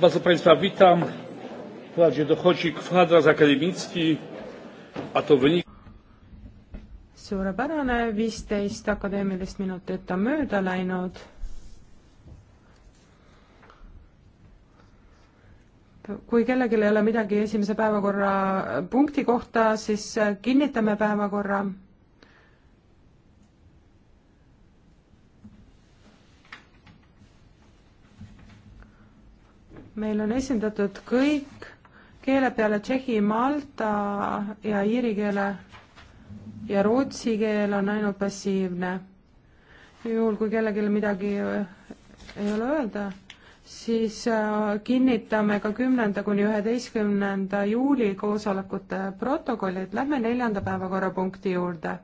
Bardzo Państwa witam. Wprawdzie dochodzi kwadrans akademicki, a to wynik... suurepärane, viisteist akadeemilist minutit on mööda läinud. kui kellelgi ei ole midagi esimese päevakorrapunkti kohta, siis kinnitame päevakorra meil on esindatud kõik keele peale tšehhi, malta ja iiri keele ja rootsi keel on ainult passiivne. juhul, kui kellelgi midagi äh, ei ole öelda, siis äh, kinnitame ka kümnenda kuni üheteistkümnenda juuli koosolekute protokollid. Lähme neljanda päevakorrapunkti juurde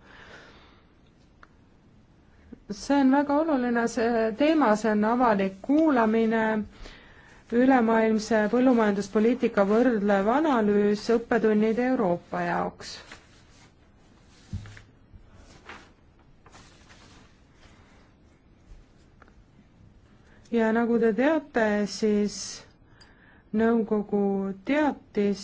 see on väga oluline see teema, see on avalik kuulamine ülemaailmse põllumajanduspoliitika võrdlev analüüs õppetunnid Euroopa jaoks. ja nagu te teate, siis nõukogu teatis,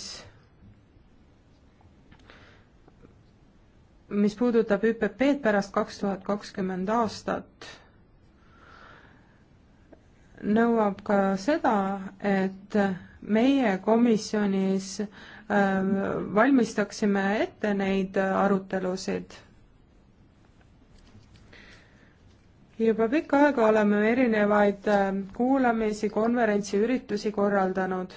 mis puudutab ÜPP-d pärast kaks tuhat kakskümmend aastat nõuab ka seda, et meie komisjonis ähm, valmistaksime ette neid arutelusid. juba pikka aega oleme erinevaid ähm, kuulamisi, konverentsi, üritusi korraldanud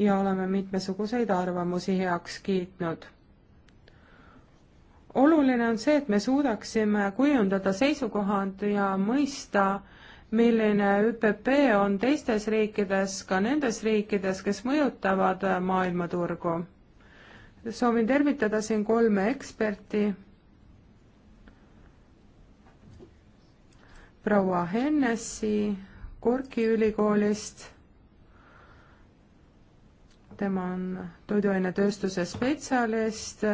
ja oleme mitmesuguseid arvamusi heaks kiitnud oluline on see, et me suudaksime kujundada seisukohad ja mõista, milline ÜPP on teistes riikides, ka nendes riikides, kes mõjutavad äh, maailmaturgu. soovin tervitada siin kolme eksperti. proua Hennessi Korki ülikoolist tema on toiduainetööstuse spetsialist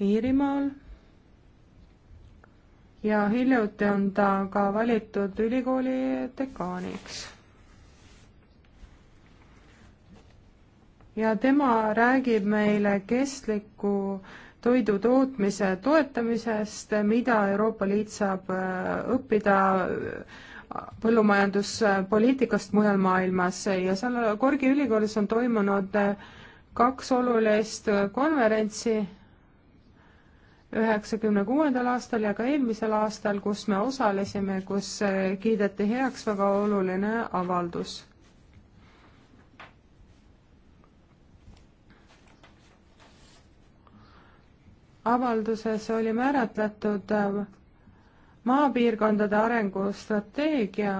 Iirimaal ja hiljuti on ta ka valitud ülikooli dekaaniks. ja tema räägib meile kestliku toidu tootmise toetamisest, mida Euroopa Liit saab äh, õppida äh, põllumajanduspoliitikast mujal maailmas ja seal Korgi ülikoolis on toimunud äh, kaks olulist konverentsi üheksakümne kuuendal aastal ja ka eelmisel aastal, kus me osalesime, kus eh, kiideti heaks väga oluline avaldus. avalduses oli määratletud eh, maapiirkondade arengustrateegia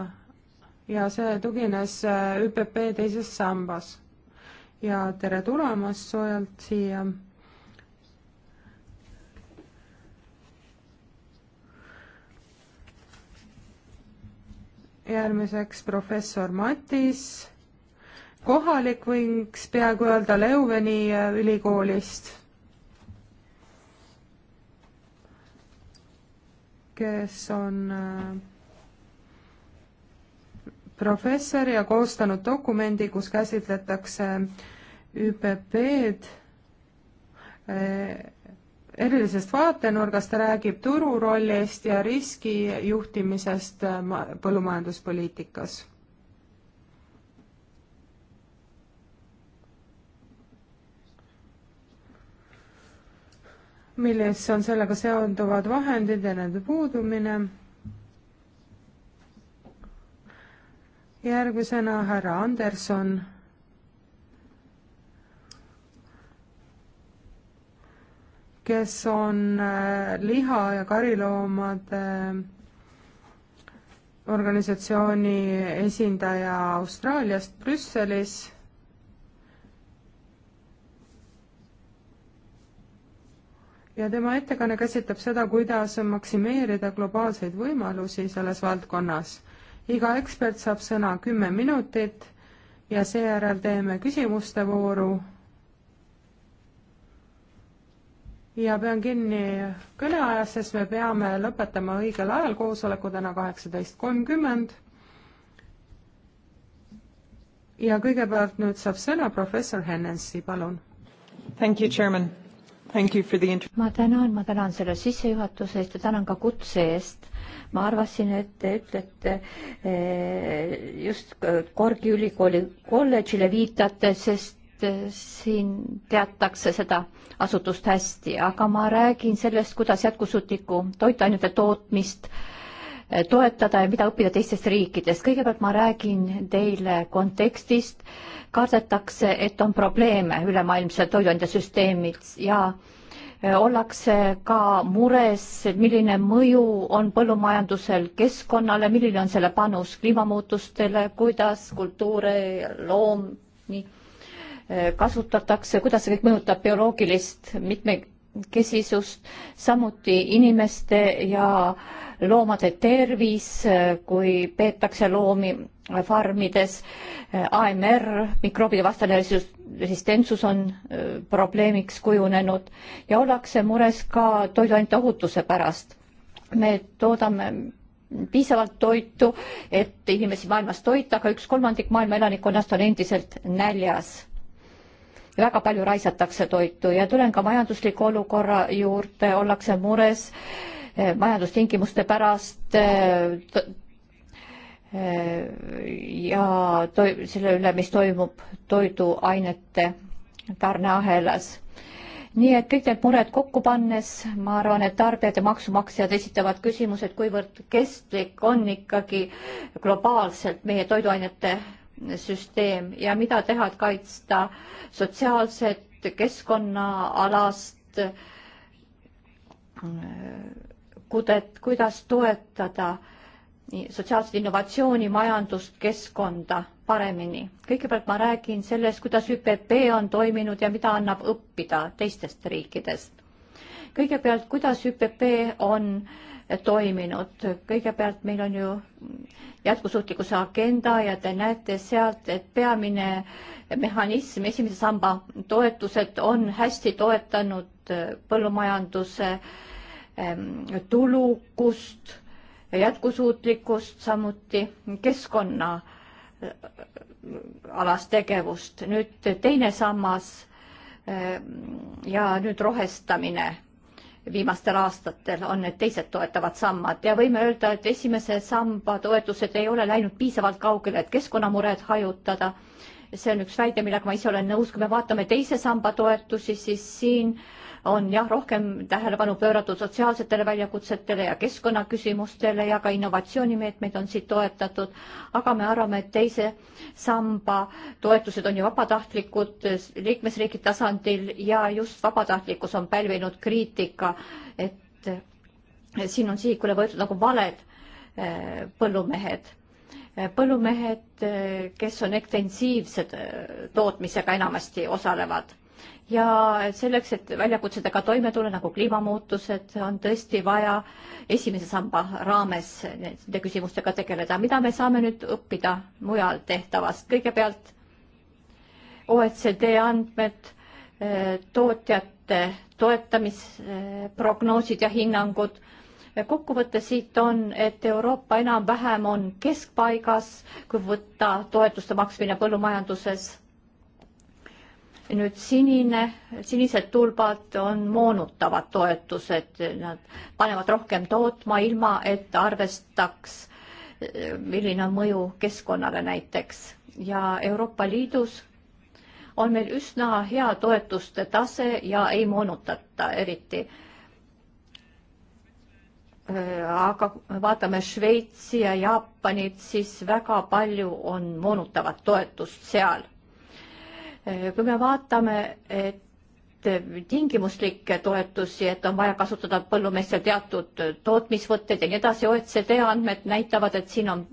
ja see tugines eh, ÜPP teises sambas. ja tere tulemast soojalt siia järgmiseks professor Matis, kohalik võiks peaaegu öelda Leuveni äh, ülikoolist, kes on äh, professor ja koostanud dokumendi, kus käsitletakse ÜPP-d äh, erilisest vaatenurgast, ta räägib turu rollist ja riskijuhtimisest äh, põllumajanduspoliitikas. milles on sellega seonduvad vahendid ja nende puudumine järgmisena härra Anderson kes on äh, liha- ja kariloomade äh, organisatsiooni esindaja Austraaliast Brüsselis ja tema ettekanne käsitleb seda, kuidas maksimeerida globaalseid võimalusi selles valdkonnas. iga ekspert saab sõna kümme minutit ja seejärel teeme küsimuste vooru ja pean kinni kõneajast, sest me peame lõpetama õigel ajal koosoleku täna kaheksateist kolmkümmend. ja kõigepealt nüüd saab sõna professor Hennessy, palun. Thank you, chairman. Thank you for the int-. ma tänan, ma tänan selle sissejuhatuse eest ja tänan ka kutse eest. ma arvasin, et te ütlete eh, just Korgi ülikooli kolledžile viitate, sest et äh, siin teatakse seda asutust hästi, aga ma räägin sellest, kuidas jätkusuutlikku toitainete tootmist äh, toetada ja mida õppida teistest riikidest. kõigepealt ma räägin teile kontekstist. kardetakse, et on probleeme ülemaailmsel toiduainetesüsteemil ja äh, ollakse ka mures, milline mõju on põllumajandusel keskkonnale, milline on selle panus kliimamuutustele, kuidas kultuure, loom, nii kasutatakse, kuidas see kõik mõjutab bioloogilist mitmekesisust, samuti inimeste ja loomade tervis, kui peetakse loomi farmides, AMR, mikroobide vastane resistentsus on probleemiks kujunenud ja ollakse mures ka toiduainete ohutuse pärast. me toodame piisavalt toitu, et inimesi maailmas toita, aga üks kolmandik maailma elanikkonnast on endiselt näljas väga palju raisatakse toitu ja tulen ka majandusliku olukorra juurde, ollakse mures eh, majandustingimuste pärast eh, ja toi, selle üle, mis toimub toiduainete tarneahelas nii et kõik need mured kokku pannes, ma arvan, et tarbijad ja maksumaksjad esitavad küsimuse, et kuivõrd kestlik on ikkagi globaalselt meie toiduainete süsteem ja mida teha, et kaitsta sotsiaalset, keskkonnaalast kudet, kuidas toetada sotsiaalset innovatsiooni, majandust, keskkonda paremini. kõigepealt ma räägin sellest, kuidas ÜPP on toiminud ja mida annab õppida teistest riikidest kõigepealt, kuidas ÜPP on toiminud, kõigepealt meil on ju jätkusuutlikkuse agenda ja te näete sealt, et peamine mehhanism, esimese samba toetused on hästi toetanud põllumajanduse ehm, tulukust, jätkusuutlikkust, samuti keskkonna äh, alast tegevust. nüüd teine sammas ehm, ja nüüd rohestamine viimastel aastatel on need teised toetavad sammad ja võime öelda, et esimese samba toetused ei ole läinud piisavalt kaugele, et keskkonnamured hajutada see on üks väide, millega ma ise olen nõus, kui me vaatame teise samba toetusi, siis siin on jah, rohkem tähelepanu pööratud sotsiaalsetele väljakutsetele ja keskkonnaküsimustele ja ka innovatsioonimeetmeid on siit toetatud, aga me arvame, et teise samba toetused on ju vabatahtlikud liikmesriigi tasandil ja just vabatahtlikkus on pälvinud kriitika, et siin on sihikule võetud nagu valed eh, põllumehed põllumehed, kes on ekstensiivse äh, tootmisega enamasti osalevad ja selleks, et väljakutsedega toime tulla, nagu kliimamuutused, on tõesti vaja esimese samba raames nende küsimustega tegeleda. mida me saame nüüd õppida mujal tehtavast? kõigepealt OECD andmed, äh, tootjate toetamisprognoosid äh, ja hinnangud kokkuvõte siit on, et Euroopa enam-vähem on keskpaigas, kui võtta toetuste maksmine põllumajanduses. nüüd sinine, sinised tulbad on moonutavad toetused, nad panevad rohkem tootma, ilma et arvestaks, milline on mõju keskkonnale näiteks ja Euroopa Liidus on meil üsna hea toetuste tase ja ei moonutata eriti Äh, aga vaatame Šveitsi ja Jaapanit, siis väga palju on moonutavat toetust seal. Äh, kui me vaatame, et tingimuslikke toetusi, et on vaja kasutada põllumeestel teatud tootmisvõtteid ja nii edasi, OECD andmed näitavad, et siin on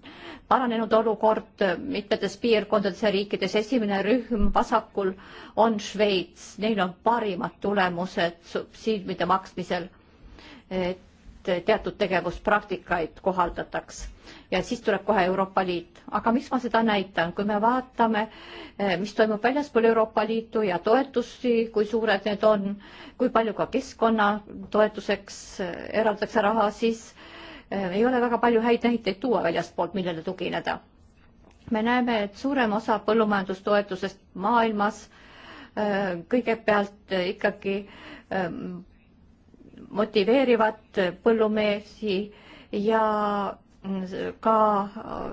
paranenud olukord mitmetes piirkondades ja riikides. esimene rühm vasakul on Šveits, neil on parimad tulemused subsiidiumide maksmisel et teatud tegevuspraktikaid kohaldataks ja siis tuleb kohe Euroopa Liit. aga miks ma seda näitan, kui me vaatame, eh, mis toimub väljaspool Euroopa Liitu ja toetusi, kui suured need on, kui palju ka keskkonna toetuseks eh, eraldatakse raha, siis eh, ei ole väga palju häid näiteid tuua väljaspoolt, millele tugineda. me näeme, et suurem osa põllumajandustoetusest maailmas kõigepealt ikkagi motiveerivad põllumeesi ja ka äh,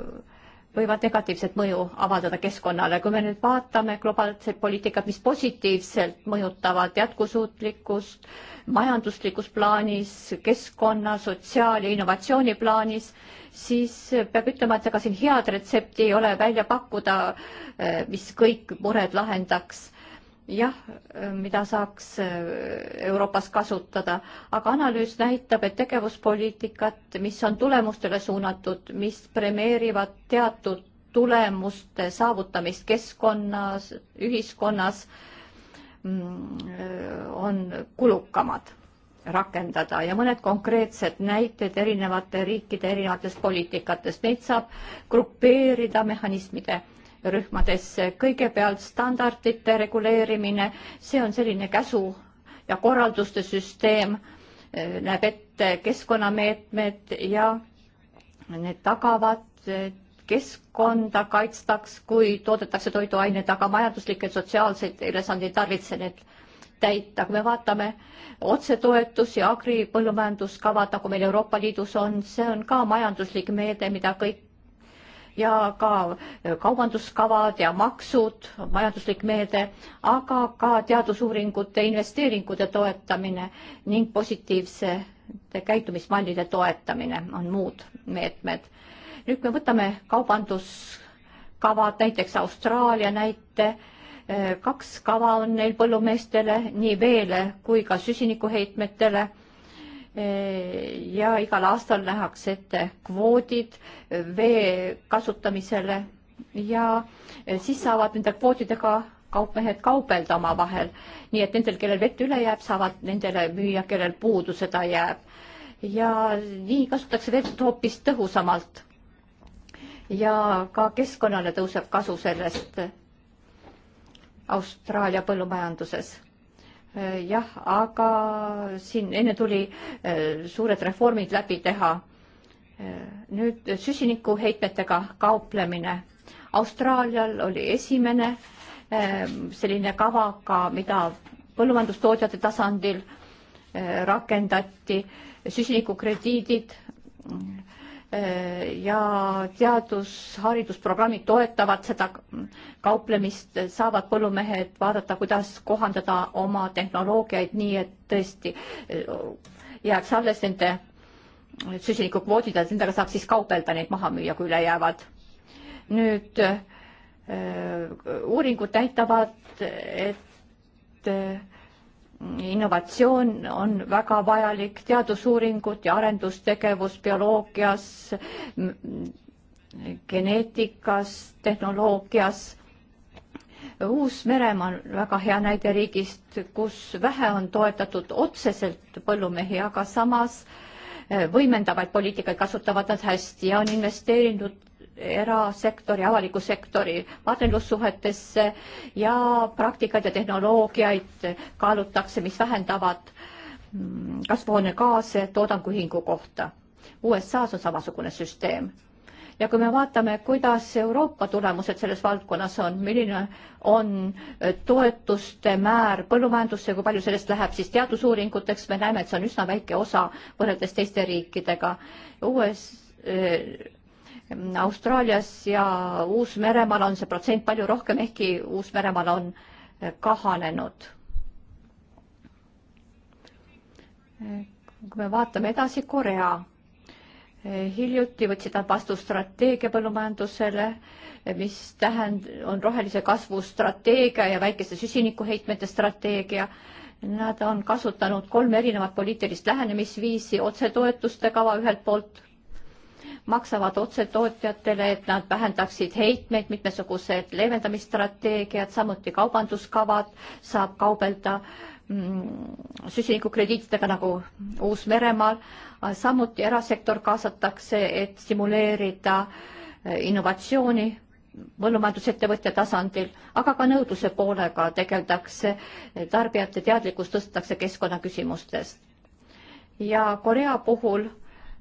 võivad negatiivset mõju avaldada keskkonnale. kui me nüüd vaatame globaalset poliitikat, mis positiivselt mõjutavad jätkusuutlikkust, majanduslikus plaanis, keskkonna, sotsiaal- ja innovatsiooniplaanis, siis peab ütlema, et ega siin head retsepti ei ole välja pakkuda, äh, mis kõik mured lahendaks jah, mida saaks äh, Euroopas kasutada, aga analüüs näitab, et tegevuspoliitikat, mis on tulemustele suunatud, mis premeerivad teatud tulemuste saavutamist keskkonnas, ühiskonnas, mm, on kulukamad rakendada ja mõned konkreetsed näited erinevate riikide erinevatest poliitikatest, neid saab grupeerida mehhanismide rühmadesse. kõigepealt standardite reguleerimine, see on selline käsu ja korralduste süsteem, näeb ette keskkonnameetmed ja need tagavad, et keskkonda kaitstaks, kui toodetakse toiduained, aga majanduslikke, sotsiaalseid ülesandeid tarvitse need täita. kui me vaatame otsetoetusi, agripõllumajanduskavad, nagu meil Euroopa Liidus on, see on ka majanduslik meede, mida kõik ja ka kaubanduskavad ja maksud, majanduslik meede, aga ka teadusuuringute investeeringute toetamine ning positiivsete käitumismallide toetamine on muud meetmed. nüüd, kui me võtame kaubanduskavad, näiteks Austraalia näite, kaks kava on neil põllumeestele nii veele kui ka süsinikuheitmetele ja igal aastal nähakse ette kvoodid vee kasutamisele ja siis saavad nende kvootidega kaupmehed kaubelda omavahel, nii et nendel, kellel vett üle jääb, saavad nendele müüa, kellel puudu seda jääb. ja nii kasutatakse vett hoopis tõhusamalt. ja ka keskkonnale tõuseb kasu sellest Austraalia põllumajanduses Äh, jah, aga siin enne tuli äh, suured reformid läbi teha. Äh, nüüd süsinikuheitmetega kauplemine. Austraalial oli esimene selline kava ka, mida põllumajandustootjate tasandil rakendati, süsinikukrediidid ja teadus-haridusprogrammid toetavad seda kauplemist, saavad põllumehed vaadata, kuidas kohandada oma tehnoloogiaid nii, et tõesti eh, jääks alles nende süsinikukvoodid, et nendega saab siis kaubelda, neid maha müüa, kui üle jäävad. nüüd eh, uuringud näitavad, et eh, innovatsioon on väga vajalik, teadusuuringud ja arendustegevus bioloogias, geneetikas, tehnoloogias. Uus-Meremaa on väga hea näide riigist, kus vähe on toetatud otseselt põllumehi, aga samas eh, võimendavaid poliitikaid kasutavad nad hästi ja on investeerinud erasektori, avaliku sektori partnerlussuhetesse ja praktikaid ja tehnoloogiaid kaalutakse, mis vähendavad mm, kasvuhoonegaase toodanguühingu kohta. USA-s on samasugune süsteem. ja kui me vaatame, kuidas Euroopa tulemused selles valdkonnas on, milline on äh, toetuste määr põllumajandusse, kui palju sellest läheb siis teadusuuringuteks, me näeme, et see on üsna väike osa võrreldes teiste riikidega. uues äh, Austraalias ja Uus-Meremaal on see protsent palju rohkem, ehkki Uus-Meremaal on eh, kahanenud. Eh, kui me vaatame edasi, Korea eh, hiljuti võtsid nad vastu strateegia põllumajandusele, mis tähend-, on rohelise kasvu strateegia ja väikeste süsinikuheitmete strateegia. Nad on kasutanud kolme erinevat poliitilist lähenemisviisi otsetoetuste kava ühelt poolt maksavad otse tootjatele, et nad vähendaksid heitmeid, mitmesugused leevendamisstrateegiad, samuti kaubanduskavad, saab kaubelda mm, süsinikukrediitidega nagu Uus-Meremaal, samuti erasektor kaasatakse, et stimuleerida eh, innovatsiooni põllumajandusettevõtja tasandil, aga ka nõudluse poolega tegeldakse, tarbijate teadlikkust tõstetakse keskkonnaküsimustest. ja Korea puhul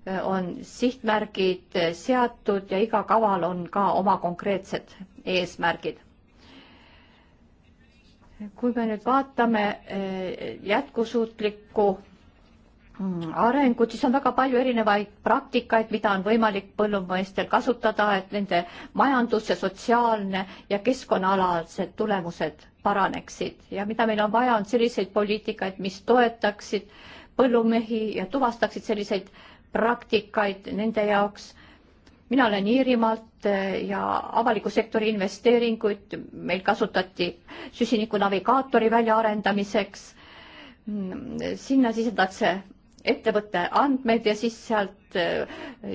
Äh, on sihtmärgid äh, seatud ja iga kaval on ka oma konkreetsed eesmärgid. kui me nüüd vaatame äh, jätkusuutlikku mm, arengut, siis on väga palju erinevaid praktikaid, mida on võimalik põllumeestel kasutada, et nende majandus ja sotsiaalne ja keskkonnaalased tulemused paraneksid ja mida meil on vaja, on selliseid poliitikaid, mis toetaksid põllumehi ja tuvastaksid selliseid äh, praktikaid nende jaoks. mina olen Iirimaalt eh, ja avaliku sektori investeeringuid meil kasutati süsinikunavigaatori väljaarendamiseks. Mm, sinna sisendatakse ettevõtte andmed ja siis sealt eh,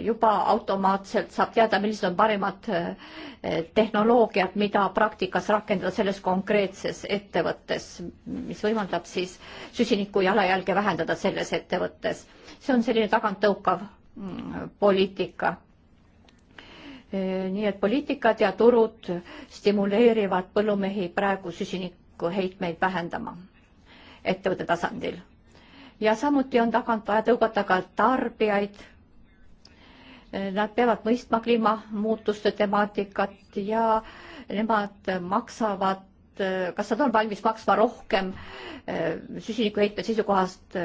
juba automaatselt saab teada, millised on parimad eh, tehnoloogiad, mida praktikas rakendada selles konkreetses ettevõttes, mis võimaldab siis süsiniku jalajälge vähendada selles ettevõttes see on selline taganttõukav mm, poliitika. nii et poliitikad ja turud stimuleerivad põllumehi praegu süsinikuheitmeid vähendama ettevõtte tasandil. ja samuti on tagant vaja tõugata ka tarbijaid. Nad peavad mõistma kliimamuutuste temaatikat ja nemad maksavad kas nad on valmis maksma rohkem süsinikuheitme seisukohast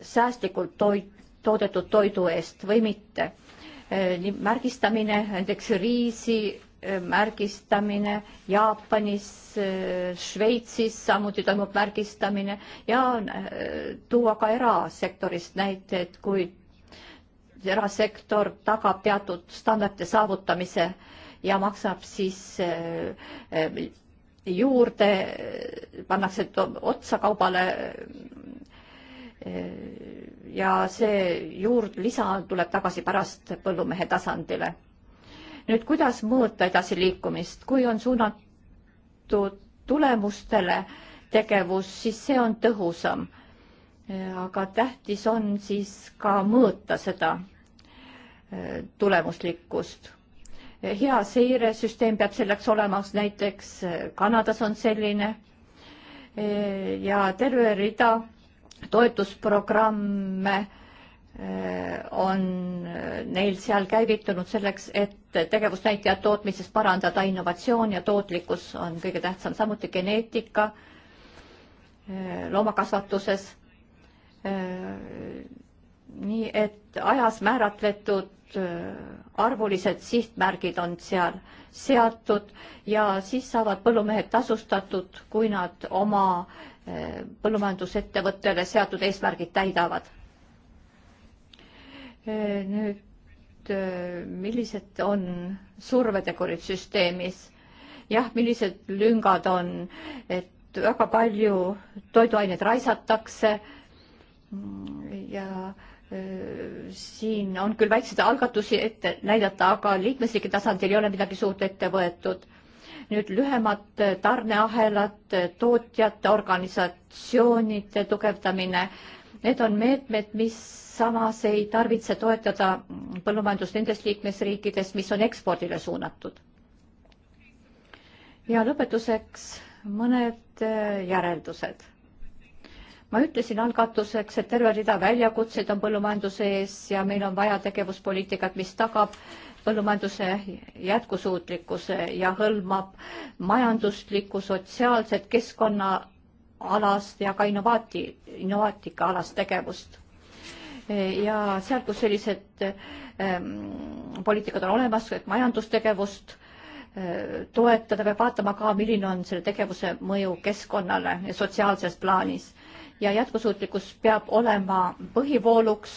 säästlikult toit, toodetud toidu eest või mitte. Eh, märgistamine, näiteks riisi eh, märgistamine Jaapanis, eh, Šveitsis samuti toimub märgistamine ja tuua ka erasektorist näiteid, kui erasektor tagab teatud standardite saavutamise ja maksab siis juurde, pannakse otsa kaubale Äh, ja see juur-, lisa tuleb tagasi pärast põllumehe tasandile. nüüd, kuidas mõõta edasiliikumist, kui on suunatud tulemustele tegevus, siis see on tõhusam. Äh, aga tähtis on siis ka mõõta seda äh, tulemuslikkust. hea seiresüsteem peab selleks olema, näiteks Kanadas on selline ja terve rida toetusprogramme eh, on eh, neil seal käivitunud selleks, et tegevusnäitajad tootmises parandada, innovatsioon ja tootlikkus on kõige tähtsam, samuti geneetika eh, loomakasvatuses. nii et ajas määratletud arvulised sihtmärgid on seal seatud ja siis saavad põllumehed tasustatud, kui nad oma põllumajandusettevõttele seatud eesmärgid täidavad. nüüd millised on survetegurid süsteemis? jah, millised lüngad on, et väga palju toiduaineid raisatakse ja eh, siin on küll väikseid algatusi ette näidata, aga liikmesriigi tasandil ei ole midagi suurt ette võetud nüüd lühemad eh, tarneahelad, eh, tootjate organisatsioonide tugevdamine. Need on meetmed, mis samas ei tarvitse toetada mm, põllumajandust nendes liikmesriikides, mis on ekspordile suunatud. ja lõpetuseks mõned eh, järeldused ma ütlesin algatuseks, et terve rida väljakutseid on põllumajanduse ees ja meil on vaja tegevuspoliitikat, mis tagab põllumajanduse jätkusuutlikkuse ja hõlmab majanduslikku, sotsiaalset, keskkonnaalast ja ka innovaati, innovaatika alast tegevust. ja seal, kus sellised ähm, poliitikad on olemas, et majandustegevust äh, toetada, peab vaatama ka, milline on selle tegevuse mõju keskkonnale ja sotsiaalses plaanis. ja jätkusuutlikkus peab olema põhivooluks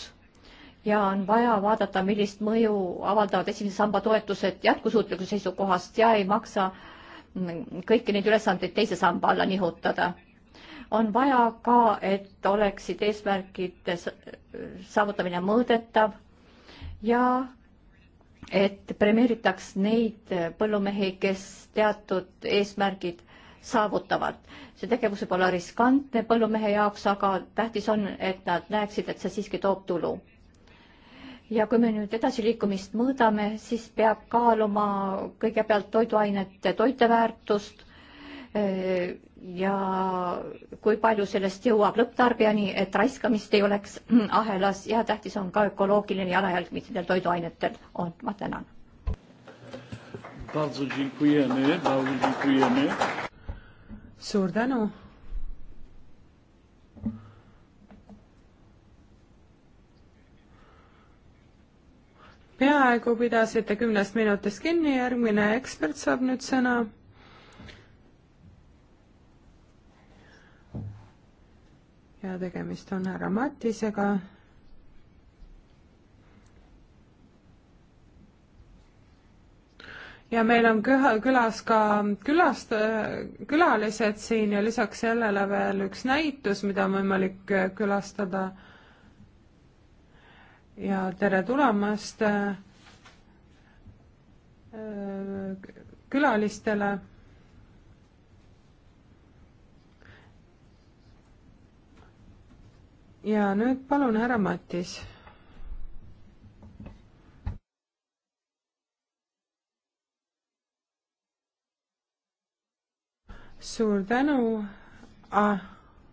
ja on vaja vaadata, millist mõju avaldavad esimese samba toetused jätkusuutlikkuse seisukohast ja ei maksa kõiki neid ülesandeid teise samba alla nihutada. on vaja ka, et oleksid eesmärkide saavutamine mõõdetav ja et premeeritaks neid põllumehi, kes teatud eesmärgid saavutavad. see tegevus võib olla riskantne põllumehe jaoks, aga tähtis on, et nad näeksid, et see siiski toob tulu ja kui me nüüd edasiliikumist mõõdame, siis peab kaaluma kõigepealt toiduainete toiteväärtust eh, ja kui palju sellest jõuab lõpptarbijani, et raiskamist ei oleks ahelas ja tähtis on ka ökoloogiline jalajälg, mis nendel toiduainetel on. ma tänan. suur tänu peaaegu pidasite kümnest minutist kinni, järgmine ekspert saab nüüd sõna. ja tegemist on härra Mattisega ja meil on köha, külas ka külast-, külalised siin ja lisaks sellele veel üks näitus, mida on võimalik külastada ja tere tulemast äh, külalistele. ja nüüd palun, härra Matis suur tänu ah,,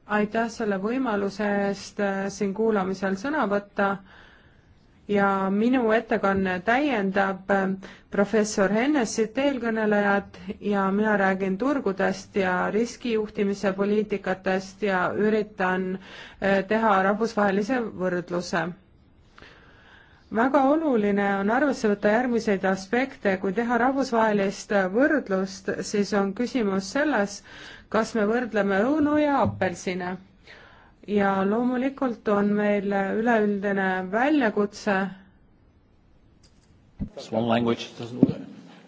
aitäh selle võimaluse eest äh, siin kuulamisel sõna võtta ja minu ettekanne täiendab äh, professor Hennessit eelkõnelejat ja mina räägin turgudest ja riskijuhtimise poliitikatest ja üritan äh, teha rahvusvahelise võrdluse. väga oluline on arvesse võtta järgmiseid aspekte, kui teha rahvusvahelist võrdlust, siis on küsimus selles, kas me võrdleme õunu ja apelsine ja loomulikult on meil üleüldine väljakutse. One language doesn't work.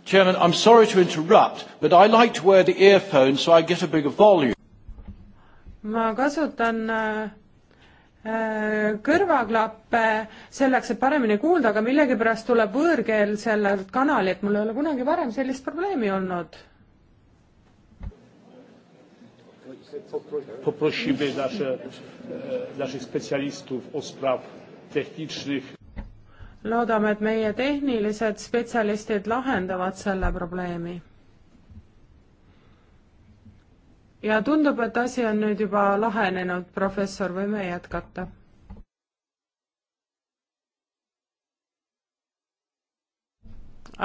Chairman, I'm sorry to interrupt, but I like to wear the earphones so I get a bigger volume. ma kasutan äh, äh kõrvaklappe selleks, et paremini kuulda, aga millegipärast tuleb võõrkeel sellelt kanalilt, mul ei ole kunagi varem sellist probleemi olnud poprosimy nasze, e, naszych specjalistów o spraw technicznych. loodame, et meie tehnilised spetsialistid lahendavad selle probleemi. ja tundub, et asi on nüüd juba lahenenud, professor, võime jätkata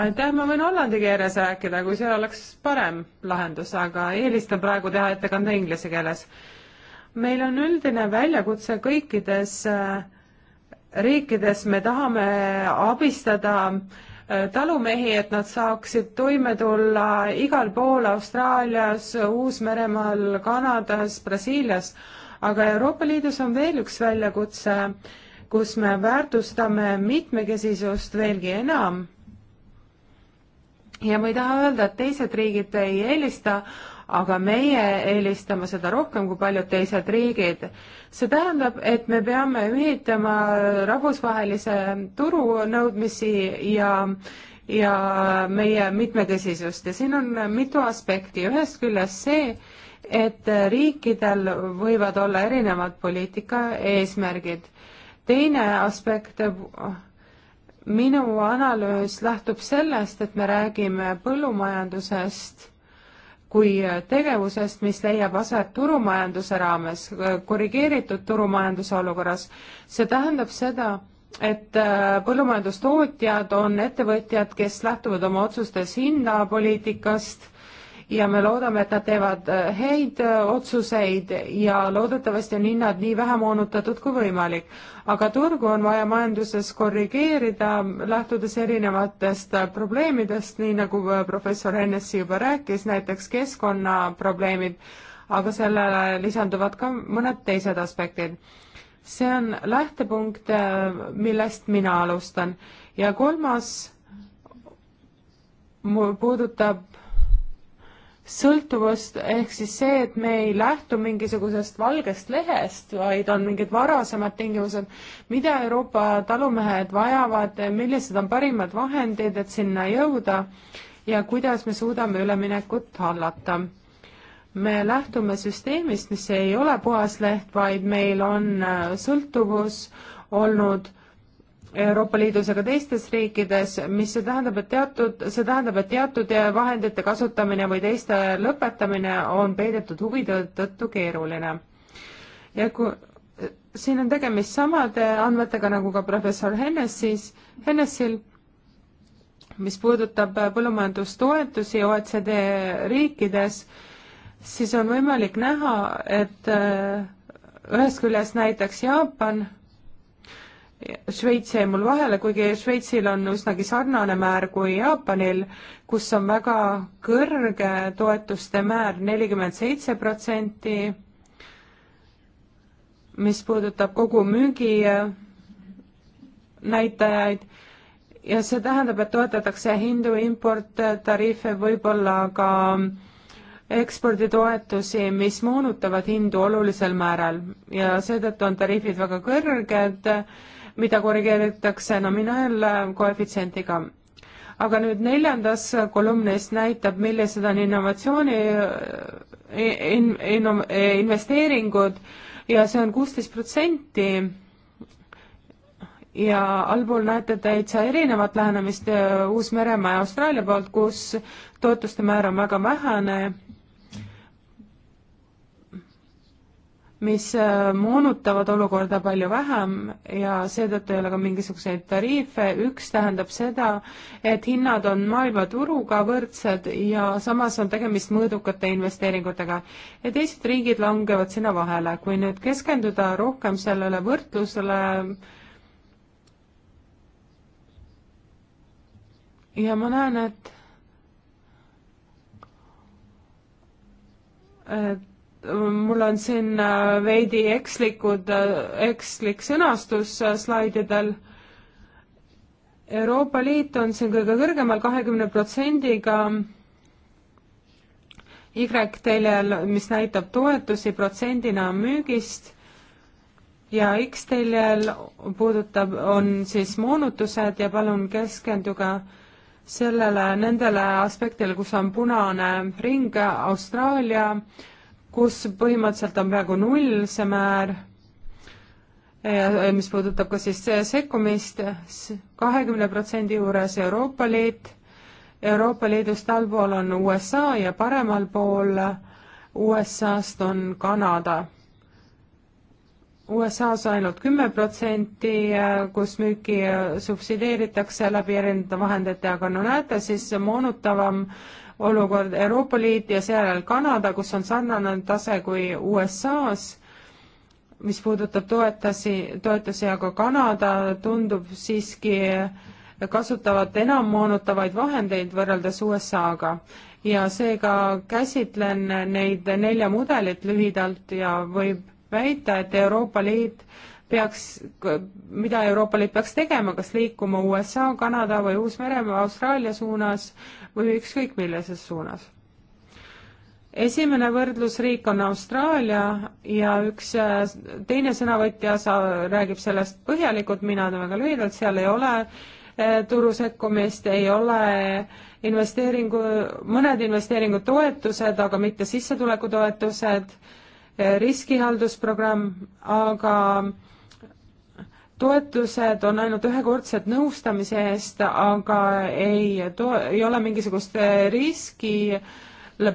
aitäh, ma võin hollandi keeles rääkida, kui see oleks parem lahendus, aga eelistan praegu teha ettekande inglise keeles. meil on üldine väljakutse kõikides äh, riikides, me tahame abistada äh, talumehi, et nad saaksid toime tulla igal pool Austraalias, Uus-Meremaal, Kanadas, Brasiilias, aga Euroopa Liidus on veel üks väljakutse, kus me väärtustame mitmekesisust veelgi enam ja ma ei taha öelda, et teised riigid ei eelista, aga meie eelistame seda rohkem kui paljud teised riigid. see tähendab, et me peame ühitama rahvusvahelise turu nõudmisi ja ja meie mitmekesisust ja siin on mitu aspekti, ühest küljest see, et riikidel võivad olla erinevad poliitika eesmärgid. teine aspekt minu analüüs lähtub sellest, et me räägime põllumajandusest kui tegevusest, mis leiab aset turumajanduse raames, korrigeeritud turumajanduse olukorras. see tähendab seda, et äh, põllumajandustootjad on ettevõtjad, kes lähtuvad oma otsustes hinnapoliitikast ja me loodame, et nad teevad äh, häid äh, otsuseid ja loodetavasti on hinnad nii vähe moonutatud kui võimalik. aga turgu on vaja majanduses korrigeerida, lähtudes erinevatest äh, probleemidest, nii nagu professor Hennessy juba rääkis, näiteks keskkonnaprobleemid, aga sellele lisanduvad ka mõned teised aspektid see on lähtepunkt, millest mina alustan ja kolmas puudutab sõltuvust, ehk siis see, et me ei lähtu mingisugusest valgest lehest, vaid on mingid varasemad tingimused, mida Euroopa talumehed vajavad, millised on parimad vahendid, et sinna jõuda ja kuidas me suudame üleminekut hallata. me lähtume süsteemist, mis ei ole puhas leht, vaid meil on äh, sõltuvus olnud Euroopa Liidus ja ka teistes riikides, mis see tähendab, et teatud, see tähendab, et teatud vahendite kasutamine või teiste lõpetamine on peidetud huvide tõttu keeruline. ja kui siin on tegemist samade andmetega nagu ka professor Hennessis, Hennessil, mis puudutab põllumajandustoetusi OECD riikides, siis on võimalik näha, et ühest küljest näiteks Jaapan Šveits jäi mul vahele, kuigi Šveitsil on üsnagi sarnane määr kui Jaapanil, kus on väga kõrge toetuste määr, nelikümmend seitse protsenti, mis puudutab kogu müügi äh, näitajaid ja see tähendab, et toetatakse hindu, importtariife, võib-olla ka eksporditoetusi, mis moonutavad hindu olulisel määral ja seetõttu on tariifid väga kõrged mida korrigeeritakse nominaalkoefitsiendiga. aga nüüd neljandas kolumnis näitab, millised on innovatsiooni e, in, in, e, investeeringud ja see on kuusteist protsenti ja allpool näete täitsa erinevat lähenemist e, Uus-Meremaa ja Austraalia poolt, kus toetuste määr on väga vähene mis äh, moonutavad olukorda palju vähem ja seetõttu ei ole ka mingisuguseid tariife, üks tähendab seda, et hinnad on maailmaturuga võrdsed ja samas on tegemist mõõdukate investeeringutega. ja teised riigid langevad sinna vahele, kui nüüd keskenduda rohkem sellele võrdlusele, ja ma näen, et et mul on siin äh, veidi ekslikud, äh, ekslik sõnastus äh, slaididel. Euroopa Liit on siin kõige kõrgemal kahekümne protsendiga Y-teljel, mis näitab toetusi protsendina müügist ja X-teljel puudutab, on siis moonutused ja palun keskenduge sellele, nendele aspektidele, kus on punane ring Austraalia, kus põhimõtteliselt on peaaegu null see määr, mis puudutab ka siis sekkumist, kahekümne protsendi juures Euroopa Liit, Euroopa Liidust allpool on USA ja paremal pool USA-st on Kanada USA-s ainult kümme protsenti, kus müüki subsideeritakse läbi erinevate vahendite, aga no näete, siis moonutavam olukord Euroopa Liit ja seejärel Kanada, kus on sarnane tase kui USA-s, mis puudutab toetasi, toetusi, aga Kanada tundub siiski kasutavat enam moonutavaid vahendeid võrreldes USA-ga ja seega käsitlen neid nelja mudelit lühidalt ja võib väita, et Euroopa Liit peaks, mida Euroopa Liit peaks tegema, kas liikuma USA, Kanada või Uus-Meremaa, Austraalia suunas või ükskõik millises suunas. esimene võrdlusriik on Austraalia ja üks äh, teine sõnavõtja sa, räägib sellest põhjalikult, mina ütlen väga lühidalt, seal ei ole äh, turu sekkumist, ei ole investeeringu, mõned investeeringutoetused, aga mitte sissetulekutoetused, äh, riskihaldusprogramm, aga toetused on ainult ühekordsed nõustamise eest, aga ei to-, ei ole mingisugust riski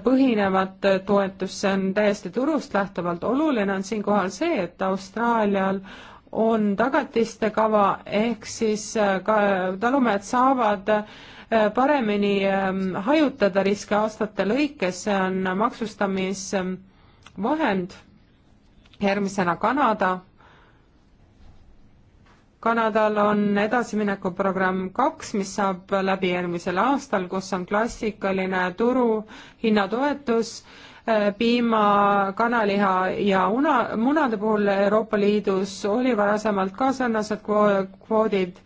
põhinevat toetust, see on täiesti turust lähtuvalt. oluline on siinkohal see, et Austraalial on tagatiste kava, ehk siis äh, ka talumehed saavad äh, paremini ähm, hajutada riske aastate lõikes, see on maksustamisvahend, järgmisena Kanada Kanadal on edasiminekuprogramm kaks, mis saab läbi järgmisel aastal, kus on klassikaline turuhinnatoetus äh, piima, kanaliha ja una, munade puhul Euroopa Liidus oli varasemalt ka sarnased kvoodid,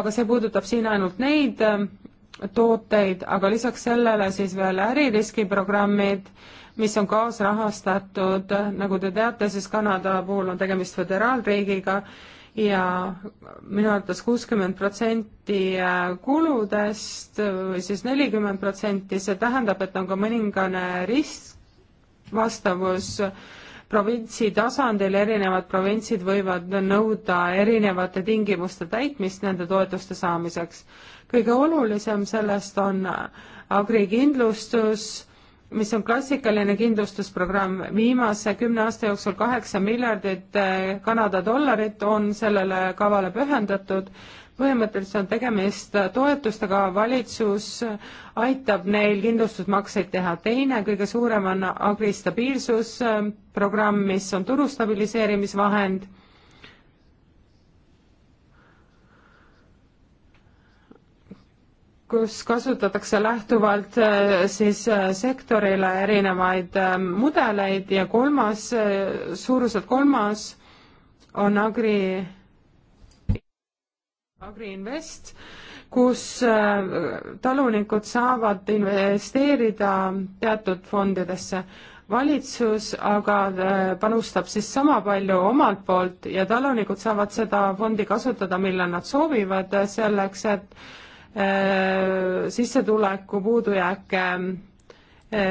aga see puudutab siin ainult neid äh, tooteid, aga lisaks sellele siis veel äririskiprogrammid, mis on kaasrahastatud, nagu te teate, siis Kanada puhul on tegemist föderaalriigiga ja minu arvates kuuskümmend protsenti äh, kuludest või siis nelikümmend protsenti, see tähendab, et on ka mõningane risk, vastavus provintsi tasandil, erinevad provintsid võivad nõuda erinevate tingimuste täitmist nende toetuste saamiseks. kõige olulisem sellest on agrikindlustus mis on klassikaline kindlustusprogramm, viimase kümne aasta jooksul kaheksa miljardit äh, Kanada dollarit on sellele kavale pühendatud, põhimõtteliselt on tegemist äh, toetustega, valitsus aitab neil kindlustusmakseid teha, teine kõige suurem on agristabiilsusprogramm, äh, mis on turu stabiliseerimisvahend kus kasutatakse lähtuvalt äh, siis äh, sektorile erinevaid äh, mudeleid ja kolmas, suuruselt kolmas on Agri, Agriinvest, kus talunikud saavad investeerida teatud fondidesse. valitsus aga panustab siis sama palju omalt poolt ja talunikud saavad seda fondi kasutada, millal nad soovivad, selleks et Äh, sissetuleku puudujääke äh,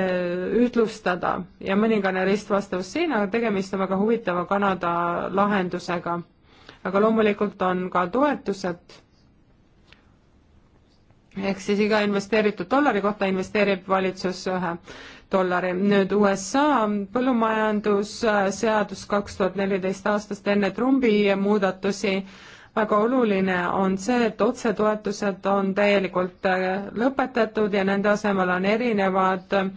ühtlustada ja mõningane ristvastavus siin, aga tegemist on väga huvitava Kanada lahendusega. aga loomulikult on ka toetused, ehk siis iga investeeritud dollari kohta investeerib valitsus ühe dollari. nüüd USA põllumajandusseadus kaks tuhat neliteist aastast enne Trumpi muudatusi äh, väga oluline on see, et otsetoetused on täielikult äh, lõpetatud ja nende asemel on erinevad äh,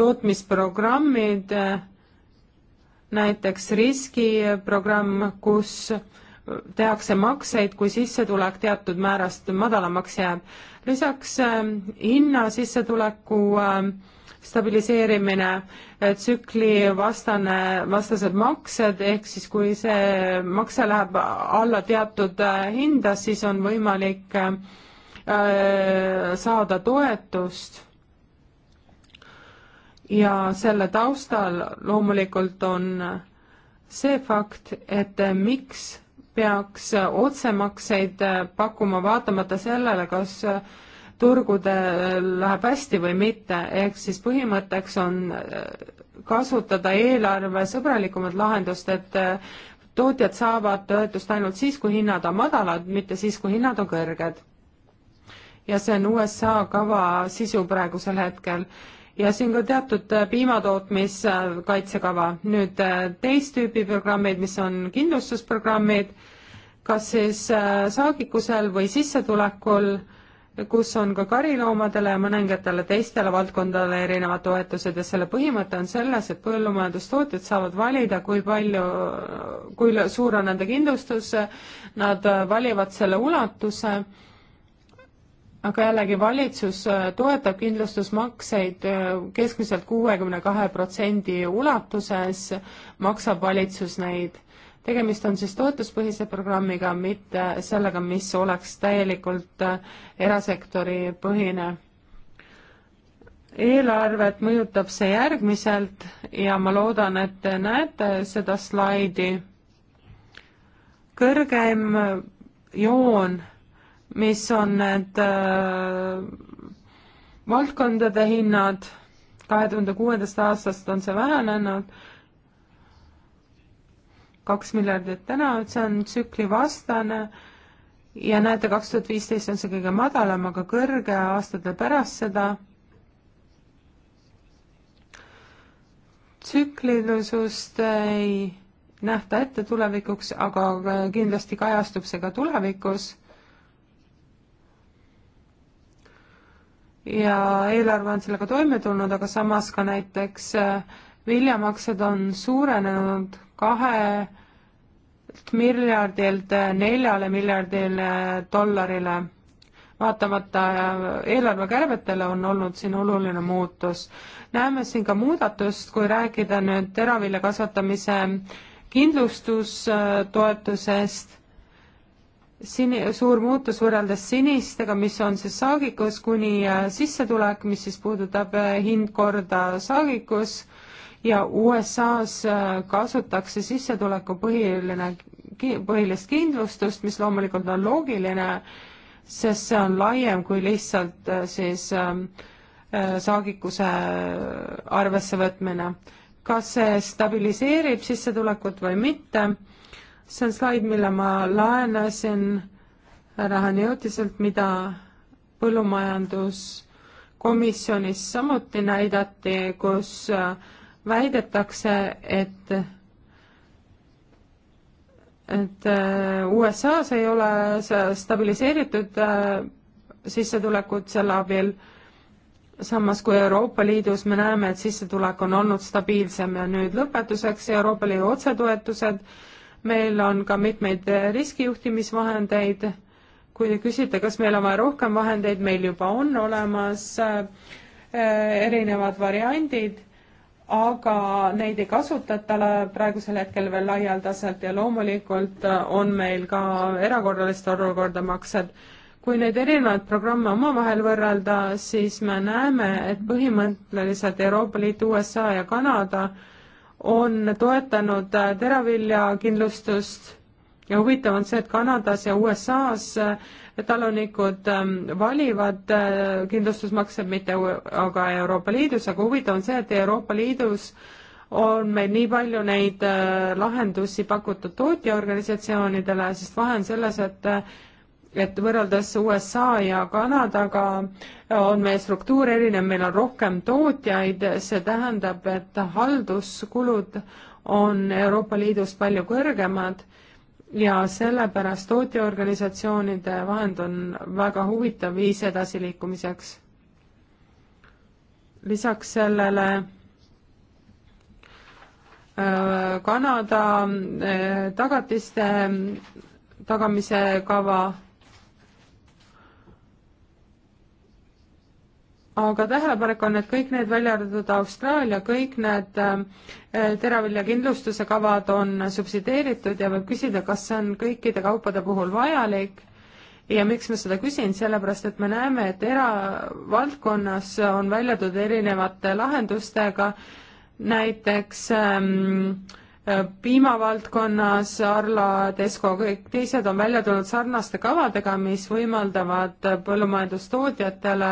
tootmisprogrammid, äh, näiteks riskiprogramm, kus tehakse makseid, kui sissetulek teatud määrast madalamaks jääb. lisaks hinna sissetuleku äh, stabiliseerimine, tsükli vastane, vastased maksed, ehk siis kui see makse läheb alla teatud äh, hinda, siis on võimalik äh, saada toetust. ja selle taustal loomulikult on see fakt, et äh, miks peaks äh, otsemakseid pakkuma, vaatamata sellele, kas äh, turgudel läheb hästi või mitte, ehk siis põhimõtteks on äh, kasutada eelarve sõbralikumat lahendust, et äh, tootjad saavad toetust ainult siis, kui hinnad on madalad, mitte siis, kui hinnad on kõrged. ja see on USA kava sisu praegusel hetkel. ja siin ka teatud äh, piimatootmiskaitsekava, nüüd teist tüüpi programmid, mis on kindlustusprogrammid, kas siis saagikusel või sissetulekul äh, kus on ka kariloomadele ja mõningatele teistele valdkondadele erinevad toetused ja selle põhimõte on selles, et põllumajandustootjad saavad valida, kui palju, kui suur on nende kindlustus, nad valivad selle ulatuse, aga jällegi, valitsus toetab kindlustusmakseid keskmiselt kuuekümne kahe protsendi ulatuses, maksab valitsus neid tegemist on siis toetuspõhise programmiga, mitte sellega, mis oleks täielikult äh, erasektori põhine. eelarvet mõjutab see järgmiselt ja ma loodan, et te näete seda slaidi. kõrgem joon, mis on need äh, valdkondade hinnad, kahe tuhande kuuendast aastast on see vähenenud kaks miljardit täna, et see on tsükli vastane ja näete, kaks tuhat viisteist on see kõige madalam, aga kõrge aastate pärast seda. tsüklilisust ei nähta ette tulevikuks, aga kindlasti kajastub see ka tulevikus. ja eelarve on sellega toime tulnud, aga samas ka näiteks äh, viljamaksed on suurenenud kahe miljardilt neljale miljardile dollarile. vaatamata eelarvekärbetele on olnud siin oluline muutus. näeme siin ka muudatust, kui rääkida nüüd teravilja kasvatamise kindlustustoetusest, siin suur muutus võrreldes sinistega, mis on siis saagikus kuni sissetulek, mis siis puudutab hind korda saagikus ja USA-s äh, kasutakse sissetulekupõhiline, põhilist kindlustust, mis loomulikult on loogiline, sest see on laiem kui lihtsalt äh, siis ähm, äh, saagikuse arvesse võtmine. kas see stabiliseerib sissetulekut või mitte, see on slaid, mille ma laenasin härra Hanjutiselt, mida põllumajanduskomisjonis samuti näidati, kus väidetakse, et et äh, USA-s ei ole stabiliseeritud äh, sissetulekud selle abil, samas kui Euroopa Liidus me näeme, et sissetulek on olnud stabiilsem ja nüüd lõpetuseks Euroopa Liidu otsetoetused, meil on ka mitmeid riskijuhtimisvahendeid, kui te küsite, kas meil on vaja rohkem vahendeid, meil juba on olemas äh, erinevad variandid aga neid ei kasutata praegusel hetkel veel laialdaselt ja loomulikult äh, on meil ka erakorralist olukorda maksed. kui neid erinevaid programme omavahel võrrelda, siis me näeme, et põhimõtteliselt Euroopa Liit, USA ja Kanada on toetanud äh, teraviljakindlustust ja huvitav on see, et Kanadas ja USA-s äh, talunikud ähm, valivad äh, kindlustusmaksed, mitte aga Euroopa Liidus, aga huvitav on see, et Euroopa Liidus on meil nii palju neid äh, lahendusi pakutud tootjaorganisatsioonidele, sest vahe on selles, et et võrreldes USA ja Kanadaga on meie struktuur erinev, meil on rohkem tootjaid, see tähendab, et halduskulud on Euroopa Liidus palju kõrgemad ja sellepärast tootjaorganisatsioonide vahend on väga huvitav viis edasiliikumiseks. lisaks sellele äh, Kanada äh, tagatiste tagamise kava aga tähelepanek on, et kõik need, välja arvatud Austraalia, kõik need äh, äh, teraviljakindlustuse kavad on subsideeritud ja võib küsida, kas see on kõikide kaupade puhul vajalik ja miks ma seda küsin, sellepärast et me näeme, et eravaldkonnas on välja toodud erinevate lahendustega, näiteks ähm, Äh, piimavaldkonnas, Arla, Tesco, kõik teised on välja tulnud sarnaste kavadega, mis võimaldavad põllumajandustootjatele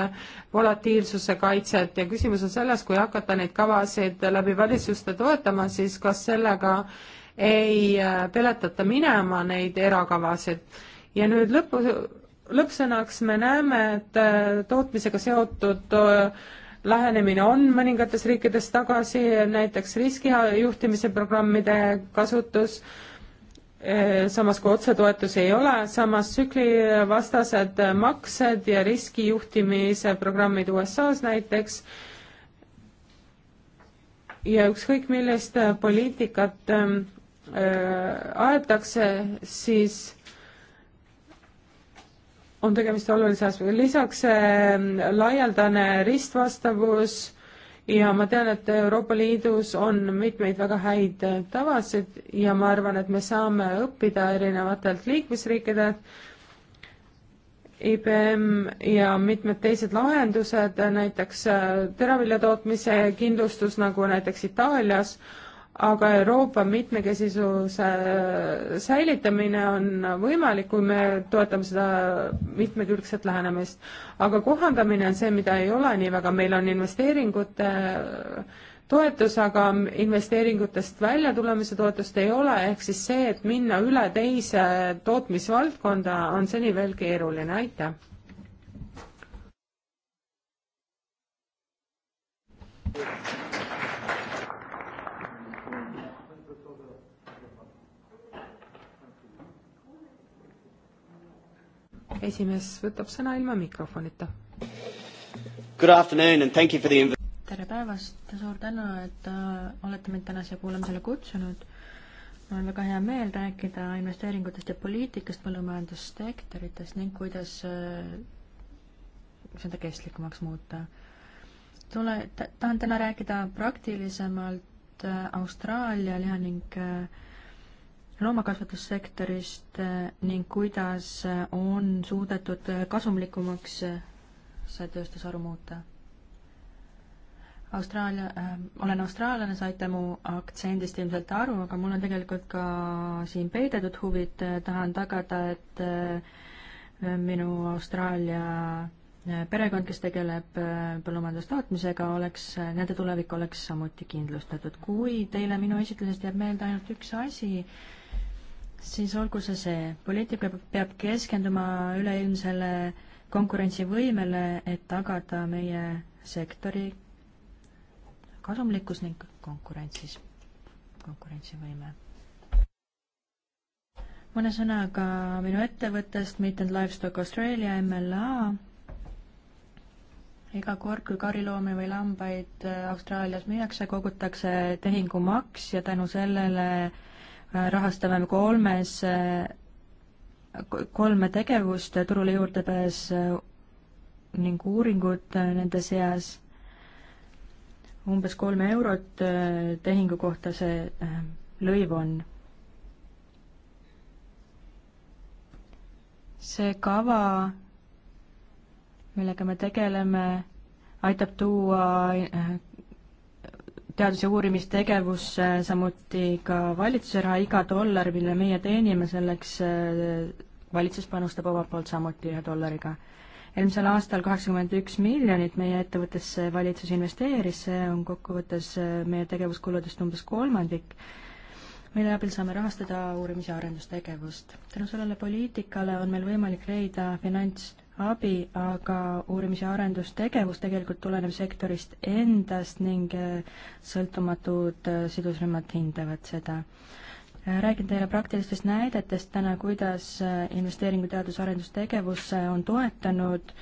volatiilsuse kaitset ja küsimus on selles, kui hakata neid kavasid läbi valitsuste toetama, siis kas sellega ei äh, peletata minema neid erakavasid. ja nüüd lõpu, lõppsõnaks me näeme, et äh, tootmisega seotud öö, lähenemine on mõningates riikides tagasi, näiteks riskijuhtimise programmide kasutus, eh, samas kui otsetoetusi ei ole, samas tsüklivastased maksed ja riskijuhtimise programmid USA-s näiteks ja ükskõik millist poliitikat eh, aetakse, siis on tegemist olulise aspektiga, lisaks ähm, laialdane ristvastavus ja ma tean, et Euroopa Liidus on mitmeid väga häid tavasid ja ma arvan, et me saame õppida erinevatelt liikmesriikidelt. IBM ja mitmed teised lahendused, näiteks äh, teraviljatootmise kindlustus, nagu näiteks Itaalias, aga Euroopa mitmekesisuse säilitamine on võimalik, kui me toetame seda mitmekülgset lähenemist. aga kohandamine on see, mida ei ole nii väga, meil on investeeringute toetus, aga investeeringutest väljatulemise toetust ei ole, ehk siis see, et minna üle teise tootmisvaldkonda, on seni veel keeruline, aitäh. esimees võtab sõna ilma mikrofonita. tere päevast, suur tänu, et äh, olete mind täna siia kuulamisele kutsunud. mul on väga hea meel rääkida investeeringutest ja poliitikast põllumajandussektorites ning kuidas äh, seda kestlikumaks muuta. tule ta,, tahan täna rääkida praktilisemalt äh, Austraalia liha ning äh, loomakasvatussektorist eh, ning kuidas eh, on suudetud eh, kasumlikumaks see tööstusharu muuta? Austraalia äh,, olen austraallane, saite mu aktsendist ilmselt aru, aga mul on tegelikult ka siin peidetud huvid, tahan tagada, et äh, minu Austraalia perekond, kes tegeleb põllumajandustootmisega, oleks, nende tulevik oleks samuti kindlustatud. kui teile minu esitlusest jääb meelde ainult üks asi, siis olgu see see, poliitika peab keskenduma üleilmsele konkurentsivõimele, et tagada meie sektori kasumlikkus ning konkurentsis, konkurentsivõime. mõne sõnaga minu ettevõttest Meet and Livestock Australia, MLA. iga kord, kui kariloomi või lambaid Austraalias müüakse, kogutakse tehingumaks ja tänu sellele äh, rahastame kolmes, kolme tegevust, turule juurdepääs ning uuringud nende seas, umbes kolme eurot eh, tehingu kohta see eh, lõiv on. see kava, millega me tegeleme, aitab tuua eh, teadus- ja uurimistegevusse, äh, samuti ka valitsuse raha, iga dollar, mille meie teenime, selleks äh, valitsus panustab omalt poolt samuti ühe dollariga. eelmisel aastal kaheksakümmend üks miljonit meie ettevõttesse valitsus investeeris, see on kokkuvõttes äh, meie tegevuskuludest umbes kolmandik, mille abil saame rahastada uurimis- ja arendustegevust. tänu sellele poliitikale on meil võimalik leida finants abi, aga uurimis- ja arendustegevus tegelikult tuleneb sektorist endast ning eh, sõltumatud eh, sidusrühmad hindavad seda eh, räägin teile praktilistest näidetest täna, kuidas investeeringu teadus-arendustegevusse on toetanud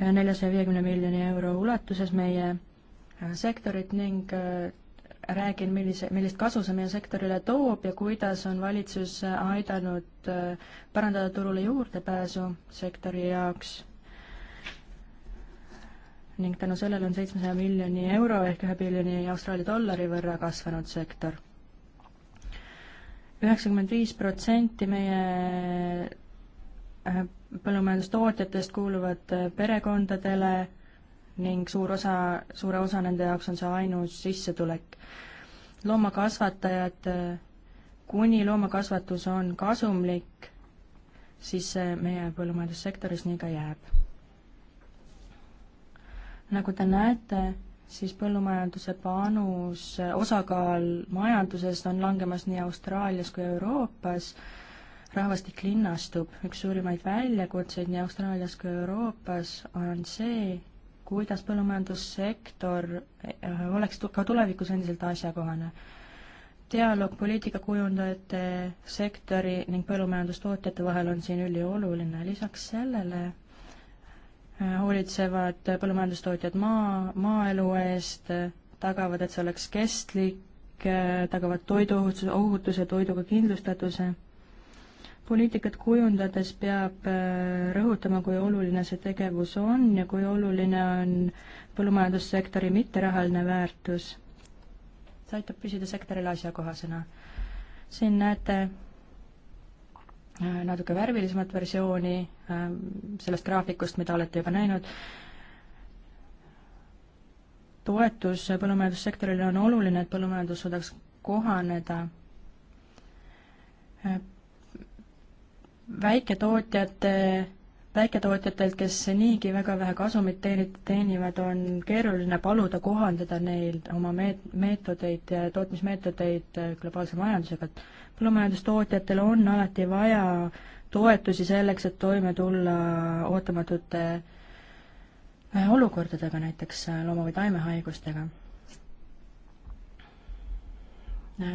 neljasaja viiekümne miljoni euro ulatuses meie sektorit ning räägin, millise, millist kasu see meie sektorile toob ja kuidas on valitsus aidanud äh, parandada turule juurdepääsu sektori jaoks. ning tänu sellele on seitsmesaja miljoni euro ehk ühe miljoni Austraalia dollari võrra kasvanud sektor. üheksakümmend viis protsenti meie äh, põllumajandustootjatest kuuluvad äh, perekondadele ning suur osa, suure osa nende jaoks on see ainus sissetulek. loomakasvatajad, kuni loomakasvatus on kasumlik, siis see meie põllumajandussektoris nii ka jääb. nagu te näete, siis põllumajanduse panus, osakaal majanduses on langemas nii Austraalias kui Euroopas, rahvastik linnastub, üks suurimaid väljakutseid nii Austraalias kui Euroopas on see, kuidas põllumajandussektor äh, oleks ka tulevikus endiselt asjakohane. dialoog poliitikakujundajate, sektori ning põllumajandustootjate vahel on siin ülioluline, lisaks sellele äh, hoolitsevad põllumajandustootjad maa, maaelu eest, tagavad, et see oleks kestlik, äh, tagavad toiduohutuse, ohutuse, toiduga kindlustatuse poliitikat kujundades peab äh, rõhutama, kui oluline see tegevus on ja kui oluline on põllumajandussektori mitterahaline väärtus. see aitab püsida sektorile asjakohasena. siin näete äh, natuke värvilisemat versiooni äh, sellest graafikust, mida olete juba näinud toetus põllumajandussektorile on oluline, et põllumajandus suudaks kohaneda väiketootjate, väiketootjatel, kes niigi väga vähe kasumit teenivad, on keeruline paluda kohandada neil oma meet-, meetodeid, tootmismeetodeid globaalse majandusega, et põllumajandustootjatel on alati vaja toetusi selleks, et toime tulla ootamatute äh, olukordadega, näiteks äh, looma- või taimehaigustega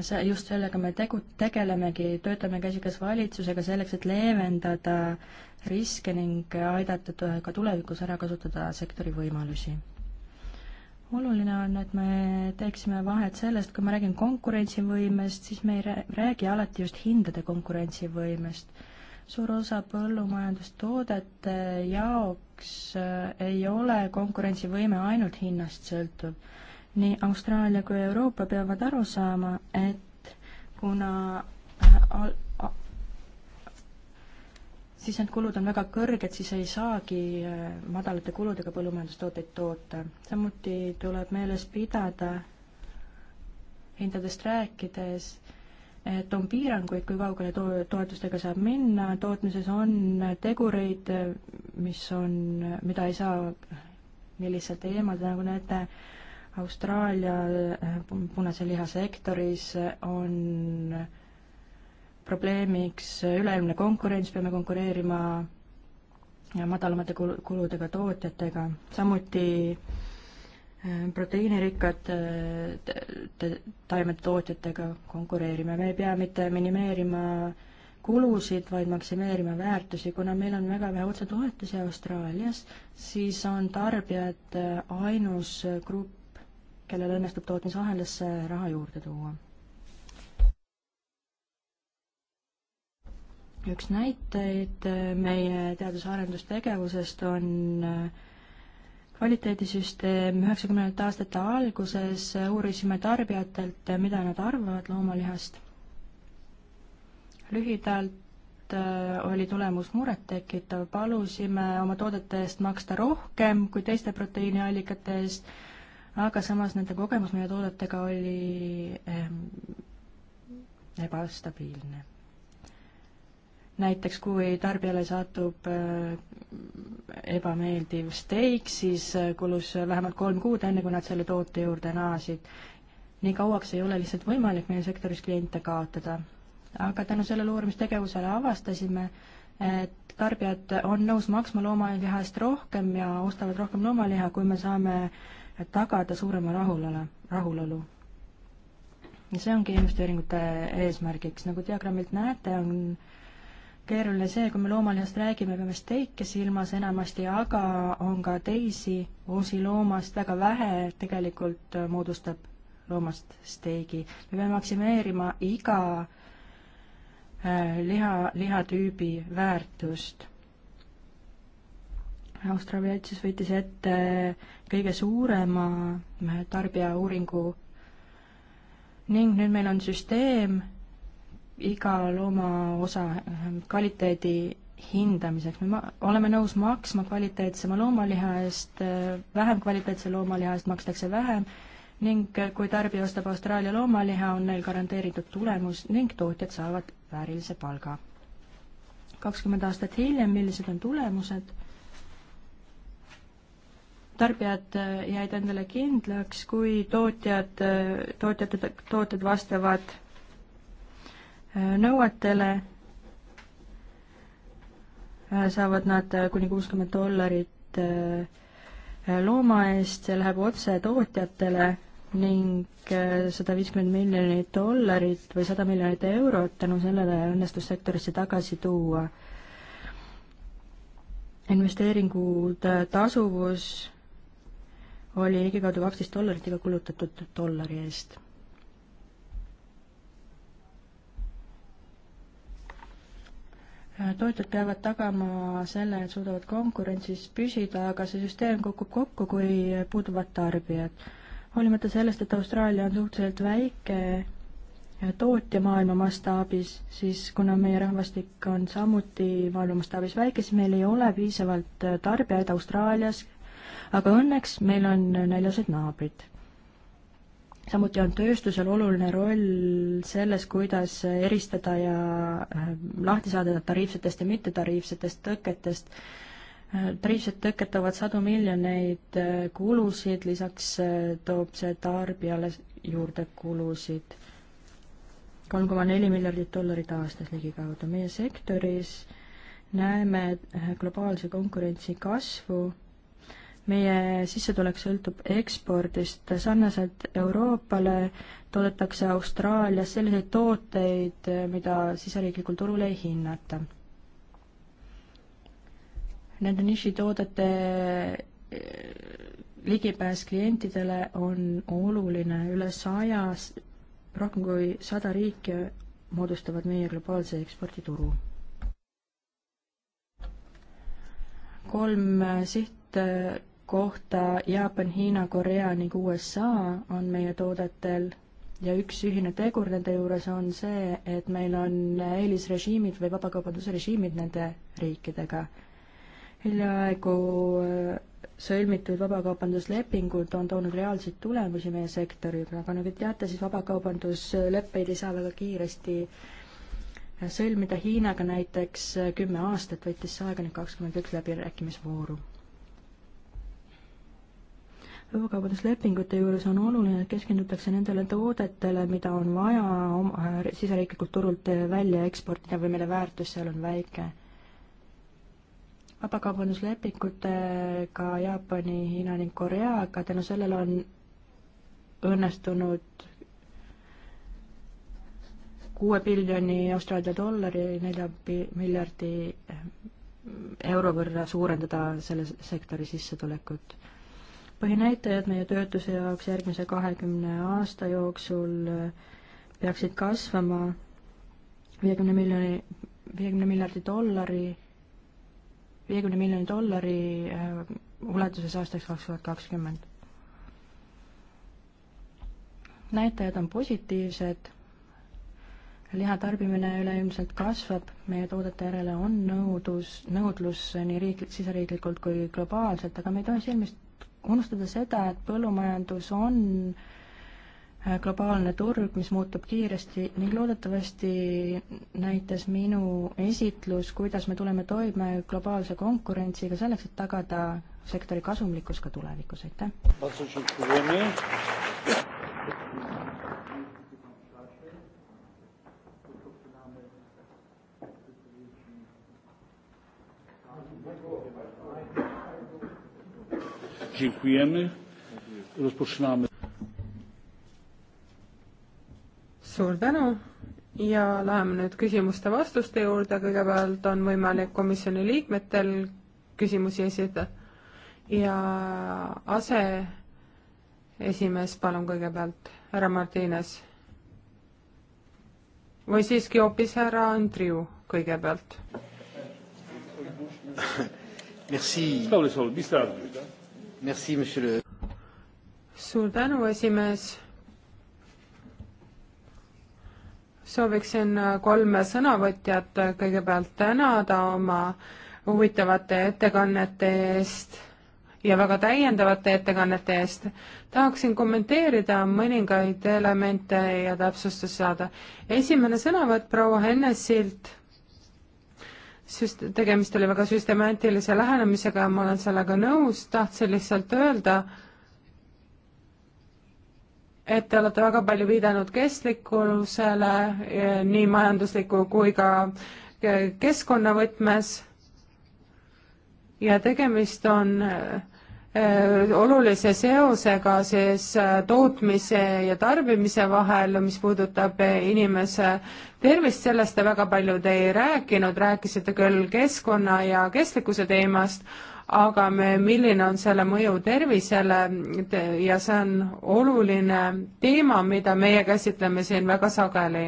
see, just sellega me tegu, tegelemegi, töötame käsikäes valitsusega selleks, et leevendada riske ning aidata ka tulevikus ära kasutada sektori võimalusi oluline on, et me teeksime vahet sellest, kui ma räägin konkurentsivõimest, siis me ei räägi alati just hindade konkurentsivõimest. suur osa põllumajandustoodete jaoks äh, ei ole konkurentsivõime ainult hinnast sõltuv nii Austraalia kui Euroopa peavad aru saama, et kuna äh, al-, siis need kulud on väga kõrged, siis ei saagi äh, madalate kuludega põllumajandustooteid toota. samuti tuleb meeles pidada hindadest rääkides, et on piiranguid, kui kaugele to-, toetustega saab minna, tootmises on tegureid, mis on, mida ei saa nii lihtsalt eemaldada, nagu näete, Austraalia eh, punase liha sektoris on probleemiks üleilmne konkurents, peame konkureerima madalamate kuludega tootjatega, samuti eh, proteiinirikkad eh, taimede tootjatega konkureerime, me ei pea mitte minimeerima kulusid, vaid maksimeerima väärtusi, kuna meil on väga vähe otsetoetusi Austraalias, siis on tarbijad ainus grupp, kellel õnnestub tootmisahendasse raha juurde tuua. üks näiteid meie teadus-arendustegevusest on äh, kvaliteedisüsteem üheksakümnendate aastate alguses uurisime tarbijatelt, äh, mida nad arvavad loomalihast. lühidalt äh, oli tulemus murettekitav, palusime oma toodete eest maksta rohkem kui teiste proteiiniallikate eest aga samas nende kogemus meie toodetega oli ehm, ebastabiilne. näiteks kui tarbijale satub äh, ebameeldiv steik, siis äh, kulus vähemalt kolm kuud, enne kui nad selle toote juurde naasid. nii kauaks ei ole lihtsalt võimalik meie sektoris kliente kaotada. aga tänu sellele uurimistegevusele avastasime, et tarbijad on nõus maksma loomaliha eest rohkem ja ostavad rohkem loomaliha, kui me saame äh, et tagada suurema rahulolu, rahulolu. ja see ongi investeeringute eesmärgiks, nagu diagrammilt näete, on keeruline see, kui me loomalihast räägime, peame steike silmas enamasti, aga on ka teisi osi loomast, väga vähe tegelikult moodustab loomast steigi. me peame maksimeerima iga äh, liha, lihatüübi väärtust Austraalia Otsis võttis ette kõige suurema tarbijauuringu ning nüüd meil on süsteem iga looma osa ehm, kvaliteedi hindamiseks, me oleme nõus maksma kvaliteetsema loomaliha eest, ehm, vähem kvaliteetse loomaliha eest makstakse vähem ning kui tarbija ostab Austraalia loomaliha, on neil garanteeritud tulemus ning tootjad saavad väärilise palga. kakskümmend aastat hiljem, millised on tulemused? tarbijad äh, jäid endale kindlaks, kui tootjad, äh, tootjate, tooted vastavad äh, nõuetele, saavad nad kuni kuuskümmend dollarit looma eest, see läheb otse tootjatele ning sada viiskümmend miljonit dollarit või sada miljonit eurot tänu sellele õnnestus sektorisse tagasi tuua investeeringud, tasuvus oli ligikaudu kaksteist dollarit iga kulutatud dollari eest. tootjad peavad tagama selle, et suudavad konkurentsis püsida, aga see süsteem kukub kokku, kui puuduvad tarbijad. hoolimata sellest, et Austraalia on suhteliselt väike tootja maailma mastaabis, siis kuna meie rahvastik on samuti maailma mastaabis väike, siis meil ei ole piisavalt tarbijaid Austraalias, aga õnneks meil on näljased naabrid. samuti on tööstusel oluline roll selles, kuidas eristada ja äh, lahti saada tariifsetest ja mittetariifsetest tõketest äh, tariifsed tõketavad sadu miljoneid äh, kulusid, lisaks toob see tarbijale juurde kulusid. kolm koma neli miljardit dollarit aastas ligikaudu. meie sektoris näeme globaalse konkurentsi kasvu meie sissetulek sõltub ekspordist, sarnaselt Euroopale toodetakse Austraalias selliseid tooteid, mida siseriiklikul turul ei hinnata. Nende nišitoodete eh, ligipääs klientidele on oluline, üle saja, rohkem kui sada riiki moodustavad meie globaalse ekspordituru. kolm siht eh, kohta Jaapan, Hiina, Korea ning USA on meie toodetel ja üks ühine tegur nende juures on see, et meil on eelisrežiimid või vabakaubandusrežiimid nende riikidega. hiljaaegu äh, sõlmitud vabakaubanduslepingud on toonud reaalseid tulemusi meie sektorile, aga nagu te teate, siis vabakaubandusleppeid ei saa väga kiiresti äh, sõlmida Hiinaga näiteks äh, kümme aastat võttis see aega nüüd kakskümmend üks läbirääkimisvooru vabakaubanduslepingute juures on oluline, et keskendutakse nendele toodetele, mida on vaja oma äh, siseriiklikult turult välja eksportida või mille väärtus seal on väike. vabakaubanduslepingutega Jaapani, Hiina ning Koreaga tänu sellele on õnnestunud kuue biljoni Austraalia dollari, nelja miljardi äh, euro võrra suurendada selle sektori sissetulekut põhinäitajad meie töötuse jaoks järgmise kahekümne aasta jooksul äh, peaksid kasvama viiekümne miljoni, viiekümne miljardi dollari, viiekümne miljoni dollari äh, ulatuses aastaks kaks tuhat kakskümmend. näitajad on positiivsed, liha tarbimine üleilmselt kasvab, meie toodete järele on nõudlus, nõudlus nii riik, siseriiklikult kui globaalselt, aga me ei tohi silmist unustada seda, et põllumajandus on äh, globaalne turg, mis muutub kiiresti ning loodetavasti näitas minu esitlus, kuidas me tuleme toime globaalse konkurentsiga selleks, et tagada sektori kasumlikkus ka tulevikus, aitäh! Dziękujemy. Rozpoczynamy. suur tänu ja läheme nüüd küsimuste-vastuste juurde, kõigepealt on võimalik komisjoni liikmetel küsimusi esitada ja aseesimees, palun kõigepealt, härra Martines. või siiski hoopis härra Andriu kõigepealt. Merci. Le... suur tänu, esimees. sooviksin äh, kolme sõnavõtjat äh, kõigepealt tänada oma huvitavate ettekannete eest ja väga täiendavate ettekannete eest. tahaksin kommenteerida mõningaid elemente ja täpsustusi saada. esimene sõnavõtt proua Hennesilt süst-, tegemist oli väga süstemaatilise lähenemisega ja ma olen sellega nõus, tahtsin lihtsalt öelda, et te olete väga palju viidanud kestlikkusele e, nii majandusliku kui ka keskkonna võtmes ja tegemist on äh, Äh, olulise seosega siis äh, tootmise ja tarbimise vahel, mis puudutab äh, inimese tervist, sellest te väga palju te ei rääkinud, rääkisite küll keskkonna ja kestlikkuse teemast, aga me, milline on selle mõju tervisele ja see on oluline teema, mida meie käsitleme siin väga sageli.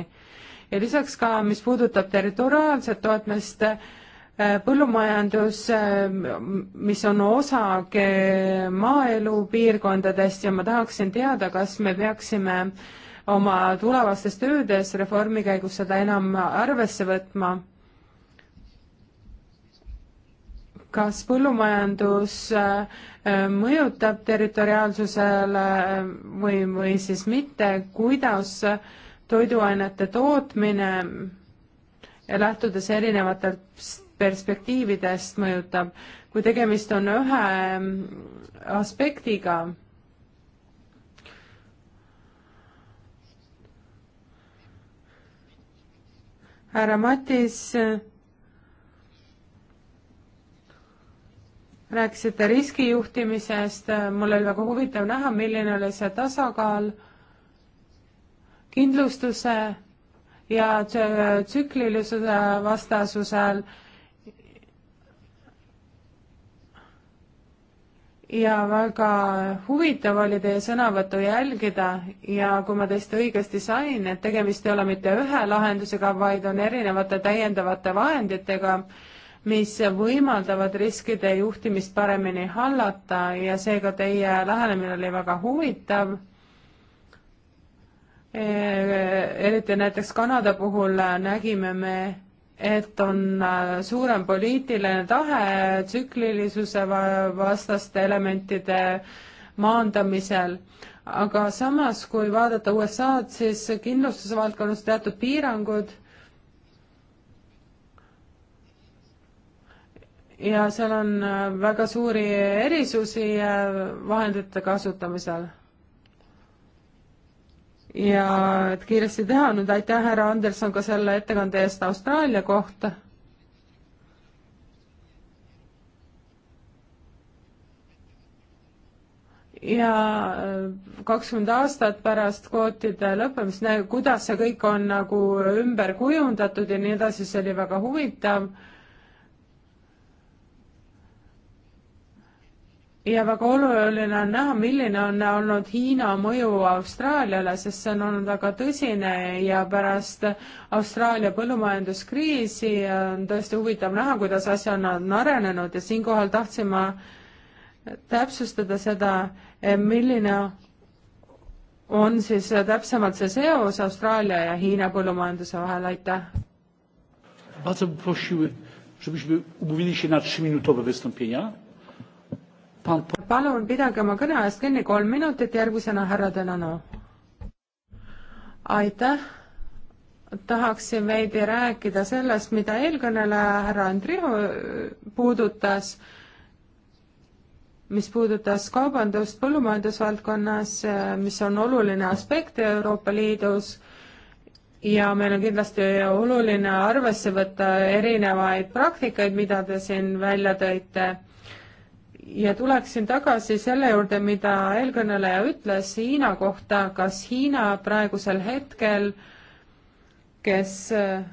ja lisaks ka, mis puudutab territoriaalset toetmist, Äh, põllumajandus, äh, mis on osa maaelu piirkondadest ja ma tahaksin teada, kas me peaksime oma tulevastes töödes reformi käigus seda enam arvesse võtma kas põllumajandus äh, mõjutab territoriaalsusele või, või siis mitte, kuidas toiduainete tootmine, lähtudes erinevatest perspektiividest mõjutab. kui tegemist on ühe mm, aspektiga, härra Matis, rääkisite riskijuhtimisest, mul oli väga huvitav näha, milline oli see tasakaal kindlustuse ja tsüklilisuse vastasusel ja väga huvitav oli teie sõnavõttu jälgida ja kui ma teist õigesti sain, et tegemist ei ole mitte ühe lahendusega, vaid on erinevate täiendavate vahenditega, mis võimaldavad riskide juhtimist paremini hallata ja seega teie lähenemine oli väga huvitav e, eriti näiteks Kanada puhul nägime me, et on äh, suurem poliitiline tahe tsüklilisuse vastaste elementide maandamisel, aga samas, kui vaadata USA-d, siis kindlustuse valdkonnas teatud piirangud ja seal on äh, väga suuri erisusi äh, vahendite kasutamisel ja et kiiresti teha, nüüd aitäh, härra Anderson, ka selle ettekande eest Austraalia kohta. ja äh, kakskümmend aastat pärast kvootide lõppemist, kuidas see kõik on nagu ümber kujundatud ja nii edasi, see oli väga huvitav ja väga oluline on näha, milline on olnud Hiina mõju Austraaliale, sest see on olnud väga tõsine ja pärast Austraalia põllumajanduskriisi on tõesti huvitav näha, kuidas asja on arenenud ja siinkohal tahtsin ma täpsustada seda, milline on siis täpsemalt see seos Austraalia ja Hiina põllumajanduse vahel, aitäh. Bardzo bym prosił, żebyśmy umówili się na trzyminutowe wystąpienia palun pidage oma kõne ajast kinni, kolm minutit, järgmisena härra Denano. aitäh, tahaksin veidi rääkida sellest, mida eelkõneleja härra Andriho puudutas, mis puudutas kaubandust põllumajandusvaldkonnas, mis on oluline aspekt Euroopa Liidus ja meil on kindlasti oluline arvesse võtta erinevaid praktikaid, mida te siin välja tõite ja tuleksin tagasi selle juurde, mida eelkõneleja ütles Hiina kohta, kas Hiina praegusel hetkel, kes äh,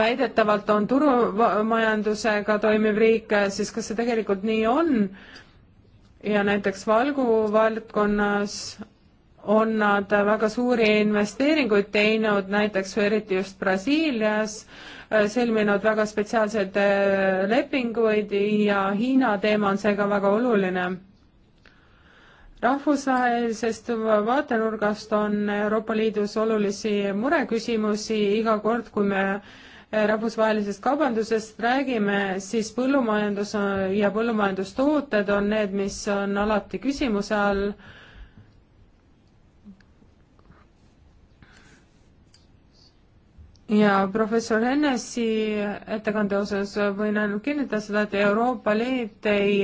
väidetavalt on turumajandusega toimiv riik, siis kas see tegelikult nii on? ja näiteks valguvaldkonnas on nad väga suuri investeeringuid teinud, näiteks eriti just Brasiilias, äh, sõlminud väga spetsiaalseid äh, lepinguid ja Hiina teema on seega väga oluline. rahvusvahelisest vaatenurgast on Euroopa Liidus olulisi mureküsimusi iga kord, kui me äh, rahvusvahelisest kaubandusest räägime, siis põllumajandus ja põllumajandustooted on need, mis on alati küsimuse all ja professor Hennessy ettekande osas võin ainult kinnitada seda, et Euroopa Liit ei,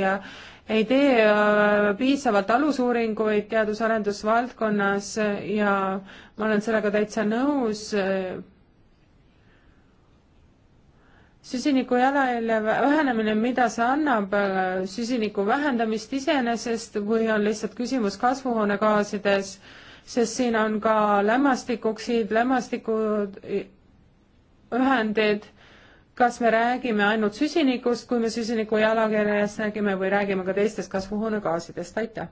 ei tee äh, piisavalt alusuuringuid teadus-arendusvaldkonnas ja ma olen sellega täitsa nõus. süsiniku jalajälje vähenemine, mida see annab, äh, süsiniku vähendamist iseenesest või on lihtsalt küsimus kasvuhoonegaasides, sest siin on ka lämmastikoksiid, lämmastiku ühendeid, kas me räägime ainult süsinikust, kui me süsiniku jalakirjast räägime või räägime ka teistest kasvuhoonegaasidest, aitäh.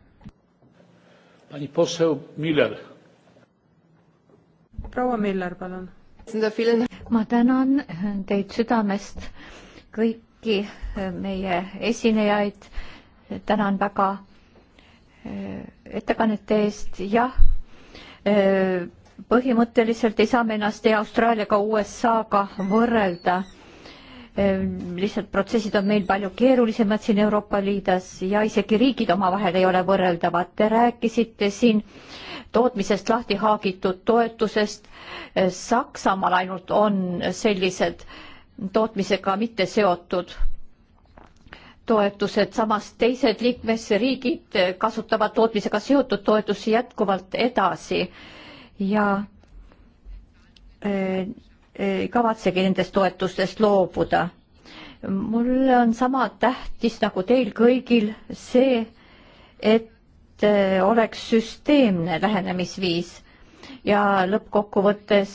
proua Miller, palun. ma tänan teid südamest, kõiki meie esinejaid, tänan väga eh, ettekannete eest, jah eh, põhimõtteliselt ei saa me ennast ei Austraaliaga, USA-ga võrrelda. Ehm, lihtsalt protsessid on meil palju keerulisemad siin Euroopa Liidus ja isegi riigid omavahel ei ole võrreldavad. Te rääkisite siin tootmisest lahti haagitud toetusest. Ehm, Saksamaal ainult on sellised tootmisega mitte seotud toetused, samas teised liikmesriigid kasutavad tootmisega seotud toetusi jätkuvalt edasi ja ei äh, äh, kavatsegi nendest toetustest loobuda. mulle on sama tähtis nagu teil kõigil see, et äh, oleks süsteemne lähenemisviis ja lõppkokkuvõttes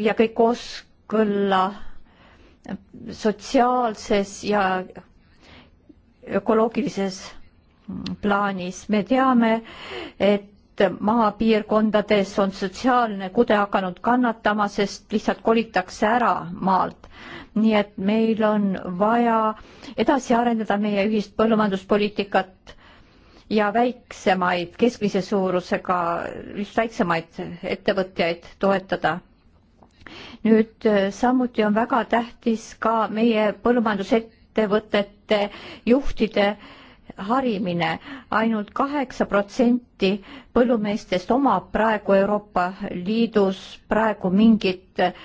ja kõik kooskõlla sotsiaalses ja ökoloogilises plaanis. me teame, et et maapiirkondades on sotsiaalne kude hakanud kannatama, sest lihtsalt kolitakse ära maalt. nii et meil on vaja edasi arendada meie ühist põllumajanduspoliitikat ja väiksemaid, keskmise suurusega, väiksemaid ettevõtjaid toetada nüüd äh, samuti on väga tähtis ka meie põllumajandusettevõtete juhtide äh, harimine ainult kaheksa protsenti põllumeestest omab praegu Euroopa Liidus praegu mingit äh,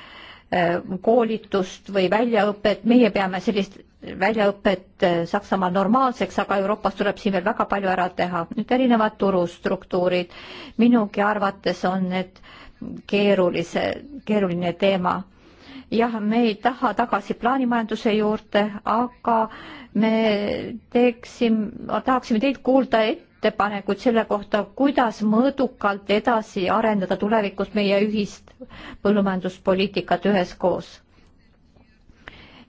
koolitust või väljaõpet, meie peame sellist väljaõpet äh, Saksamaal normaalseks, aga Euroopas tuleb siin veel väga palju ära teha. nüüd erinevad turustruktuurid, minugi arvates on need keerulise, keeruline teema jah, me ei taha tagasi plaanimajanduse juurde, aga me teeksime, tahaksime teilt kuulda ettepanekuid selle kohta, kuidas mõõdukalt edasi arendada tulevikus meie ühist põllumajanduspoliitikat üheskoos.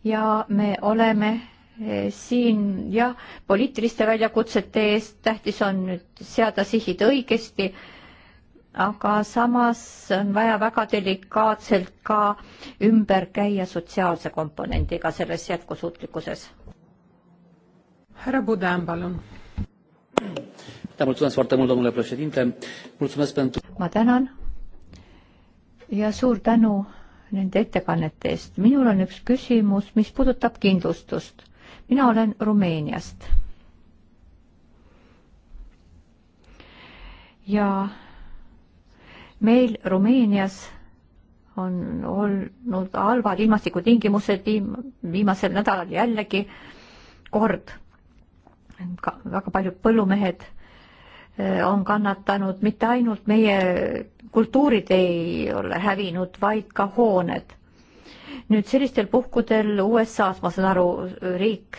ja me oleme eh, siin jah, poliitiliste väljakutsete eest tähtis on nüüd seada sihid õigesti aga samas on vaja väga delikaatselt ka ümber käia sotsiaalse komponendiga selles jätkusuutlikkuses. härra Budan, palun. ma tänan ja suur tänu nende ettekannete eest. minul on üks küsimus, mis puudutab kindlustust. mina olen Rumeeniast. ja meil Rumeenias on olnud halvad ilmastikutingimused viimasel nädalal jällegi kord. väga paljud põllumehed eh, on kannatanud, mitte ainult meie kultuurid ei ole hävinud, vaid ka hooned. nüüd sellistel puhkudel USA-s, ma saan aru, riik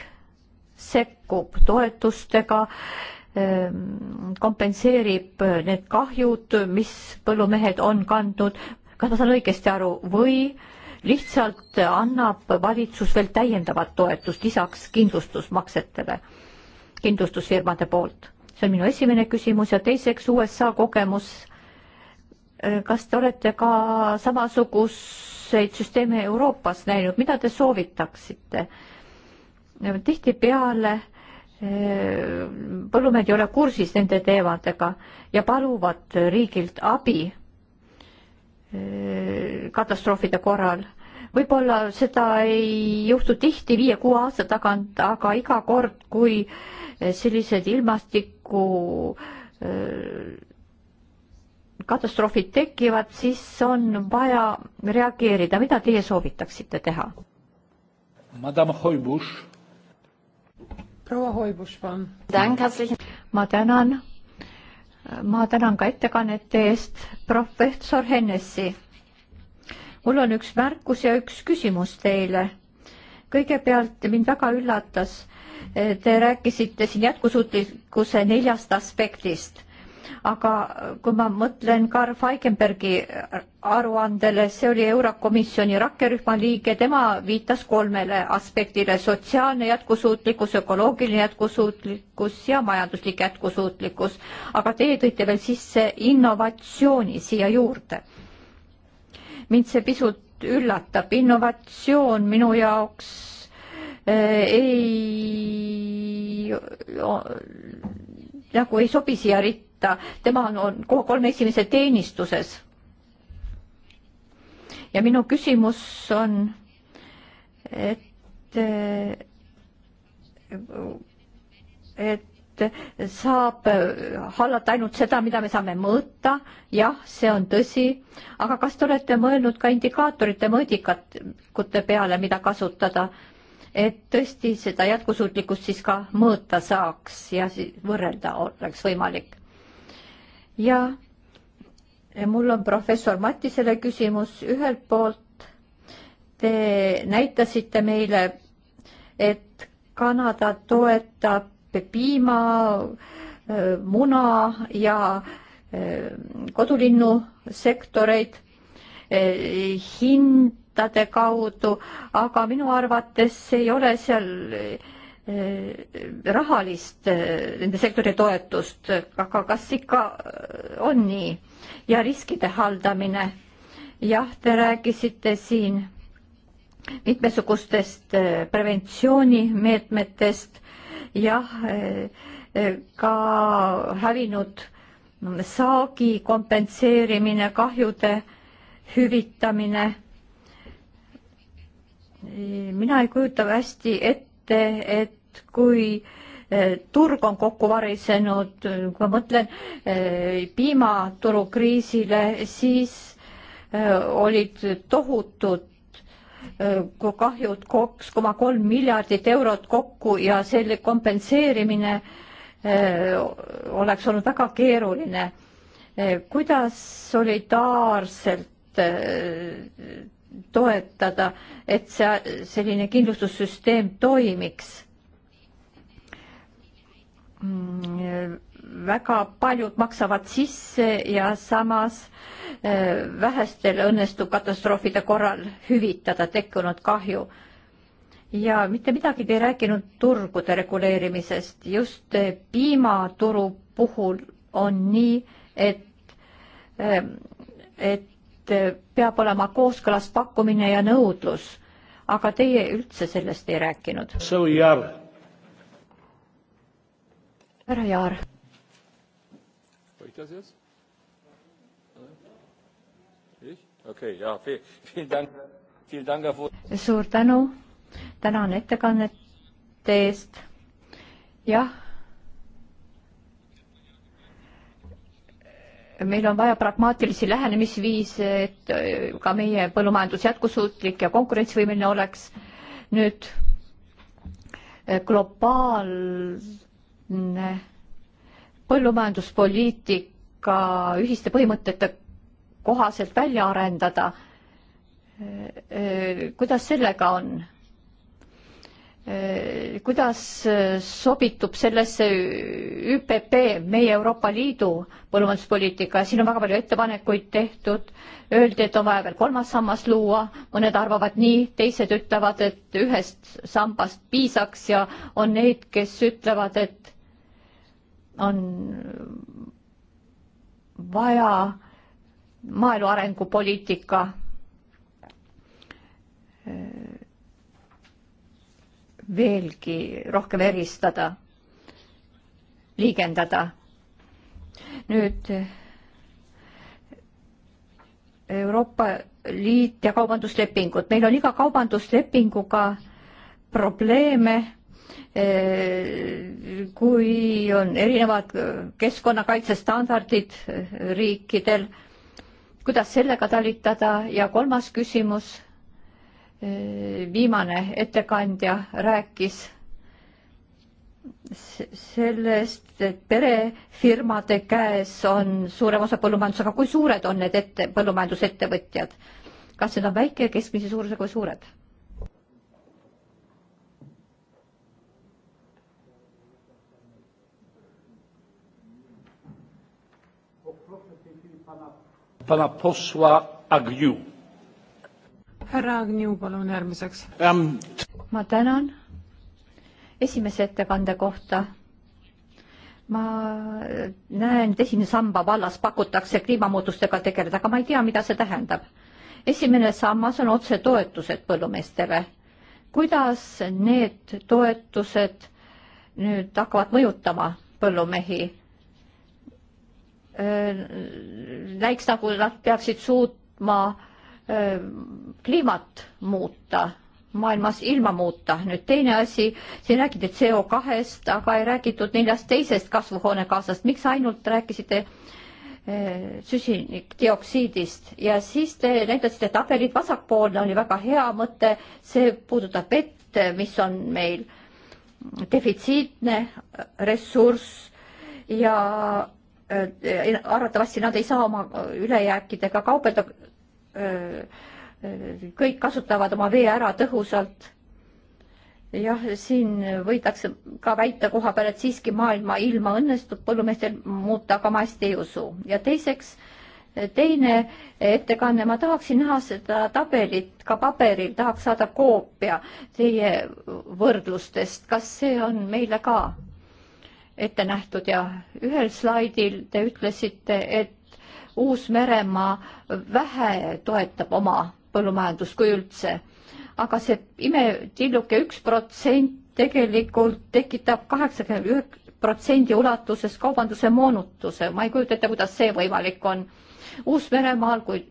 sekkub toetustega Ähm, kompenseerib äh, need kahjud, mis põllumehed on kandnud, kas ma saan õigesti aru, või lihtsalt annab valitsus veel täiendavat toetust lisaks kindlustusmaksetele kindlustusfirmade poolt? see on minu esimene küsimus ja teiseks USA kogemus. Äh, kas te olete ka samasuguseid süsteeme Euroopas näinud, mida te soovitaksite? tihtipeale põllumehed ei ole kursis nende teemadega ja paluvad riigilt abi e, katastroofide korral. võib-olla seda ei juhtu tihti viie-kuue aasta tagant, aga iga kord, kui sellised ilmastiku e, katastroofid tekivad, siis on vaja reageerida. mida teie soovitaksite teha? Madame Hoibuš proua Hoibus, palun. ma tänan. ma tänan ka ettekannete eest, professor Hennessy. mul on üks märkus ja üks küsimus teile. kõigepealt mind väga üllatas, te rääkisite siin jätkusuutlikkuse neljast aspektist aga kui ma mõtlen Karl Feigenbergi aruandele, see oli Eurokomisjoni rakkerühma liige, tema viitas kolmele aspektile, sotsiaalne jätkusuutlikkus, ökoloogiline jätkusuutlikkus ja majanduslik jätkusuutlikkus. aga teie tõite veel sisse innovatsiooni siia juurde. mind see pisut üllatab, innovatsioon minu jaoks äh, ei nagu ei sobi siia ritta võita, tema on, on kohe kolme esimese teenistuses. ja minu küsimus on, et, et saab hallata ainult seda, mida me saame mõõta, jah, see on tõsi, aga kas te olete mõelnud ka indikaatorite mõõdikute peale, mida kasutada? et tõesti seda jätkusuutlikkust siis ka mõõta saaks ja võrrelda oleks võimalik ja eh, mul on professor Mattisele küsimus. ühelt poolt te näitasite meile, et Kanada toetab piima, eh, muna ja eh, kodulinnusektoreid hindade kaudu, aga minu arvates ei ole seal Eh, rahalist eh, nende sektori toetust, aga kas ikka eh, on nii? ja riskide haldamine. jah, te rääkisite siin mitmesugustest preventsioonimeetmetest, jah, ka hävinud saagi kompenseerimine, kahjude hüvitamine. mina ei kujuta hästi ette, ette, et kui eh, turg on kokku varisenud, kui ma mõtlen eh, piimaturu kriisile, siis eh, olid tohutud kahjud kaks koma kolm miljardit eurot kokku ja selle kompenseerimine oleks olnud väga keeruline. kuidas solidaarselt toetada, et see, selline kindlustussüsteem toimiks. Mm, väga paljud maksavad sisse ja samas eh, vähestel õnnestub katastroofide korral hüvitada tekkinud kahju ja mitte midagi te ei rääkinud turgude reguleerimisest, just eh, piimaturu puhul on nii, et, eh, et peab olema kooskõlas pakkumine ja nõudlus, aga teie üldse sellest ei rääkinud. härra Jaar. suur tänu, tänan ettekannete eest. jah meil on vaja pragmaatilisi lähenemisviise, et äh, ka meie põllumajandus jätkusuutlik ja konkurentsivõimeline oleks. nüüd äh, globaalne põllumajanduspoliitika ühiste põhimõtete kohaselt välja arendada. Äh, kuidas sellega on? Äh, kuidas äh, sobitub sellesse ÜPP, meie Euroopa Liidu põllumajanduspoliitika, siin on väga palju ettepanekuid tehtud, öeldi, et on vaja veel kolmas sammas luua, mõned arvavad nii, teised ütlevad, et ühest sambast piisaks ja on neid, kes ütlevad, et on vaja maaelu arengupoliitika äh, veelgi rohkem eristada, liigendada. nüüd Euroopa Liit ja kaubanduslepingud, meil on iga kaubanduslepinguga probleeme eh, kui on erinevad keskkonnakaitsestandardid eh, riikidel, kuidas sellega talitada ja kolmas küsimus Äh, viimane ettekandja rääkis sellest, et perefirmade käes on suurem osa põllumajandusega, kui suured on need ette, põllumajandusettevõtjad? kas need on väike, keskmise suurusega või suured? Pana posła Agniu härra Agniu, palun järgmiseks ähm.. ma tänan esimese ettekande kohta. ma näen, et esimese samba vallas pakutakse kliimamuutustega tegeleda, aga ma ei tea, mida see tähendab. esimene sammas on otsetoetused põllumeestele. kuidas need toetused nüüd hakkavad mõjutama põllumehi? näiteks äh, nagu nad peaksid suutma äh, kliimat muuta, maailmas ilma muuta. nüüd teine asi, siin räägiti CO kahest, aga ei räägitud neljast teisest kasvuhoonegaasast, miks ainult rääkisite süsinikdioksiidist ja siis te näitasite tabelit, vasakpoolne oli väga hea mõte, see puudutab vett, mis on meil defitsiitne ressurss ja arvatavasti nad ei saa oma ülejääkidega kaubelda kõik kasutavad oma vee ära tõhusalt. jah, siin võidakse ka väita koha peal, et siiski maailma ilma õnnestub põllumeestel muuta, aga ma hästi ei usu. ja teiseks, teine ettekanne, ma tahaksin näha seda tabelit ka paberil, tahaks saada koopia teie võrdlustest, kas see on meile ka ette nähtud ja ühel slaidil te ütlesite, et Uus-Meremaa vähe toetab oma põllumajandust, kui üldse. aga see imetilluke üks protsent tegelikult tekitab kaheksakümmend ühe protsendi ulatuses kaubanduse moonutuse. ma ei kujuta ette, kuidas see võimalik on. Uus-Meremaal, kui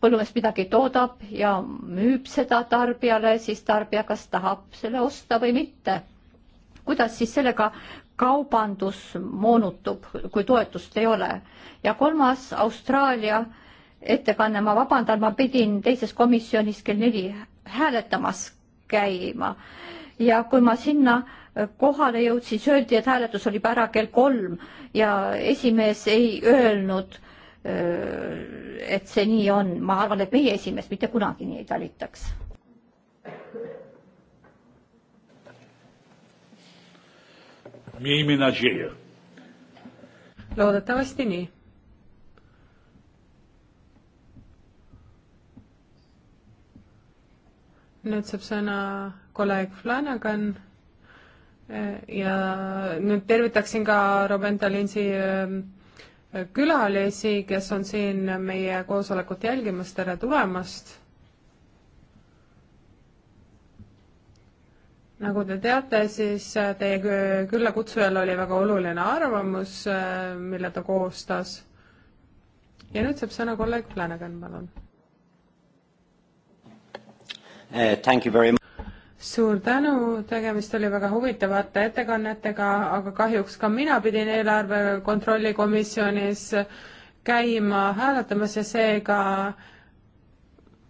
põllumees midagi toodab ja müüb seda tarbijale, siis tarbija kas tahab selle osta või mitte. kuidas siis sellega kaubandus moonutub, kui toetust ei ole. ja kolmas Austraalia ettekanne, ma vabandan, ma pidin teises komisjonis kell neli hääletamas käima ja kui ma sinna kohale jõudsin, siis öeldi, et hääletus oli juba ära kell kolm ja esimees ei öelnud, äh, et see nii on. ma arvan, et meie esimees mitte kunagi nii ei talitaks Miejmy nadzieję. Loodetavasti nii. nüüd saab sõna kolleeg Flanagan ja nüüd tervitaksin ka Robenta Linsi ähm, külalisi, kes on siin meie koosolekut jälgimas, tere tulemast nagu te teate, siis äh, teie küllakutsujal oli väga oluline arvamus, äh, mille ta koostas. ja nüüd saab sõna kolleeg Flanagan, palun eh,. suur tänu, tegemist oli väga huvitavate ettekannetega, aga kahjuks ka mina pidin eelarve kontrolli komisjonis käima hääletamas ja seega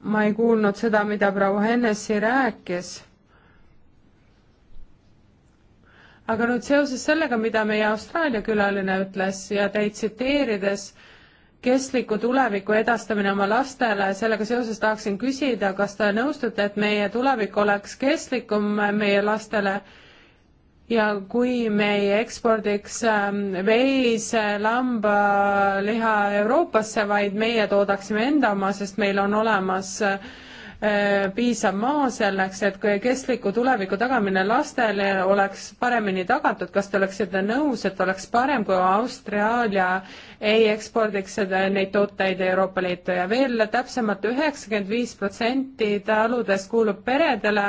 ma ei kuulnud seda, mida proua Hennessy rääkis aga nüüd seoses sellega, mida meie Austraalia külaline ütles ja teid tsiteerides, kestliku tuleviku edastamine oma lastele, sellega seoses tahaksin küsida, kas te nõustute, et meie tulevik oleks kestlikum meie lastele ja kui me ei ekspordiks ähm, veise, lambaliha Euroopasse, vaid meie toodaksime enda oma, sest meil on olemas äh, Äh, piisav maa selleks, et kestliku tuleviku tagamine lastele oleks paremini tagatud, kas te oleksite nõus, et oleks parem, kui Austraalia ei ekspordiks seda, neid tooteid Euroopa Liitu ja veel täpsemalt üheksakümmend viis protsenti taludest kuulub peredele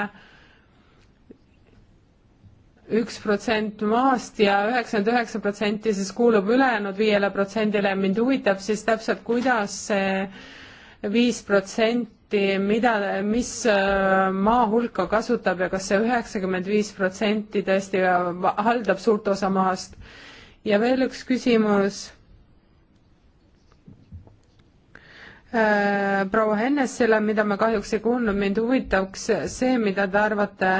üks protsent maast ja üheksakümmend üheksa protsenti siis kuulub ülejäänud viiele protsendile. mind huvitab siis täpselt, kuidas see viis protsenti protsenti, mida, mis äh, maa hulka kasutab ja kas see üheksakümmend viis protsenti tõesti äh, haldab suurt osa maast. ja veel üks küsimus. Äh, proua Hennesele, mida me kahjuks ei kuulnud, mind huvitaks see, mida te arvate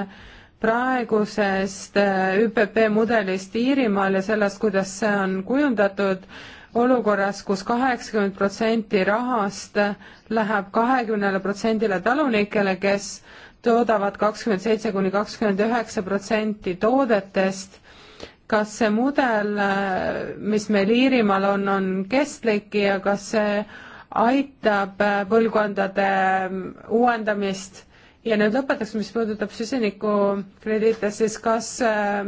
praegusest ÜPP mudelist Iirimaal ja sellest, kuidas see on kujundatud olukorras kus, kus kaheksakümmend protsenti rahast läheb kahekümnele protsendile talunikele, kes toodavad kakskümmend seitse kuni kakskümmend üheksa protsenti toodetest, kas see mudel, mis meil Iirimaal on, on kestlik ja kas see aitab põlvkondade uuendamist ja nüüd lõpetuseks, mis puudutab süsinikukrediite, siis kas,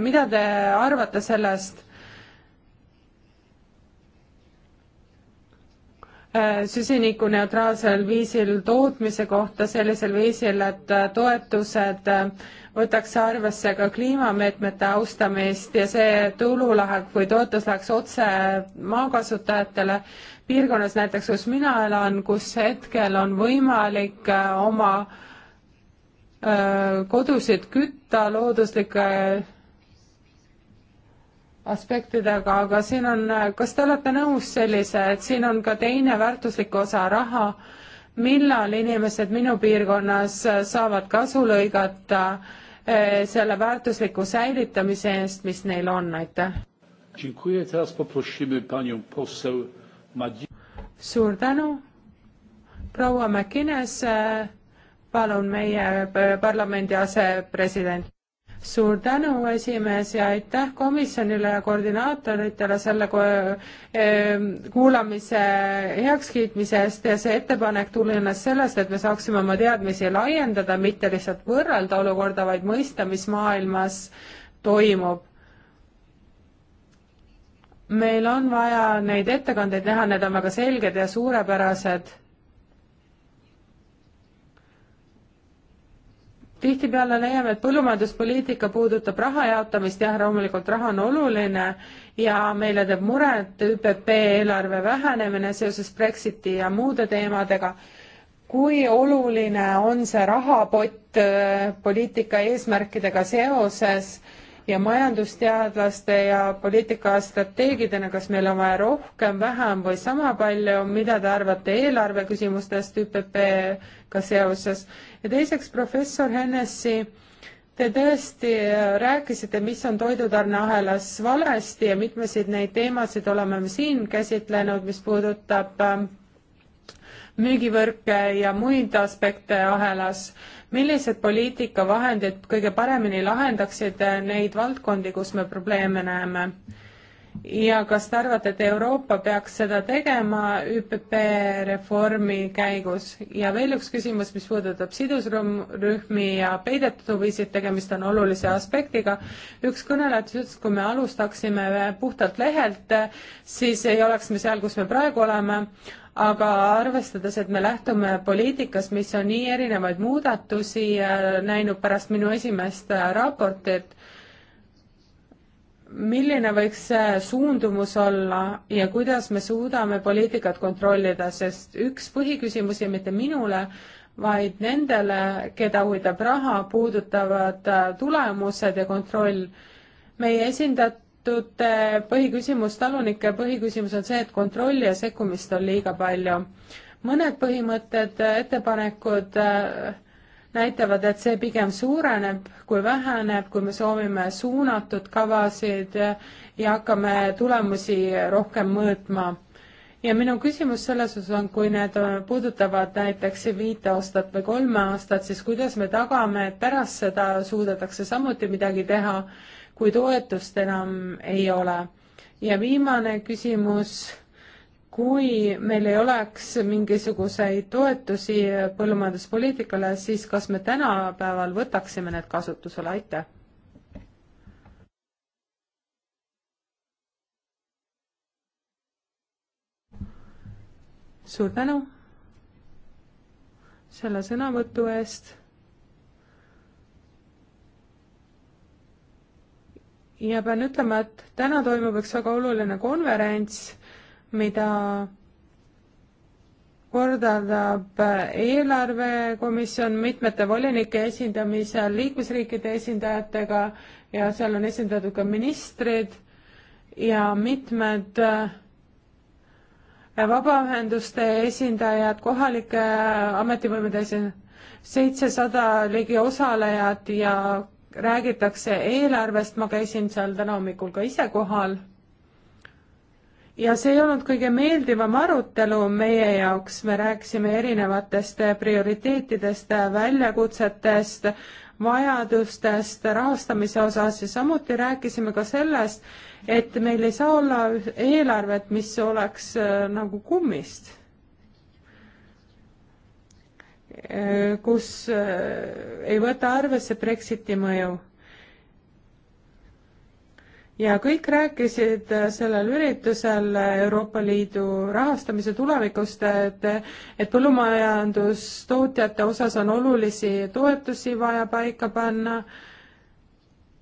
mida te arvate sellest Äh, süsinikuneutraalsel viisil tootmise kohta sellisel viisil, et äh, toetused äh, võtaks arvesse ka kliimameetmete austamist ja see tulu läheb või toetus läheks otse maakasutajatele piirkonnas näiteks, kus mina elan, kus hetkel on võimalik oma kodusid kütta looduslike aspektidega, aga siin on, kas te olete nõus sellise, et siin on ka teine väärtuslik osa raha, millal inimesed minu piirkonnas saavad kasu lõigata eh, selle väärtusliku säilitamise eest, mis neil on, aitäh. suur tänu, proua McInnes, eh, palun meie eh, parlamendi asepresident suur tänu, esimees, ja aitäh komisjonile ja koordinaatoritele selle eh, kuulamise heakskiitmise eest ja see ettepanek tulenes sellest, et me saaksime oma teadmisi laiendada, mitte lihtsalt võrrelda olukorda, vaid mõista, mis maailmas toimub meil on vaja neid ettekandeid näha, need on väga selged ja suurepärased tihtipeale leiame, et põllumajanduspoliitika puudutab raha jaotamist, jah, loomulikult raha on oluline ja meile teeb muret ÜPP eelarve vähenemine seoses Brexiti ja muude teemadega. kui oluline on see rahapott äh, poliitika eesmärkidega seoses ja majandusteadlaste ja poliitikastrateegidena, kas meil on vaja rohkem, vähem või sama palju, mida te arvate eelarve küsimustest ÜPP-ga seoses ja teiseks, professor Hennessy, te tõesti äh, rääkisite, mis on toidutarneahelas valesti ja mitmesid neid teemasid oleme me siin käsitlenud, mis puudutab äh, müügivõrke ja muid aspekte ahelas. millised poliitikavahendid kõige paremini lahendaksid äh, neid valdkondi, kus me probleeme näeme? ja kas te arvate, et Euroopa peaks seda tegema ÜPP reformi käigus? ja veel üks küsimus, mis puudutab sidusrühmi ja peidetud huvisid, tegemist on olulise aspektiga. üks kõneleja ütles, kui me alustaksime puhtalt lehelt, siis ei oleks me seal, kus me praegu oleme, aga arvestades, et me lähtume poliitikas, mis on nii erinevaid muudatusi näinud pärast minu esimest raportit milline võiks see suundumus olla ja kuidas me suudame poliitikat kontrollida, sest üks põhiküsimusi mitte minule, vaid nendele, keda huvitab raha, puudutavad äh, tulemused ja kontroll. meie esindatud põhiküsimus, talunike põhiküsimus on see, et kontrolli ja sekkumist on liiga palju. mõned põhimõtted, ettepanekud äh, näitavad, et see pigem suureneb kui väheneb, kui me soovime suunatud kavasid ja hakkame tulemusi rohkem mõõtma. ja minu küsimus selles osas on, kui need puudutavad näiteks viite aastat või kolme aastat, siis kuidas me tagame, et pärast seda suudetakse samuti midagi teha, kui toetust enam ei ole? ja viimane küsimus kui meil ei oleks mingisuguseid toetusi põllumajanduspoliitikale, siis kas me tänapäeval võtaksime need kasutusele, aitäh? suur tänu selle sõnavõtu eest ja pean ütlema, et täna toimub üks väga oluline konverents mida kordadab eelarvekomisjon mitmete volinike esindamisel liikmesriikide esindajatega ja seal on esindatud ka ministrid ja mitmed äh, vabaühenduste esindajad, kohalike ametivõimude esindajad, seitsesada ligi osalejat ja räägitakse eelarvest, ma käisin seal täna hommikul ka ise kohal ja see ei olnud kõige meeldivam arutelu meie jaoks, me rääkisime erinevatest prioriteetidest, väljakutsetest, vajadustest rahastamise osas ja samuti rääkisime ka sellest, et meil ei saa olla eelarvet, mis oleks äh, nagu kummist, äh, kus äh, ei võta arvesse Brexiti mõju ja kõik rääkisid sellel üritusel Euroopa Liidu rahastamise tulevikust, et et põllumajandustootjate osas on olulisi toetusi vaja paika panna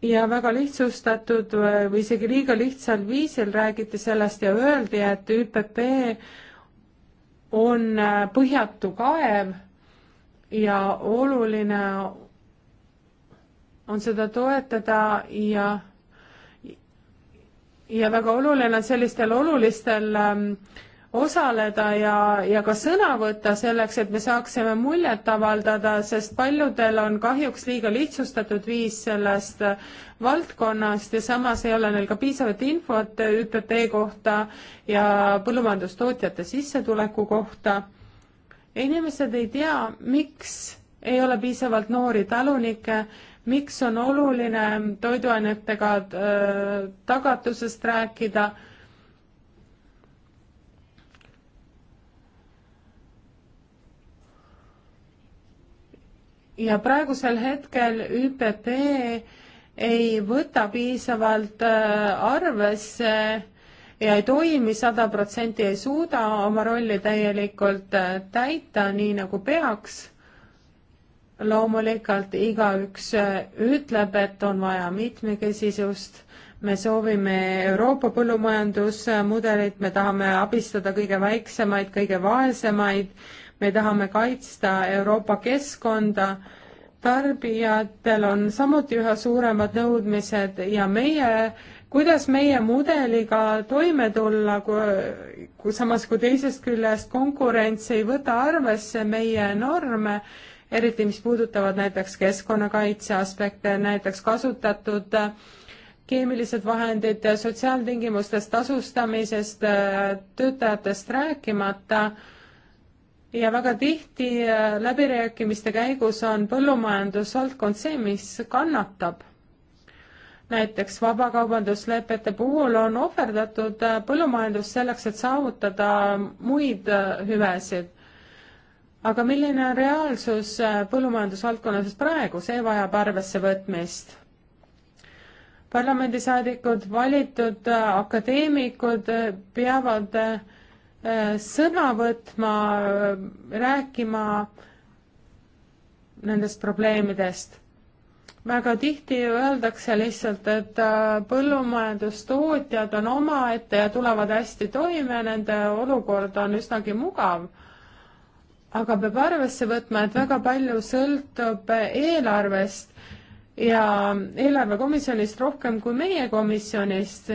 ja väga lihtsustatud või isegi liiga lihtsal viisil räägiti sellest ja öeldi, et ÜPP on põhjatu kaev ja oluline on seda toetada ja ja väga oluline on sellistel olulistel ähm, osaleda ja, ja ka sõna võtta selleks, et me saaksime muljet avaldada, sest paljudel on kahjuks liiga lihtsustatud viis sellest äh, valdkonnast ja samas ei ole neil ka piisavat infot äh, ÜPP kohta ja põllumajandustootjate sissetuleku kohta. inimesed ei tea, miks ei ole piisavalt noori talunikke miks on oluline toiduainetega äh, tagatusest rääkida ja praegusel hetkel ÜPP ei võta piisavalt äh, arvesse ja ei toimi sada protsenti, ei suuda oma rolli täielikult äh, täita, nii nagu peaks loomulikult igaüks äh, ütleb, et on vaja mitmekesisust, me soovime Euroopa põllumajandusmudelit, me tahame abistada kõige väiksemaid, kõige vaesemaid, me tahame kaitsta Euroopa keskkonda, tarbijatel on samuti üha suuremad nõudmised ja meie, kuidas meie mudeliga toime tulla, kui samas kui teisest küljest konkurents ei võta arvesse meie norme eriti mis puudutavad näiteks keskkonnakaitse aspekte, näiteks kasutatud äh, keemilised vahendid, sotsiaaltingimustest, tasustamisest, äh, töötajatest rääkimata ja väga tihti äh, läbirääkimiste käigus on põllumajandusvaldkond see, mis kannatab näiteks vabakaubanduslepete puhul on ohverdatud põllumajandus selleks, et saavutada muid hüvesid aga milline on reaalsus äh, põllumajandusvaldkonnas praegu, see vajab arvesse võtmist. parlamendisaadikud, valitud äh, akadeemikud äh, peavad sõna võtma, rääkima nendest probleemidest. väga tihti öeldakse lihtsalt, et põllumajandustootjad on omaette ja tulevad hästi toime, nende olukord on üsnagi mugav aga peab arvesse võtma, et väga palju sõltub eelarvest ja eelarvekomisjonist rohkem kui meie komisjonist.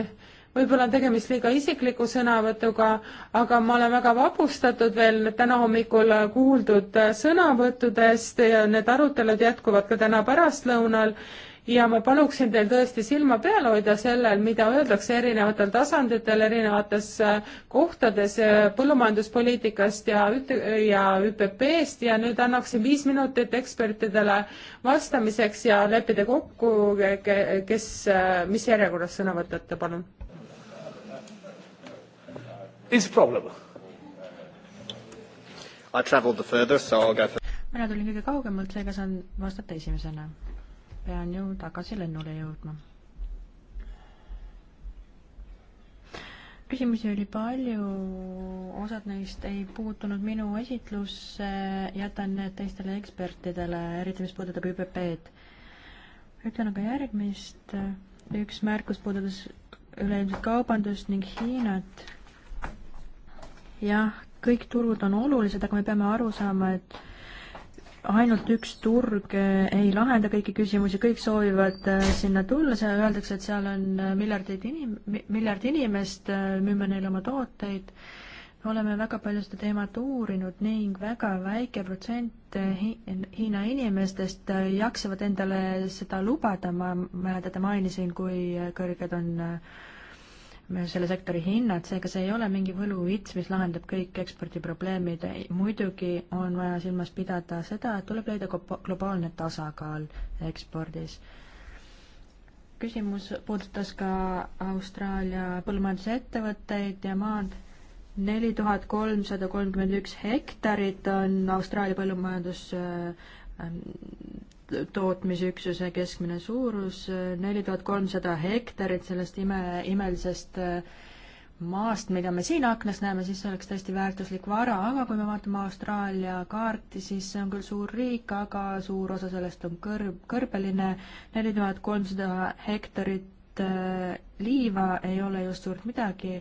võib-olla on tegemist liiga isikliku sõnavõtuga, aga ma olen väga vapustatud veel täna hommikul kuuldud sõnavõttudest ja need arutelud jätkuvad ka täna pärastlõunal ja ma paluksin teil tõesti silma peal hoida sellel, mida öeldakse erinevatel tasanditel, erinevates äh, kohtades äh, põllumajanduspoliitikast ja üt-, ja ÜPP-st ja nüüd annaksin viis minutit ekspertidele vastamiseks ja leppida kokku, kes, äh, mis järjekorras sõna võtate, palun. Is problem? I travelled the furthest, so I will go for mina tulin kõige kaugemalt, seega saan vastata esimesena pean ju tagasi lennule jõudma. küsimusi oli palju, osad neist ei puutunud minu esitlusse, jätan need teistele ekspertidele, eriti mis puudutab ÜPP-d. ütlen aga järgmist, üks märkus puudutas üleilmset kaubandust ning Hiinat. jah, kõik turud on olulised, aga me peame aru saama, et ainult üks turg eh, ei lahenda kõiki küsimusi, kõik soovivad eh, sinna tulla, seal öeldakse, et seal on eh, miljardeid inim-, miljard inimest, müüme neile oma tooteid, oleme väga palju seda teemat uurinud ning väga väike protsent hi-, Hiina inimestest jaksavad endale seda lubada, ma mäletan, mainisin, kui kõrged on äh, selle sektori hinnad, seega see ei ole mingi võluvits, mis lahendab kõik ekspordiprobleemid. muidugi on vaja silmas pidada seda, et tuleb leida globaalne tasakaal ekspordis. küsimus puudutas ka Austraalia põllumajandusettevõtteid ja maad. neli tuhat kolmsada kolmkümmend üks hektarit on Austraalia põllumajandus äh, tootmisüksuse keskmine suurus neli tuhat kolmsada hektarit sellest ime, imelisest äh, maast, mida me siin aknas näeme, siis see oleks täiesti väärtuslik vara, aga kui me vaatame Austraalia kaarti, siis see on küll suur riik, aga suur osa sellest on kõrb, kõrbeline, neli tuhat kolmsada hektarit äh, liiva ei ole just suurt midagi,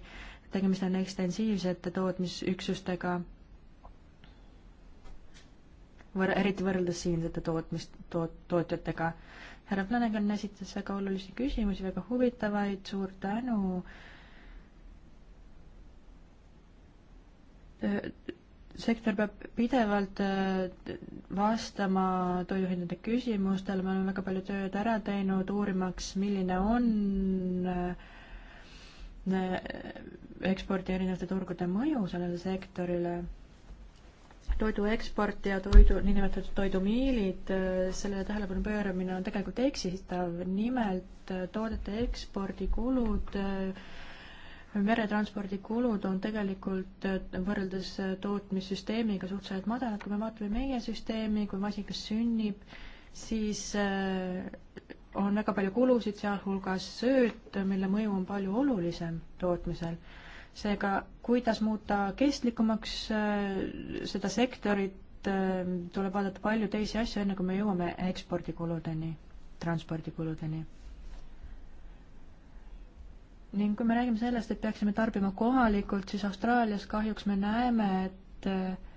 tegemist on ekstensiivsete tootmisüksustega võr-, eriti võrreldes siinsete tootmist, toot-, tootjatega. härra Flanagan esitas väga olulisi küsimusi, väga huvitavaid, suur tänu. sektor peab pidevalt äh, vastama toiduhindade küsimustele, me oleme väga palju tööd ära teinud, uurimaks, milline on äh, ekspordi erinevate turgude mõju sellele sektorile toidu eksport ja toidu, niinimetatud toidumiilid, sellele tähelepanu pööramine on tegelikult eksitav, nimelt toodete ekspordikulud, meretranspordi kulud on tegelikult võrreldes tootmissüsteemiga suhteliselt madalad, kui me vaatame meie süsteemi, kui masinas sünnib, siis äh, on väga palju kulusid, sealhulgas sööt, mille mõju on palju olulisem tootmisel seega, kuidas muuta kestlikumaks äh, seda sektorit, äh, tuleb vaadata palju teisi asju, enne kui me jõuame ekspordikuludeni, transpordikuludeni. ning kui me räägime sellest, et peaksime tarbima kohalikult, siis Austraalias kahjuks me näeme, et äh,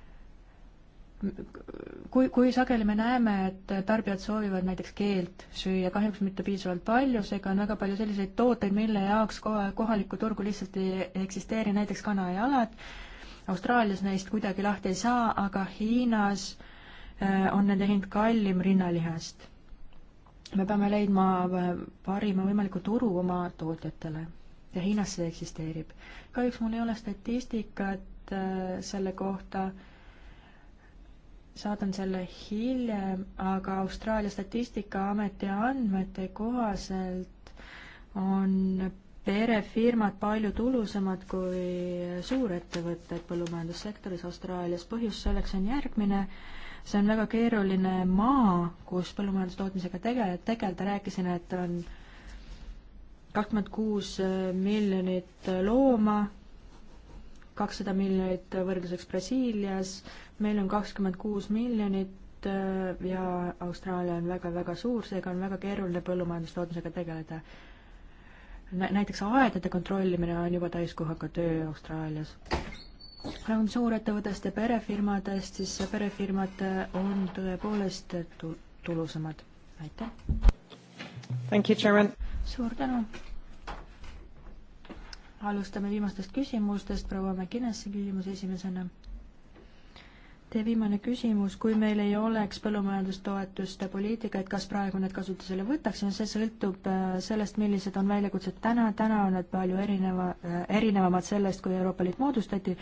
kui, kui sageli me näeme, et tarbijad soovivad näiteks keelt süüa, kahjuks mitte piisavalt palju, seega on väga palju selliseid tooteid, mille jaoks kohalikku turgu lihtsalt ei eksisteeri, näiteks kanajalad, Austraalias neist kuidagi lahti ei saa, aga Hiinas äh, on nende hind kallim rinnalihast. me peame leidma äh, parima võimaliku turu oma tootjatele ja Hiinas see eksisteerib. kahjuks mul ei ole statistikat äh, selle kohta, saadan selle hiljem, aga Austraalia Statistikaameti andmete kohaselt on perefirmad palju tulusamad kui suurettevõtted põllumajandussektoris Austraalias. põhjus selleks on järgmine, see on väga keeruline maa, kus põllumajandustootmisega tege-, tegeleda, rääkisin, et on kakskümmend kuus miljonit looma, kakssada miljonit võrdluseks Brasiilias, meil on kakskümmend kuus miljonit äh, ja Austraalia on väga-väga suur, seega on väga keeruline põllumajandustootmisega tegeleda. näiteks aedade kontrollimine on juba täiskohaga töö Austraalias. räägime suurettevõttest ja perefirmadest, siis perefirmad äh, on tõepoolest tulusamad. aitäh! suur tänu! alustame viimastest küsimustest, proua McInnesi küsimus esimesena Teie viimane küsimus, kui meil ei oleks põllumajandustoetuste poliitikaid, kas praegu need kasutusele võtaksime, see sõltub äh, sellest, millised on väljakutsed täna, täna on need palju erineva, äh, erinevamad sellest, kui Euroopa Liit moodustati,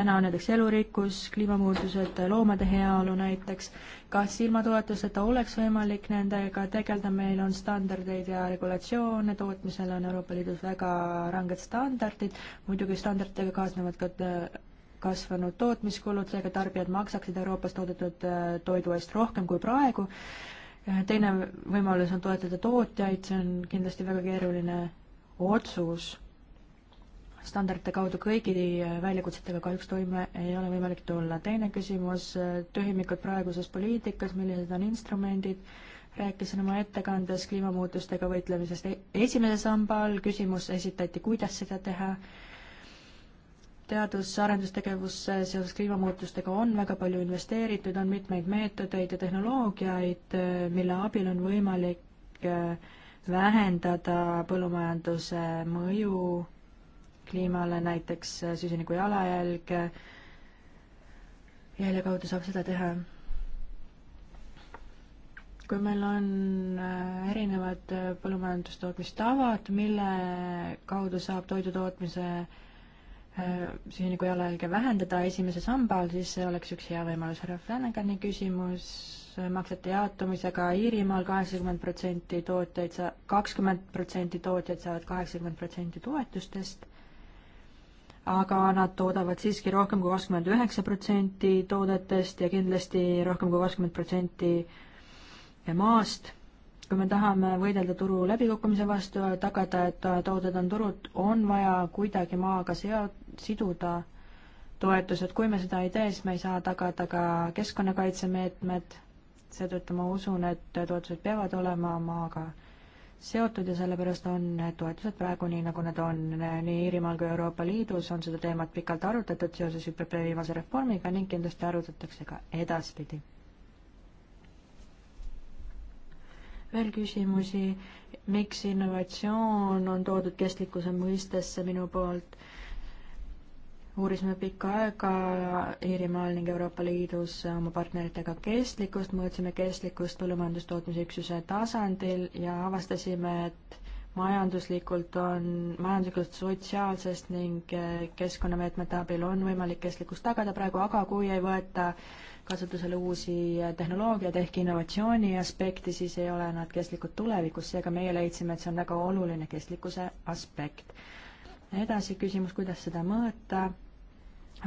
täna on näiteks elurikkus, kliimamuutused, loomade heaolu näiteks, kas ilma toetuseta oleks võimalik nendega tegeleda, meil on standardeid ja regulatsioone, tootmisel on Euroopa Liidus väga ranged standardid, muidugi standarditega kaasnevad ka äh, kasvanud tootmiskulud, seega tarbijad maksaksid Euroopas toodetud äh, toidu eest rohkem kui praegu. Äh, teine võimalus on toetada tootjaid, see on kindlasti väga keeruline otsus. standardite kaudu kõigi äh, väljakutsetega kahjuks toime ei ole võimalik tulla. teine küsimus, tühimikud praeguses poliitikas, millised on instrumendid rääkisin oma ettekandes kliimamuutustega võitlemisest e-, esimese samba all, küsimus esitati, kuidas seda teha teadus-arendustegevusse seoses kliimamuutustega on väga palju investeeritud, on mitmeid meetodeid ja tehnoloogiaid, mille abil on võimalik äh, vähendada põllumajanduse mõju kliimale, näiteks äh, süsiniku jalajälg, jälje kaudu saab seda teha kui meil on äh, erinevad põllumajandustootmistavad, mille kaudu saab toidu tootmise äh, Äh, süsinikujalajälge vähendada esimese samba all, siis see oleks üks hea võimalus. härra Flanagani küsimus äh, maksete jaotumisega Iirimaal kaheksakümmend protsenti tooteid sa-, kakskümmend protsenti tootjaid saavad kaheksakümmend protsenti toetustest, aga nad toodavad siiski rohkem kui kakskümmend üheksa protsenti toodetest ja kindlasti rohkem kui kakskümmend protsenti maast kui me tahame võidelda turu läbikukkumise vastu, tagada, et tooted on turult, on vaja kuidagi maaga seo-, siduda toetused, kui me seda ei tee, siis me ei saa tagada ka keskkonnakaitsemeetmed, seetõttu ma usun, et toetused peavad olema maaga seotud ja sellepärast on need toetused praegu nii, nagu nad on. nii Iirimaal kui Euroopa Liidus on seda teemat pikalt arutatud seoses ÜPP viimase reformiga ning kindlasti arutatakse ka edaspidi. veel küsimusi, miks innovatsioon on toodud kestlikkuse mõistesse minu poolt? uurisime pikka aega Iirimaal ning Euroopa Liidus oma partneritega kestlikkust, mõõtsime kestlikkust põllumajandustootmisüksuse tasandil ja avastasime, et majanduslikult on, majanduslikult, sotsiaalsest ning keskkonnameetmete abil on võimalik kestlikkust tagada praegu, aga kui ei võeta kasutusele uusi tehnoloogiaid ehk innovatsiooni aspekti, siis ei ole nad kestlikud tulevikus, seega meie leidsime, et see on väga oluline kestlikkuse aspekt. edasi küsimus, kuidas seda mõõta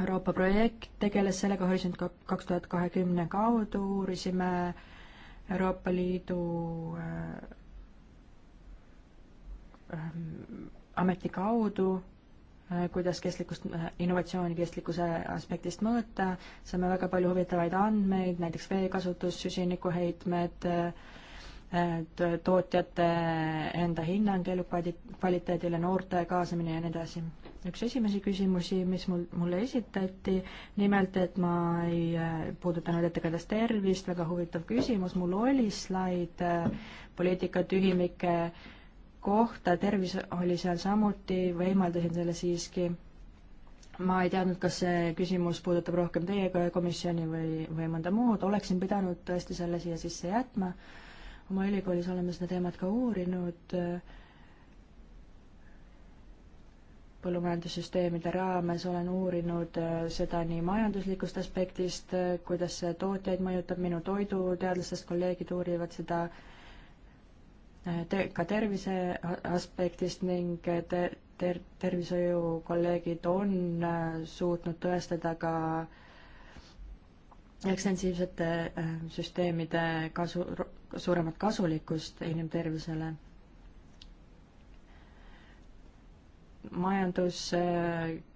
Euroopa projekt tegeles sellega Horisont kaks tuhat kahekümne kaudu, uurisime Euroopa Liidu äh, ähm, ameti kaudu, äh, kuidas kestlikkust, äh, innovatsiooni kestlikkuse aspektist mõõta, saame väga palju huvitavaid andmeid, näiteks veekasutus, süsinikuheitmed, tootjate enda hinnang elukvaliteedile, noorte kaasamine ja nii edasi üks esimesi küsimusi, mis mul, mulle esitati, nimelt, et ma ei äh, puudutanud ettekandes tervist, väga huvitav küsimus, mul oli slaid äh, poliitikatühimike kohta, tervis oli seal samuti, võimaldasin selle siiski. ma ei teadnud, kas see küsimus puudutab rohkem teie komisjoni või, või mõnda muud, oleksin pidanud tõesti selle siia sisse jätma. oma ülikoolis oleme seda teemat ka uurinud äh, põllumajandussüsteemide raames olen uurinud äh, seda nii majanduslikust aspektist, äh, kuidas see tootjaid mõjutab, minu toiduteadlastest kolleegid uurivad seda äh, te-, ka tervise aspektist ning te-, ter-, tervishoiukolleegid on suutnud tõestada ka ekstensiivsete süsteemide kasu, suuremat kasulikkust inimtervisele majandus,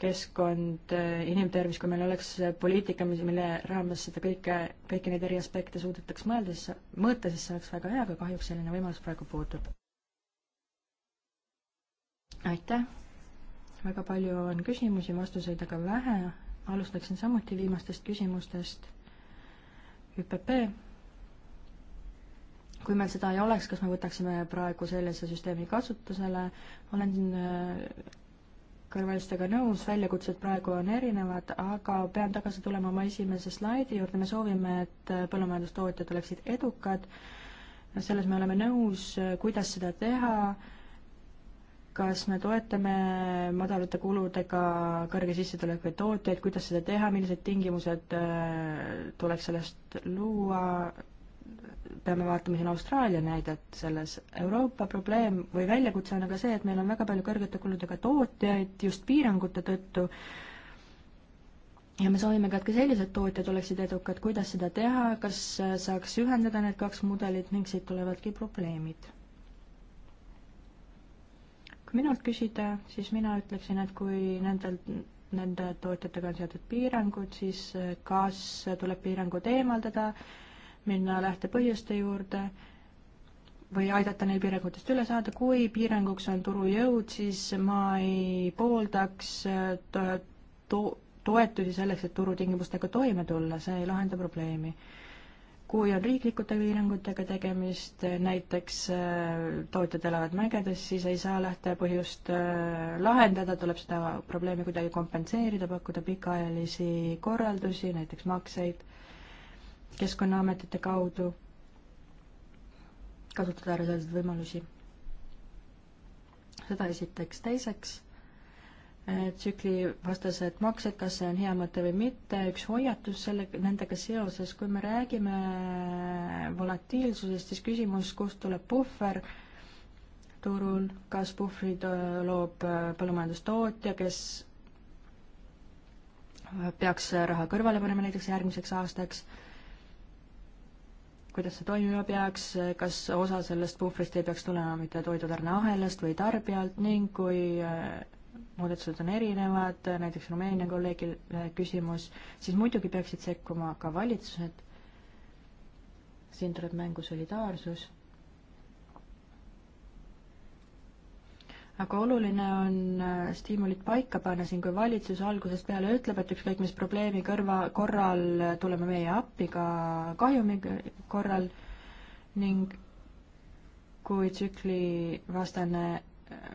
keskkond, inimtervis, kui meil oleks poliitika, mis, mille raames seda kõike, kõiki neid eri aspekte suudetaks mõelda, siis, mõõta, siis see oleks väga hea, aga kahjuks selline võimalus praegu puudub. aitäh! väga palju on küsimusi, vastuseid aga vähe. alustaksin samuti viimastest küsimustest. ÜPP kui meil seda ei oleks, kas me võtaksime praegu sellise süsteemi kasutusele, olen äh, kõrvalistega nõus, väljakutsed praegu on erinevad, aga pean tagasi tulema oma esimese slaidi juurde, me soovime, et äh, põllumajandustootjad oleksid edukad, selles me oleme nõus, äh, kuidas seda teha, kas me toetame madalate kuludega kõrge sissetulekuid tootjaid, kuidas seda teha, millised tingimused tuleks sellest luua, peame vaatama siin Austraalia näidet selles, Euroopa probleem või väljakutse on aga see, et meil on väga palju kõrgete kuludega tootjaid just piirangute tõttu, ja me soovime ka, et ka sellised tootjad oleksid edukad, kuidas seda teha, kas saaks ühendada need kaks mudelit ning siit tulevadki probleemid. kui minult küsida, siis mina ütleksin, et kui nendel nende tootjatega on seatud piirangud, siis kas tuleb piirangud eemaldada äh, minna lähtepõhjuste juurde või aidata neil piirangutest üle saada, kui piiranguks on turujõud, siis ma ei pooldaks äh, to-, to-, toetusi selleks, et turutingimustega toime tulla, see ei lahenda probleemi. kui on riiklikute piirangutega tegemist, näiteks äh, tootjad elavad mägedes, siis ei saa lähtepõhjust äh, lahendada, tuleb seda probleemi kuidagi kompenseerida, pakkuda pikaajalisi korraldusi, näiteks makseid keskkonnaametite kaudu kasutada ära selliseid võimalusi. seda esiteks, teiseks eh, tsüklivastased maksed, kas see on hea mõte või mitte, üks hoiatus selle, nendega seoses, kui me räägime volatiilsusest, siis küsimus, kust tuleb puhver turul, kas puhvrid eh, loob eh, põllumajandustootja, kes peaks raha kõrvale panema näiteks järgmiseks aastaks kuidas see toimima peaks, kas osa sellest puhvrist ei peaks tulema mitte toidutarneahelast või tarbijalt ning kui äh, muudatused on erinevad, näiteks Rumeenia kolleegil äh, küsimus, siis muidugi peaksid sekkuma ka valitsused. siin tuleb mängu solidaarsus aga oluline on äh, stiimulid paika panna siin, kui valitsus algusest peale ütleb, et ükskõik mis probleemi kõrva, korral äh, tuleme meie appi ka kahjumi korral ning kui tsükli vastane äh,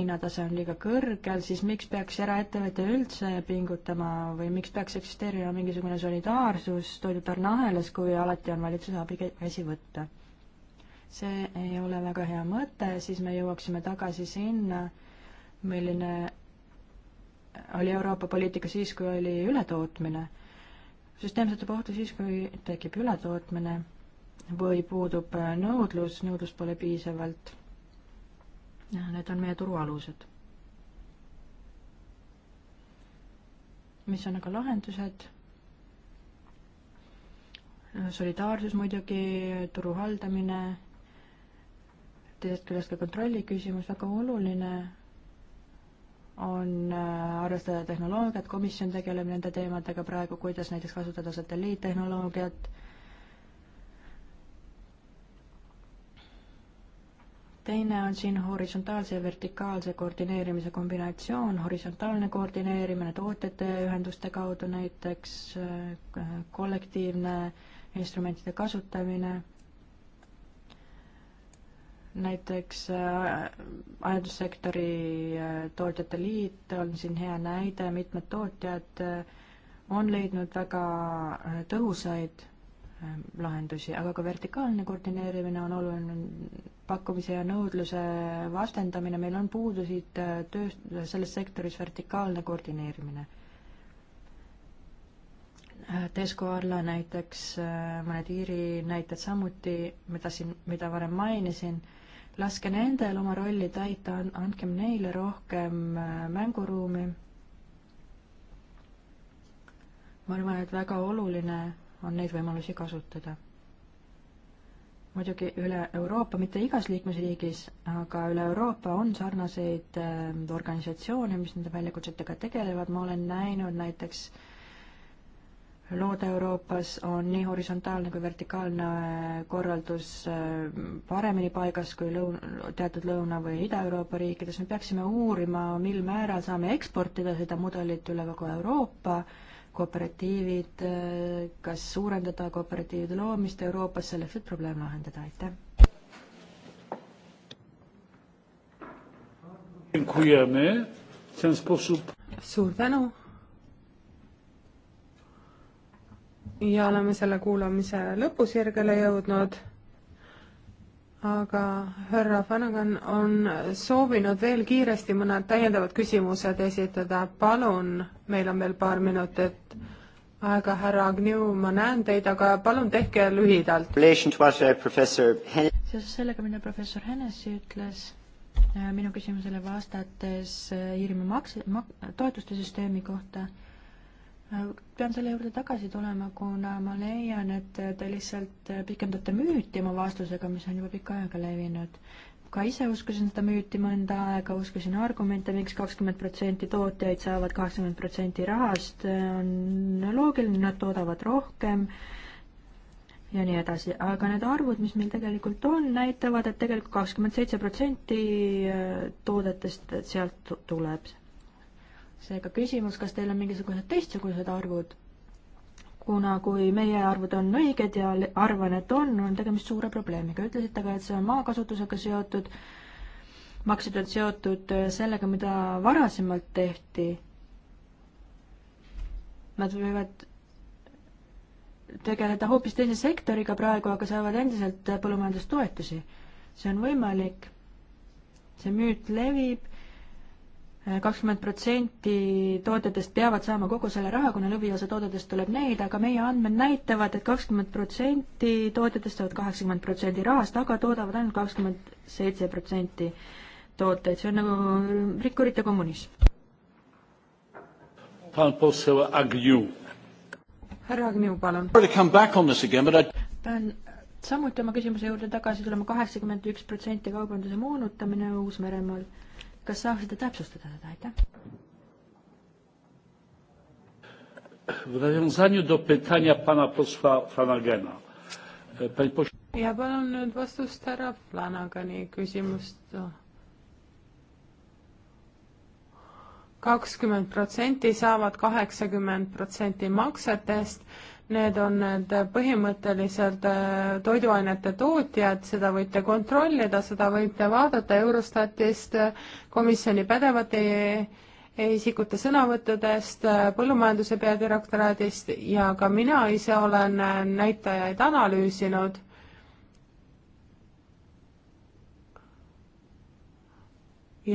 hinnatase on liiga kõrgel, siis miks peaks eraettevõtja üldse pingutama või miks peaks eksisteerima mingisugune solidaarsus toidutarneahelas, kui alati on valitsuse abikäsi võtta? see ei ole väga hea mõte, siis me jõuaksime tagasi sinna, milline oli Euroopa poliitika siis, kui oli ületootmine. süsteem satub ohtu siis, kui tekib ületootmine või puudub nõudlus, nõudlust pole piisavalt. Need on meie turu alused. mis on aga lahendused? solidaarsus muidugi, turu haldamine teisest küljest ka kontrolli küsimus, väga oluline on äh, arvestada tehnoloogiat, komisjon tegeleb nende teemadega praegu, kuidas näiteks kasutada satelliittehnoloogiat, teine on siin horisontaalse ja vertikaalse koordineerimise kombinatsioon, horisontaalne koordineerimine tootjate ühenduste kaudu näiteks, äh, kollektiivne instrumentide kasutamine näiteks äh, aiandussektori äh, tootjate liit on siin hea näide, mitmed tootjad äh, on leidnud väga tõhusaid ähm, lahendusi, aga ka vertikaalne koordineerimine on oluline, pakkumise ja nõudluse vastendamine, meil on puudusid tööst-, selles sektoris vertikaalne koordineerimine. Tesco alla näiteks mõned Iiri näited samuti, mida siin, mida varem mainisin laske nendel oma rolli täita, andkem neile rohkem äh, mänguruumi. ma arvan, et väga oluline on neid võimalusi kasutada. muidugi üle Euroopa, mitte igas liikmesriigis, aga üle Euroopa on sarnaseid äh, organisatsioone, mis nende väljakutsetega tegelevad, ma olen näinud näiteks äh, loode Euroopas on nii horisontaalne kui vertikaalne korraldus äh, paremini paigas kui lõun-, teatud Lõuna- või Ida-Euroopa riikides, me peaksime uurima, mil määral saame eksportida seda mudelit üle kogu Euroopa, kooperatiivid, äh, kas suurendada kooperatiivide loomist Euroopas selleks, et probleem lahendada, aitäh! suur tänu! ja oleme selle kuulamise lõpusirgele jõudnud. aga härra Fanagan on soovinud veel kiiresti mõned täiendavad küsimused esitada. palun, meil on veel paar minutit aega, härra Agnew, ma näen teid, aga palun tehke lühidalt. Uh, seoses sellega, mida professor Hennessy ütles äh, minu küsimusele vastates äh, Iirimaa maks-, mak-, toetuste süsteemi kohta Äh, pean selle juurde tagasi tulema, kuna ma leian, et te lihtsalt pikendate müüti oma vastusega, mis on juba pikka aega levinud. ka ise uskusin seda müüti mõnda aega, uskusin argumente miks, miks kakskümmend protsenti tootjaid saavad kaheksakümmend protsenti rahast, on loogiline, nad toodavad rohkem ja nii edasi, aga need arvud, mis meil tegelikult on, näitavad, et tegelikult kakskümmend seitse protsenti toodetest sealt tuleb seega küsimus, kas teil on mingisugused teistsugused arvud? kuna, kui meie arvud on õiged ja arvan, et on, on tegemist suure probleemiga. ütlesite ka, et see on maakasutusega seotud, maksed on seotud äh, sellega, mida varasemalt tehti. Nad võivad tegeleda hoopis teise sektoriga praegu, aga saavad endiselt põllumajandustoetusi. see on võimalik, see müüt levib kakskümmend protsenti toodetest peavad saama kogu selle raha, kuna lõviosa toodetest tuleb neid, aga meie andmed näitavad et, et kakskümmend protsenti toodetest saavad kaheksakümmend protsenti rahast, aga toodavad ainult kakskümmend seitse protsenti tooteid, see on nagu rikkurid ja kommunism. härra Agniu, palun. pean samuti oma küsimuse juurde tagasi tulema, kaheksakümmend üks protsenti kaubanduse moonutamine Uus-Meremaal kas saaksite täpsustada seda, aitäh? W nawiązaniu do pytania pana posła Flanagena. E, ja palun nüüd vastust härra Flanagani küsimust. kakskümmend protsenti saavad kaheksakümmend protsenti maksetest Need on need põhimõtteliselt äh, toiduainete tootjad, seda võite kontrollida, seda võite vaadata Eurostatist, komisjoni pädevate isikute sõnavõttudest, põllumajanduse peadirektoraadist ja ka mina ise olen näitajaid analüüsinud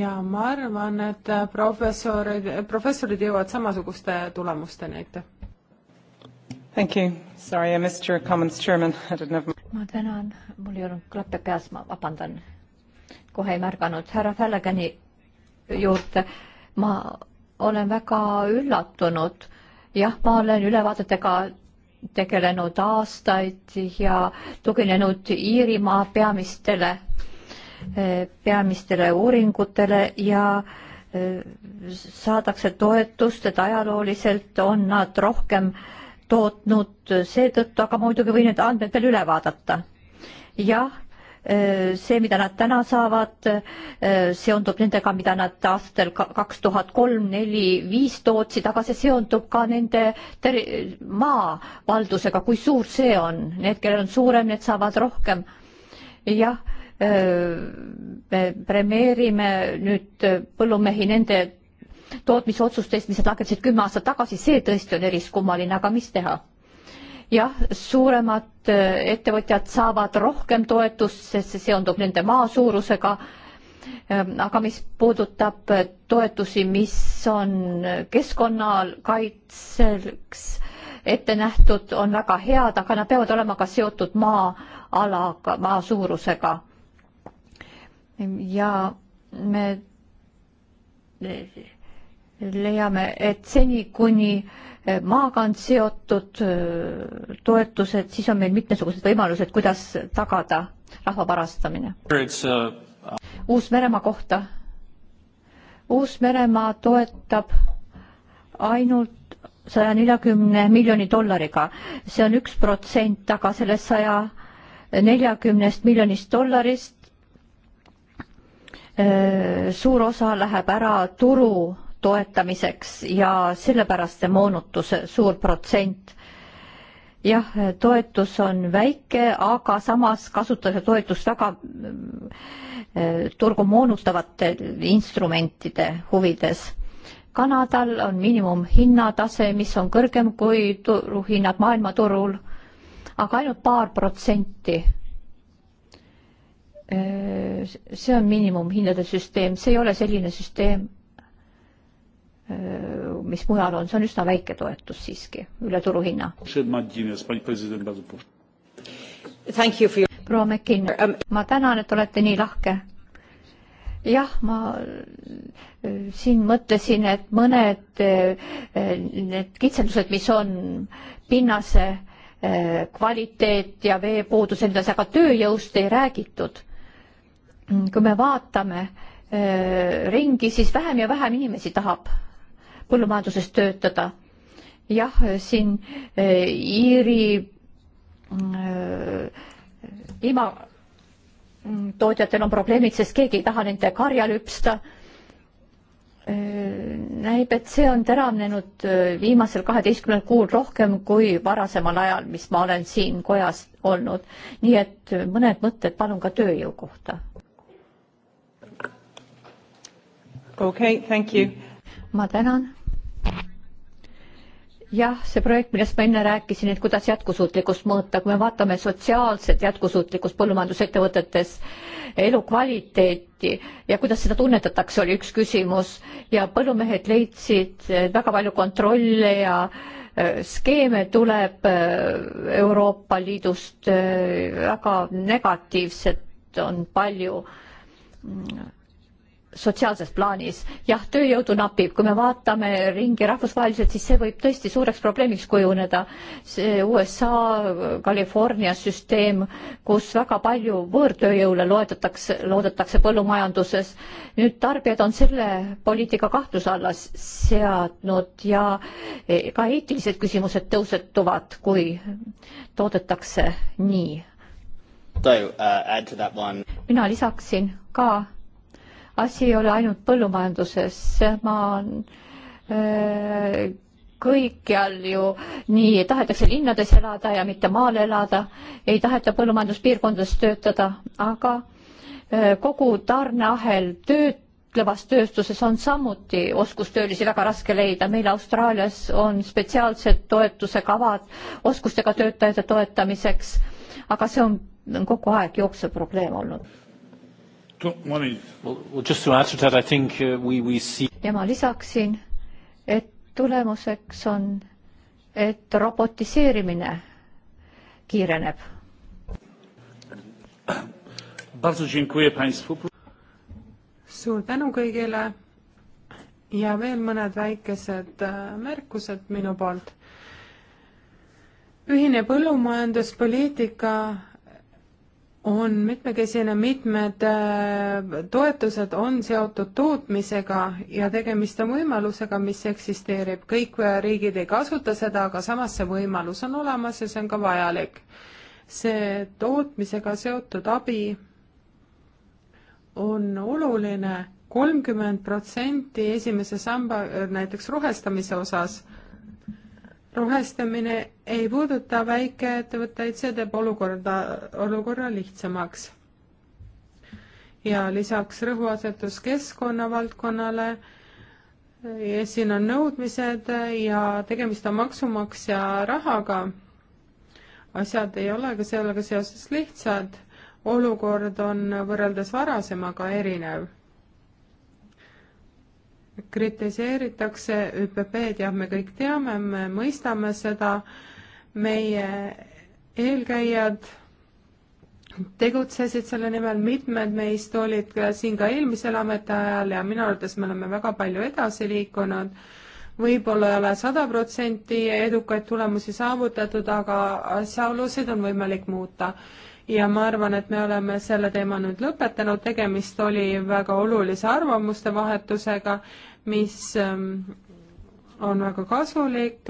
ja ma arvan, et professorid, professorid jõuavad samasuguste tulemusteni, aitäh. Thank you. Sorry, I missed your comments, chairman. I didn't have... ma tänan, mul ei olnud klappe peas, ma vabandan. kohe ei märganud. härra Fallagani juurde, ma olen väga üllatunud. jah, ma olen ülevaadetega tegelenud aastaid ja tuginenud Iirimaa peamistele, eh, peamistele uuringutele ja eh, saadakse toetust, et ajalooliselt on nad rohkem äh, tootnud seetõttu, aga muidugi võin need andmed veel üle vaadata. jah, eh, see, mida nad täna saavad, eh, seondub nendega, mida nad aastatel kaks tuhat kolm, neli, viis tootsid, aga see seondub ka nende ter-, maavaldusega, kui suur see on. Need, kellel on suurem, need saavad rohkem. jah, eh, me premeerime nüüd põllumehi nende tootmisotsustest, mis nad langetasid kümme aastat tagasi, see tõesti on eriskummaline, aga mis teha? jah, suuremad äh, ettevõtjad saavad rohkem toetust, sest see seondub nende maa suurusega, ähm, aga mis puudutab äh, toetusi, mis on äh, keskkonnakaitseks ette nähtud, on väga head, aga nad peavad olema ka seotud maa-alaga, maa suurusega. ja me leiame, et seni, kuni eh, maaga on seotud eh, toetused, siis on meil mitmesugused võimalused, kuidas tagada rahva varastamine. Uh, Uus-Meremaa kohta. Uus-Meremaa toetab ainult saja neljakümne miljoni dollariga, see on üks protsent, aga sellest saja neljakümnest miljonist dollarist eh, suur osa läheb ära turu toetamiseks ja sellepärast see moonutuse suur protsent. jah, toetus on väike, aga samas kasutatakse toetust väga mm, äh, turgu moonutavate instrumentide huvides. Kanadal on miinimumhinnatase, mis on kõrgem kui turuhinnad maailmaturul, aga ainult paar protsenti äh, see on miinimumhindade süsteem, see ei ole selline süsteem, Äh, mis mujal on, see on üsna väike toetus siiski, üle turuhinna. proua Mekin, um, ma tänan, et olete nii lahke. jah, ma äh, siin mõtlesin, et mõned äh, need kitsendused, mis on pinnase kvaliteet ja veepuudus endas, aga tööjõust ei räägitud. kui me vaatame ringi, siis vähem ja vähem inimesi tahab põllumajanduses töötada. jah, siin eh, Iiri piimatootjatel mm, eh, mm, on probleemid, sest keegi ei taha nende karja lüpsta. Eh, näib, et see on teravnenud viimasel kaheteistkümnel kuul rohkem kui varasemal ajal, mis ma olen siin kojas olnud. nii et mõned mõtted palun ka tööjõu kohta. okei okay,, thank you. ma tänan jah, see projekt, millest ma enne rääkisin, et kuidas jätkusuutlikkust mõõta, kui me vaatame sotsiaalset jätkusuutlikkust põllumajandusettevõtetes, elukvaliteeti ja kuidas seda tunnetatakse, oli üks küsimus ja põllumehed leidsid väga palju kontrolle ja äh, skeeme tuleb äh, Euroopa Liidust äh, väga negatiivset on palju sotsiaalses plaanis. jah, tööjõudu napib, kui me vaatame ringi rahvusvaheliselt, siis see võib tõesti suureks probleemiks kujuneda. see USA, California süsteem, kus väga palju võõrtööjõule loedetakse, loodetakse põllumajanduses. nüüd tarbijad on selle poliitika kahtluse alla seadnud ja ka eetilised küsimused tõusetuvad, kui toodetakse nii. Uh, mina lisaksin ka asi ei ole ainult põllumajanduses, ma äh, kõikjal ju nii tahetakse linnades elada ja mitte maal elada, ei taheta põllumajanduspiirkondades töötada, aga äh, kogu tarneahel töötlevas tööstuses on samuti oskustöölisi väga raske leida, meil Austraalias on spetsiaalsed toetuse kavad oskustega töötajate toetamiseks, aga see on kogu aeg jooksev probleem olnud Uh, ja ma lisaksin, et tulemuseks on, et robotiseerimine kiireneb. suur tänu kõigile ja veel mõned väikesed äh, märkused minu poolt. ühine põllumajanduspoliitika on mitmekesine, mitmed äh, toetused on seotud tootmisega ja tegemist on võimalusega, mis eksisteerib. kõik äh, riigid ei kasuta seda, aga samas see võimalus on olemas ja see on ka vajalik. see tootmisega seotud abi on oluline kolmkümmend protsenti esimese samba, äh, näiteks rohestamise osas rohestamine ei puuduta väikeettevõtteid, see teeb olukorda, olukorra lihtsamaks. ja lisaks rõhuasetus keskkonna valdkonnale, siin on nõudmised ja tegemist on maksumaksja rahaga. asjad ei ole ka sellega seoses lihtsad, olukord on võrreldes varasemaga erinev kritiseeritakse ÜPP-d, jah, me kõik teame, me mõistame seda, meie eelkäijad tegutsesid selle nimel, mitmed meist olid siin ka eelmisel ametiajal ja minu arvates me oleme väga palju edasi liikunud, võib-olla ei ole sada protsenti edukaid tulemusi saavutatud, aga asjaolusid on võimalik muuta ja ma arvan, et me oleme selle teema nüüd lõpetanud, tegemist oli väga olulise arvamuste vahetusega mis ähm, on väga kasulik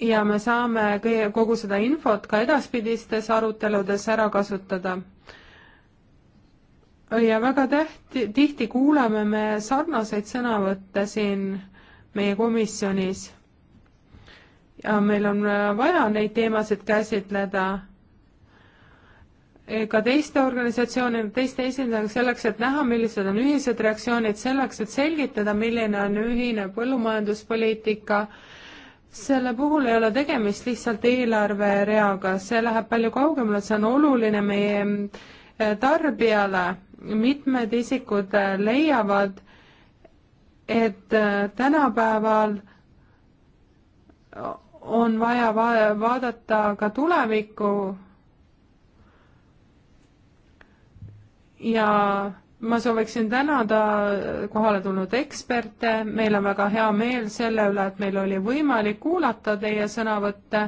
ja me saame kõige, kogu seda infot ka edaspidistes aruteludes ära kasutada. ja väga tähti, tihti kuuleme me sarnaseid sõnavõtte siin meie komisjonis. ja meil on vaja neid teemasid käsitleda ka teiste organisatsioonide, teiste esindajatega selleks, et näha, millised on ühised reaktsioonid, selleks, et selgitada, milline on ühine põllumajanduspoliitika. selle puhul ei ole tegemist lihtsalt eelarvereaga, see läheb palju kaugemale, see on oluline meie eh, tarbijale. mitmed isikud eh, leiavad, et eh, tänapäeval on vaja va vaadata ka tulevikku ja ma sooviksin tänada kohale tulnud eksperte, meil on väga hea meel selle üle, et meil oli võimalik kuulata teie sõnavõtte.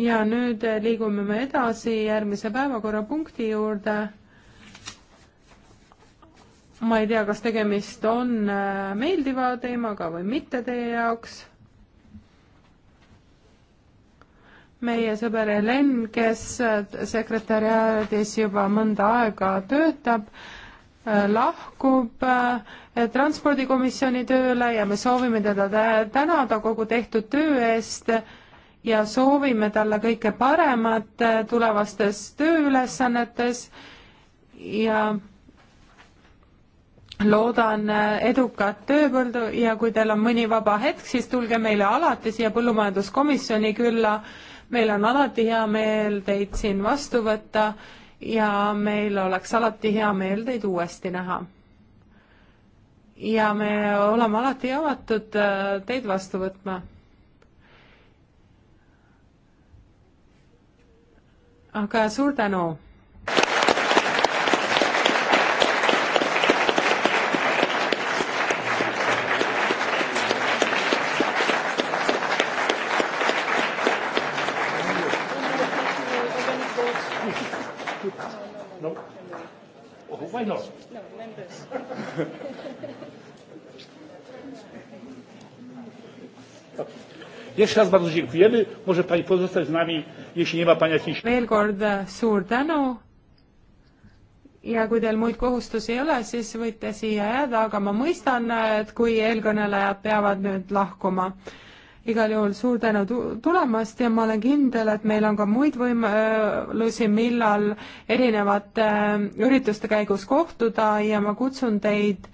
ja nüüd liigume me edasi järgmise päevakorrapunkti juurde ma ei tea, kas tegemist on äh, meeldiva teemaga või mitte teie jaoks meie sõber Helen, kes äh, sekretäriaadis juba mõnda aega töötab, äh, lahkub äh, transpordikomisjoni tööle ja me soovime teda tänada kogu tehtud töö eest ja soovime talle kõike paremat tulevastes tööülesannetes ja loodan edukat tööpõldu ja kui teil on mõni vaba hetk, siis tulge meile alati siia põllumajanduskomisjoni külla meil on alati hea meel teid siin vastu võtta ja meil oleks alati hea meel teid uuesti näha. ja me oleme alati avatud äh, teid vastu võtma. aga suur tänu Jeszcze raz bardzo dziękujemy. Może Pani pozostać z nami, jeśli nie ma Pani jakichś... Veel kord äh, suur tänu. Ja kui teil muid kohustusi ei ole, siis võite siia jääda, aga ma mõistan, äh, et kui eelkõnelejad peavad nüüd lahkuma. Igal juhul suur tänu tulemast ja ma olen kindel, et meil on ka muid võimalusi, millal erinevate äh, ürituste käigus kohtuda ja ma kutsun teid äh,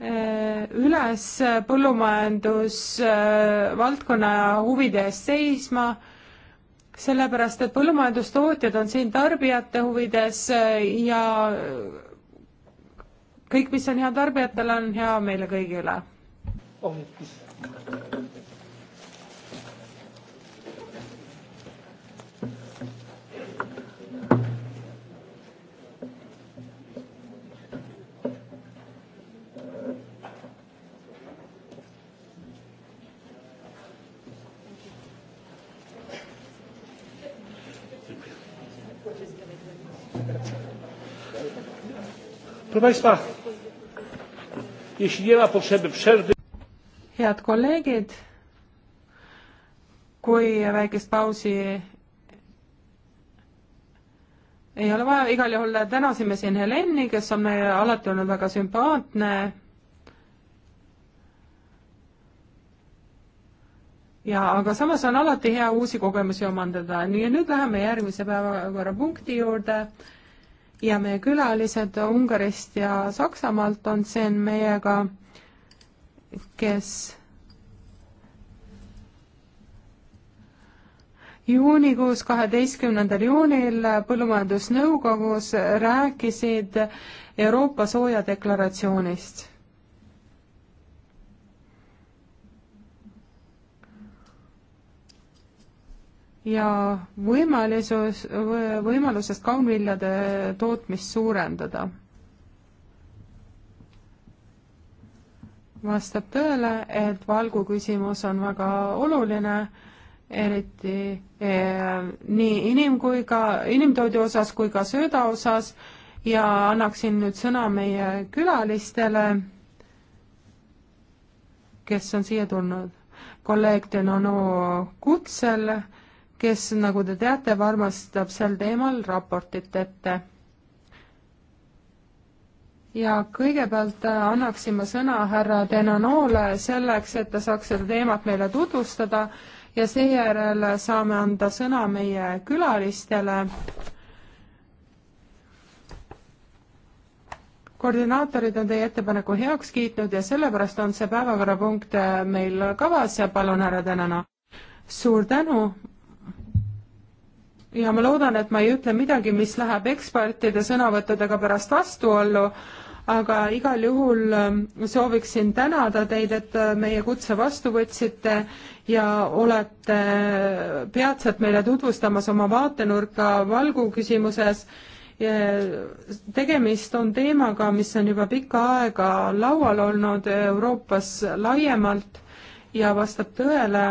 Äh, üles põllumajandusvaldkonna äh, huvide eest seisma, sellepärast et põllumajandustootjad on siin tarbijate huvides äh, ja kõik, mis on hea tarbijatele, on hea meile kõigile. Oh, Proszę Państwa, jeśli nie ma potrzeby przerwy... Head kolleegid, kui väikest pausi ei ole vaja, igal juhul tänasime siin Heleni, kes on meile alati olnud väga sümpaatne. ja aga samas on alati hea uusi kogemusi omandada, nii ja nüüd läheme järgmise päevakorrapunkti juurde ja meie külalised Ungarist ja Saksamaalt on siin meiega, kes juunikuus, kaheteistkümnendal juunil Põllumajandusnõukogus rääkisid Euroopa sooja deklaratsioonist ja võimalisus, võimalusest kaunviljade tootmist suurendada. vastab tõele, et valgu küsimus on väga oluline, eriti eh, nii inim- kui ka, inimtoidu osas kui ka sööda osas ja annaksin nüüd sõna meie külalistele, kes on siia tulnud. kolleeg Denano Kutsel kes, nagu te teate, varmastab sel teemal raportit ette. ja kõigepealt äh, annaksin ma sõna härra Denanole selleks, et ta saaks seda teemat meile tutvustada ja seejärel saame anda sõna meie külalistele. koordinaatorid on teie ettepaneku heaks kiitnud ja sellepärast on see päevakorrapunkt äh, meil kavas ja palun, härra Tänana. suur tänu, ja ma loodan, et ma ei ütle midagi, mis läheb ekspertide sõnavõttudega pärast vastuollu, aga igal juhul ähm, sooviksin tänada teid, et äh, meie kutse vastu võtsite ja olete äh, peatselt meile tutvustamas oma vaatenurka valgu küsimuses. tegemist on teemaga, mis on juba pikka aega laual olnud Euroopas laiemalt ja vastab tõele,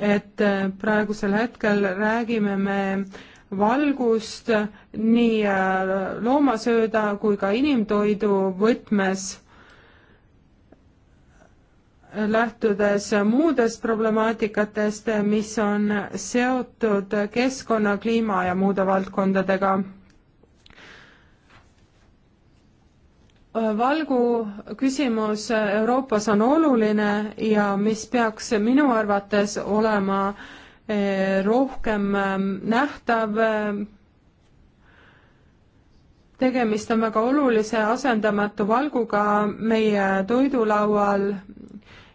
et äh, praegusel hetkel räägime me valgust nii äh, loomasööda kui ka inimtoidu võtmes, lähtudes muudest problemaatikatest, mis on seotud keskkonna, kliima ja muude valdkondadega valgu küsimus Euroopas on oluline ja mis peaks minu arvates olema eh, rohkem ähm, nähtav. Ähm, tegemist on väga olulise asendamatu valguga meie toidulaual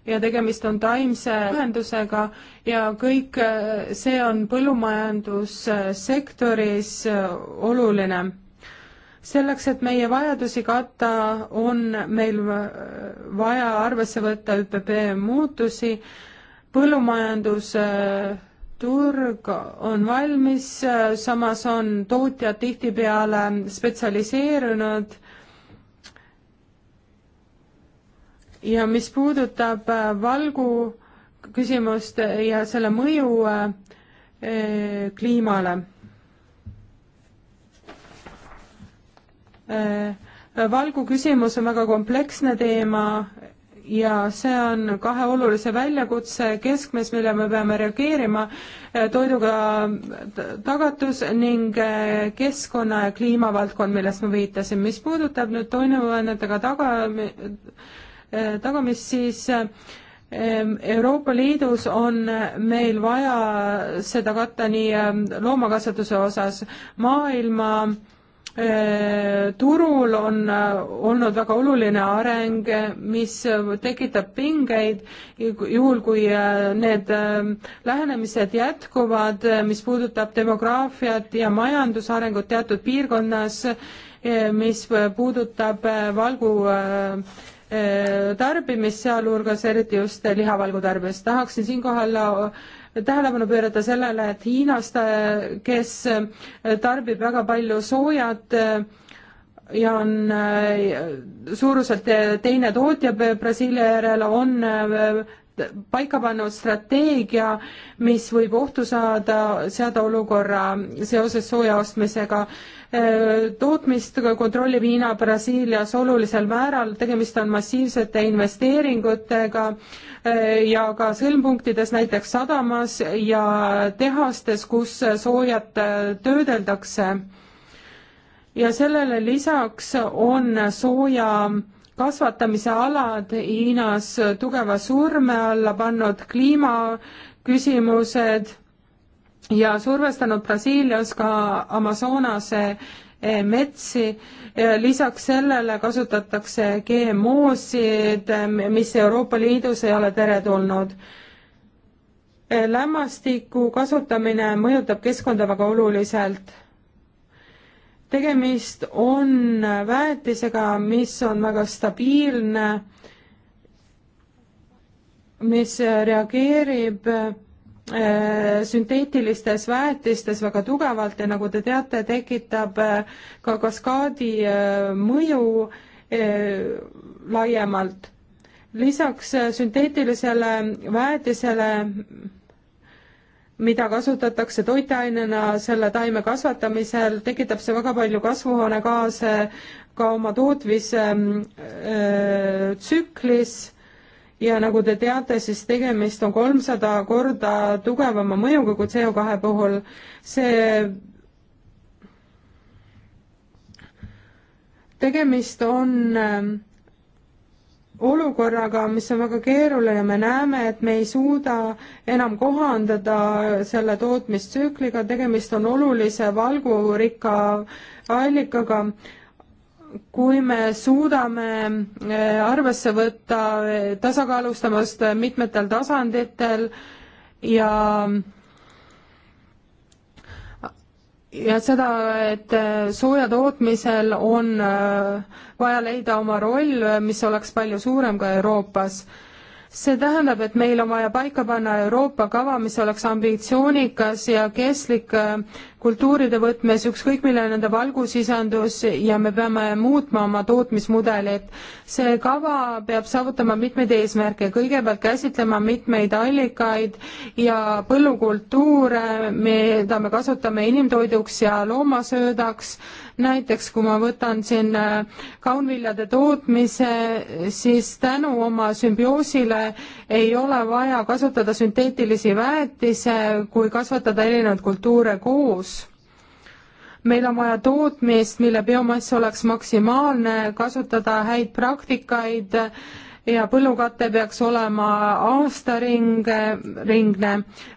ja tegemist on taimse ühendusega ja kõik äh, see on põllumajandussektoris äh, oluline selleks, et meie vajadusi katta, on meil vaja arvesse võtta ÜPP muutusi, põllumajandusturg äh, on valmis, äh, samas on tootjad tihtipeale spetsialiseerunud ja mis puudutab äh, valgu küsimust ja selle mõju kliimale Äh, valgu küsimus on väga kompleksne teema ja see on kahe olulise väljakutse keskmes, mille me peame reageerima, äh, toiduga tagatus ning äh, keskkonna ja kliimavaldkond, millest ma viitasin. mis puudutab nüüd toiduainetega taga, tagamist, siis Euroopa Liidus on meil vaja seda katta nii loomakasvatuse osas, maailma Äh, turul on äh, olnud väga oluline areng, äh, mis tekitab pingeid, juhul kui need lähenemised jätkuvad, mis puudutab demograafiat ja majandusarengut teatud piirkonnas, mis puudutab valgu tarbimist, sealhulgas eriti just lihavalgu tarbimist. tahaksin siinkohal tähelepanu pöörata sellele, et Hiinast, äh, kes äh, tarbib väga palju soojat äh, ja on suuruselt teine tootja Brasiilia järel, on paika pannud strateegia, mis võib ohtu saada, seada olukorra seoses sooja ostmisega Äh, tootmist kontrollib Hiina Brasiilias olulisel määral, tegemist on massiivsete investeeringutega äh, ja ka sõlmpunktides, näiteks sadamas ja tehastes, kus soojat äh, töödeldakse. ja sellele lisaks on sooja kasvatamise alad Hiinas tugeva surme alla pannud kliimaküsimused ja survestanud Brasiilias ka Amazonase eh, metsi, eh, lisaks sellele kasutatakse GMO-sid, eh, mis Euroopa Liidus ei ole teretulnud. lämmastiku kasutamine mõjutab keskkonda väga oluliselt tegemist on väetisega, mis on väga stabiilne, mis reageerib Äh, sünteetilistes väetistes väga tugevalt ja nagu te teate, tekitab äh, ka kaskaadi äh, mõju laiemalt. lisaks sünteetilisele väetisele mida kasutatakse toitainena selle taime kasvatamisel, tekitab see väga palju kasvuhoonegaase ka oma tootmistsüklis äh, ja nagu te teate, siis tegemist on kolmsada korda tugevama mõjuga kui CO2 puhul. see tegemist on ähm, olukorraga, mis on väga keeruline, me näeme, et me ei suuda enam kohandada selle tootmistsükliga, tegemist on olulise valgurikka allikaga kui me suudame äh, arvesse võtta äh, tasakaalustamast äh, mitmetel tasanditel ja ja seda, et sooja tootmisel on vaja leida oma roll, mis oleks palju suurem ka Euroopas. see tähendab, et meil on vaja paika panna Euroopa kava, mis oleks ambitsioonikas ja kestlik kultuuride võtmes, ükskõik milline nende valgusisandus ja me peame muutma oma tootmismudelit. see kava peab saavutama mitmeid eesmärke, kõigepealt käsitlema mitmeid allikaid ja põllukultuure, mida me kasutame inimtoiduks ja loomasöödaks, näiteks kui ma võtan siin äh, kaunviljade tootmise, siis tänu oma sümbioosile ei ole vaja kasutada sünteetilisi väetise, kui kasvatada erinevaid kultuure koos meil on vaja tootmist, mille biomass oleks maksimaalne, kasutada häid praktikaid ja põllukate peaks olema aastaring, ringne,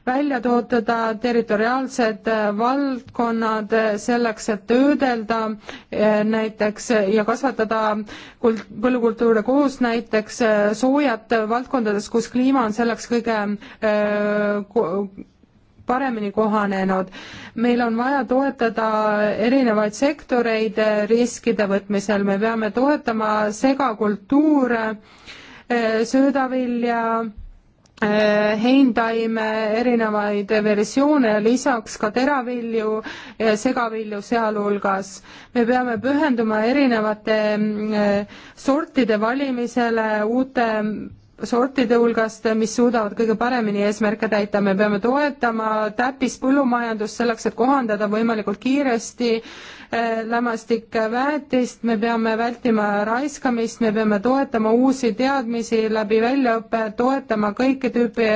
välja tootada territoriaalsed valdkonnad selleks, et töödelda eh, näiteks ja kasvatada kult-, põllukultuure koos näiteks eh, soojad valdkondades, kus kliima on selleks kõige öö, eh, paremini kohanenud. meil on vaja toetada erinevaid sektoreid riskide võtmisel, me peame toetama segakultuure, eh, söödavilja, eh, heintaime, erinevaid versioone, lisaks ka teravilju, segavilju sealhulgas. me peame pühenduma erinevate mm, eh, sortide valimisele, uute sortide hulgast, mis suudavad kõige paremini eesmärke täita, me peame toetama täppispõllumajandust selleks, et kohandada võimalikult kiiresti eh, lämmastikväetist, me peame vältima raiskamist, me peame toetama uusi teadmisi läbi väljaõppe, toetama kõike tüüpi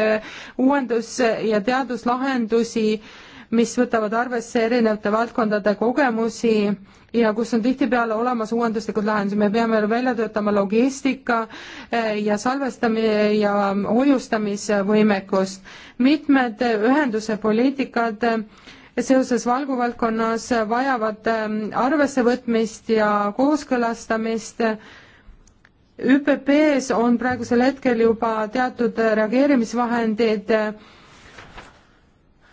uuendus- ja teaduslahendusi mis võtavad arvesse erinevate valdkondade kogemusi ja kus on tihtipeale olemas uuenduslikud lahendused, me peame välja töötama logistika eh, ja salvestamise ja hoiustamisvõimekust. mitmed ühenduse poliitikad eh, seoses valguvaldkonnas vajavad eh, arvessevõtmist ja kooskõlastamist ÜPP-s on praegusel hetkel juba teatud reageerimisvahendid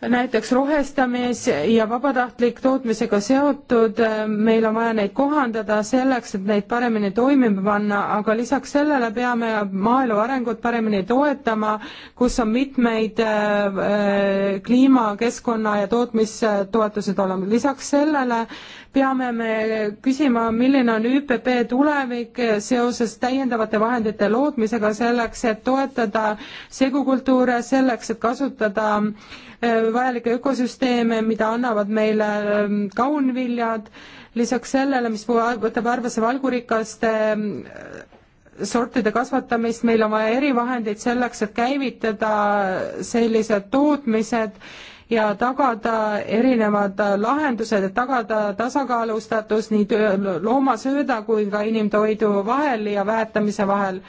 näiteks rohestamis ja vabatahtlik tootmisega seotud, äh, meil on vaja neid kohandada selleks, et neid paremini toimima panna, aga lisaks sellele peame maaelu arengut paremini toetama, kus on mitmeid äh, äh, kliima, keskkonna ja tootmistoetused olemas. lisaks sellele peame me küsima, milline on ÜPP tulevik seoses täiendavate vahendite lootmisega selleks, et toetada segukultuure, selleks, et kasutada äh, Äh, vajalikke ökosüsteeme, mida annavad meile ähm, kaunviljad, lisaks sellele, mis võtab arvesse valgurikaste äh, sortide kasvatamist, meil on vaja erivahendeid selleks, et käivitada sellised tootmised ja tagada erinevad lahendused, et tagada tasakaalustatus nii töö, loomasööda kui ka inimtoidu vahel ja väetamise vahel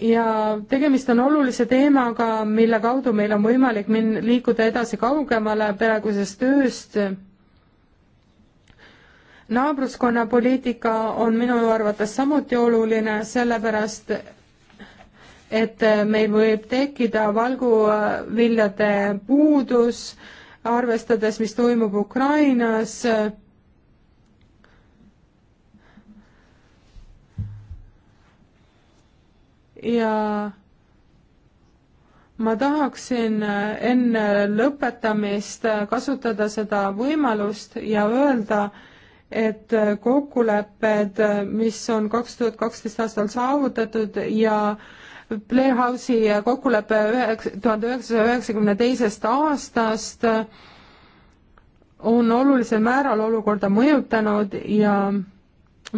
ja tegemist on olulise teemaga, mille kaudu meil on võimalik min-, liikuda edasi kaugemale praegusest tööst. naabruskonna poliitika on minu arvates samuti oluline, sellepärast et meil võib tekkida valguviljade puudus, arvestades, mis toimub Ukrainas ja ma tahaksin äh, enne lõpetamist äh, kasutada seda võimalust ja öelda, et äh, kokkulepped, mis on kaks tuhat kaksteist aastal saavutatud ja Blair House'i kokkulepe üheksa, tuhande üheksasaja üheksakümne teisest aastast on olulisel määral olukorda mõjutanud ja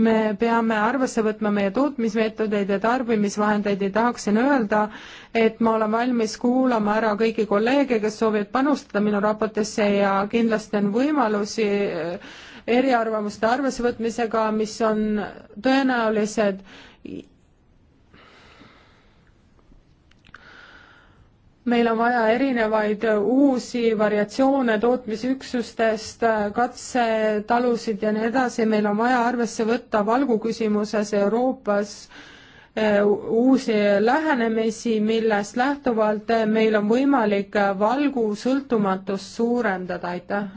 me peame arvesse võtma meie tootmismeetodeid ja tarbimisvahendeid ja tahaksin öelda, et ma olen valmis kuulama ära kõiki kolleege, kes soovivad panustada minu raportisse ja kindlasti on võimalusi eh, eriarvamuste arvessevõtmisega, mis on tõenäolised meil on vaja erinevaid äh, uusi variatsioone tootmisüksustest, äh, katsetalusid ja nii edasi, meil on vaja arvesse võtta valgu küsimuses Euroopas äh, uusi lähenemisi, millest lähtuvalt meil on võimalik valgu sõltumatust suurendada, aitäh.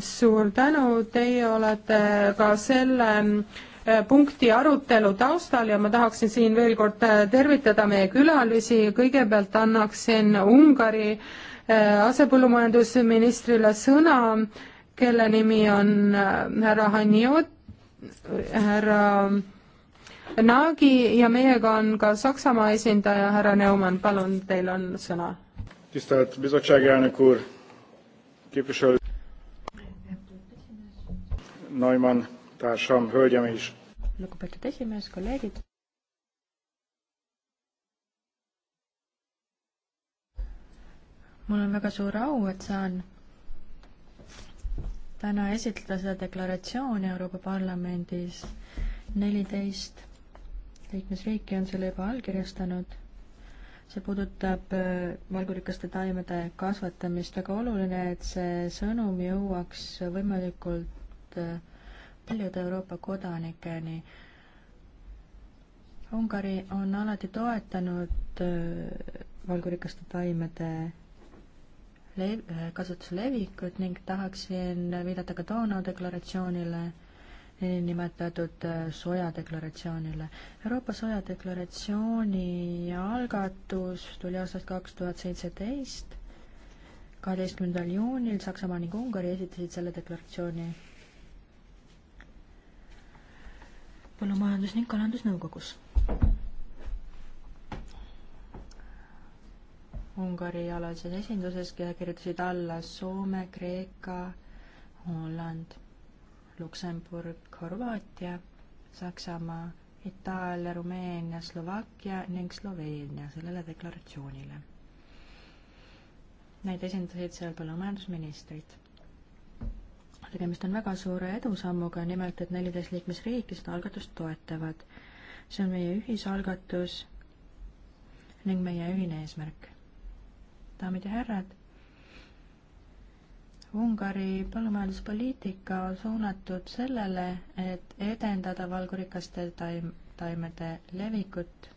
suur tänu, teie olete ka selle mm, Äh, punkti arutelu taustal ja ma tahaksin siin veel kord äh, tervitada meie külalisi, kõigepealt annaksin Ungari äh, asepõllumajandusministrile sõna, kelle nimi on härra Haniot, härra Naagi ja meiega on ka Saksamaa esindaja härra Neumann, palun, teil on sõna. Neumann, tärsam, hölgem is lugupeetud esimees, kolleegid. mul on väga suur au, et saan täna esitleda seda deklaratsiooni Euroopa Parlamendis. neliteist liikmesriiki on selle juba allkirjastanud. see puudutab äh, valgurikaste taimede kasvatamist. väga oluline, et see sõnum jõuaks võimalikult äh, paljude Euroopa kodanikeni. Ungari on alati toetanud äh, valgurikaste taimede lev-, äh, kasutuse levikut ning tahaksin viidata ka Donau deklaratsioonile, niinimetatud äh, sojadeklaratsioonile. Euroopa sojadeklaratsiooni algatus tuli aastast kaks tuhat seitseteist, kaheteistkümnendal juunil Saksamaa ning Ungari esitasid selle deklaratsiooni Põllumajandus- ning Kalandusnõukogus. Ungari alalises esinduses kirjutasid alla Soome, Kreeka, Holland, Luksemburg, Horvaatia, Saksamaa, Itaalia, Rumeenia, Slovakkia ning Sloveenia sellele deklaratsioonile. Neid esindasid seal põllumajandusministrid tegemist on väga suure edusammuga, nimelt et neliteist liikmesriiki seda algatust toetavad. see on meie ühisalgatus ning meie ühine eesmärk. daamid ja härrad, Ungari põllumajanduspoliitika on suunatud sellele, et edendada valgurikaste taim, taimede levikut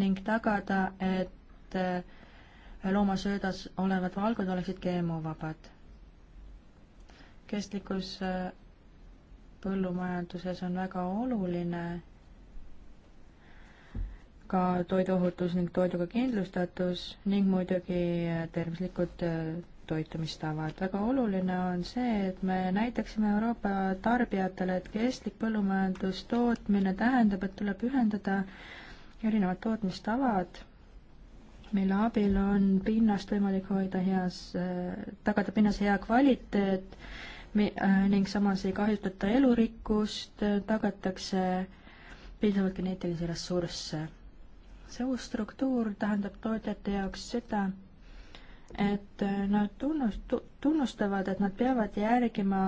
ning tagada, et eh, loomasöödas olevad valgud oleksid GMO-vabad kestlikkus äh, põllumajanduses on väga oluline ka toiduohutus ning toiduga kindlustatus ning muidugi äh, tervislikud äh, toitumistavad. väga oluline on see, et me näitaksime Euroopa tarbijatele, et kestlik põllumajandustootmine tähendab, et tuleb ühendada erinevad tootmistavad, mille abil on pinnast võimalik hoida heas, tagada pinnas hea kvaliteet Äh, ning samas ei kahjutata elurikkust, äh, tagatakse piisavalt geneetilisi ressursse. see uus struktuur tähendab tootjate jaoks seda, et äh, nad tunnust-, tunnustavad, et nad peavad järgima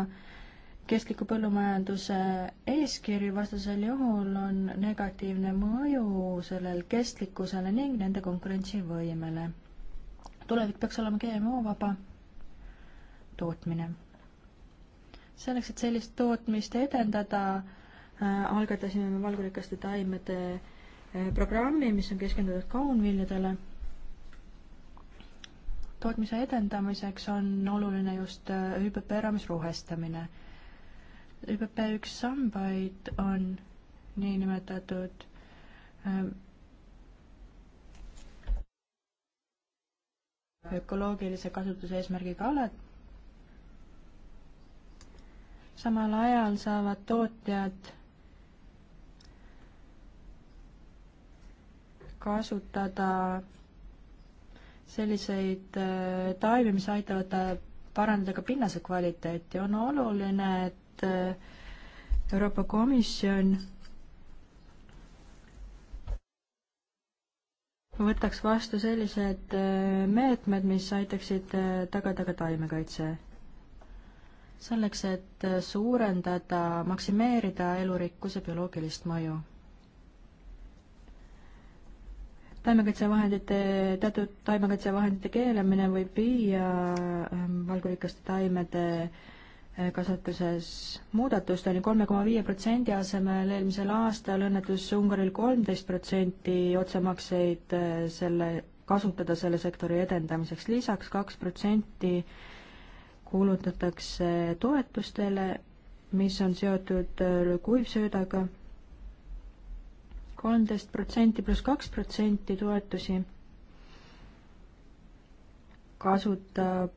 kestliku põllumajanduse eeskirju, vastasel juhul on negatiivne mõju sellel kestlikkusele ning nende konkurentsivõimele. tulevik peaks olema GMO-vaba tootmine selleks, et sellist tootmist edendada, äh, algatasime me valgurikaste taimede äh, programmi, mis on keskendunud kaunviljadele. tootmise edendamiseks on oluline just äh, ÜPP raames rohestamine. ÜPP üks sambaid on niinimetatud ökoloogilise kasutuse eesmärgiga alad samal ajal saavad tootjad kasutada selliseid äh, taimi, mis aitavad äh, parandada ka pinnase kvaliteeti. on oluline, et äh, Euroopa Komisjon võtaks vastu sellised meetmed, mis aitaksid tagada ka taimekaitse selleks, et suurendada, maksimeerida elurikkuse bioloogilist mõju. taimekaitsevahendite, teatud taimekaitsevahendite keelamine võib viia ähm, valgurikaste taimede äh, kasvatuses muudatusteni kolme koma viie protsendi asemel eelmisel aastal õnnetus Ungaril kolmteist protsenti otsemakseid äh, selle, kasutada selle sektori edendamiseks, lisaks kaks protsenti kuulutatakse toetustele, mis on seotud äh, kuivsöödaga, kolmteist protsenti pluss kaks protsenti toetusi kasutab,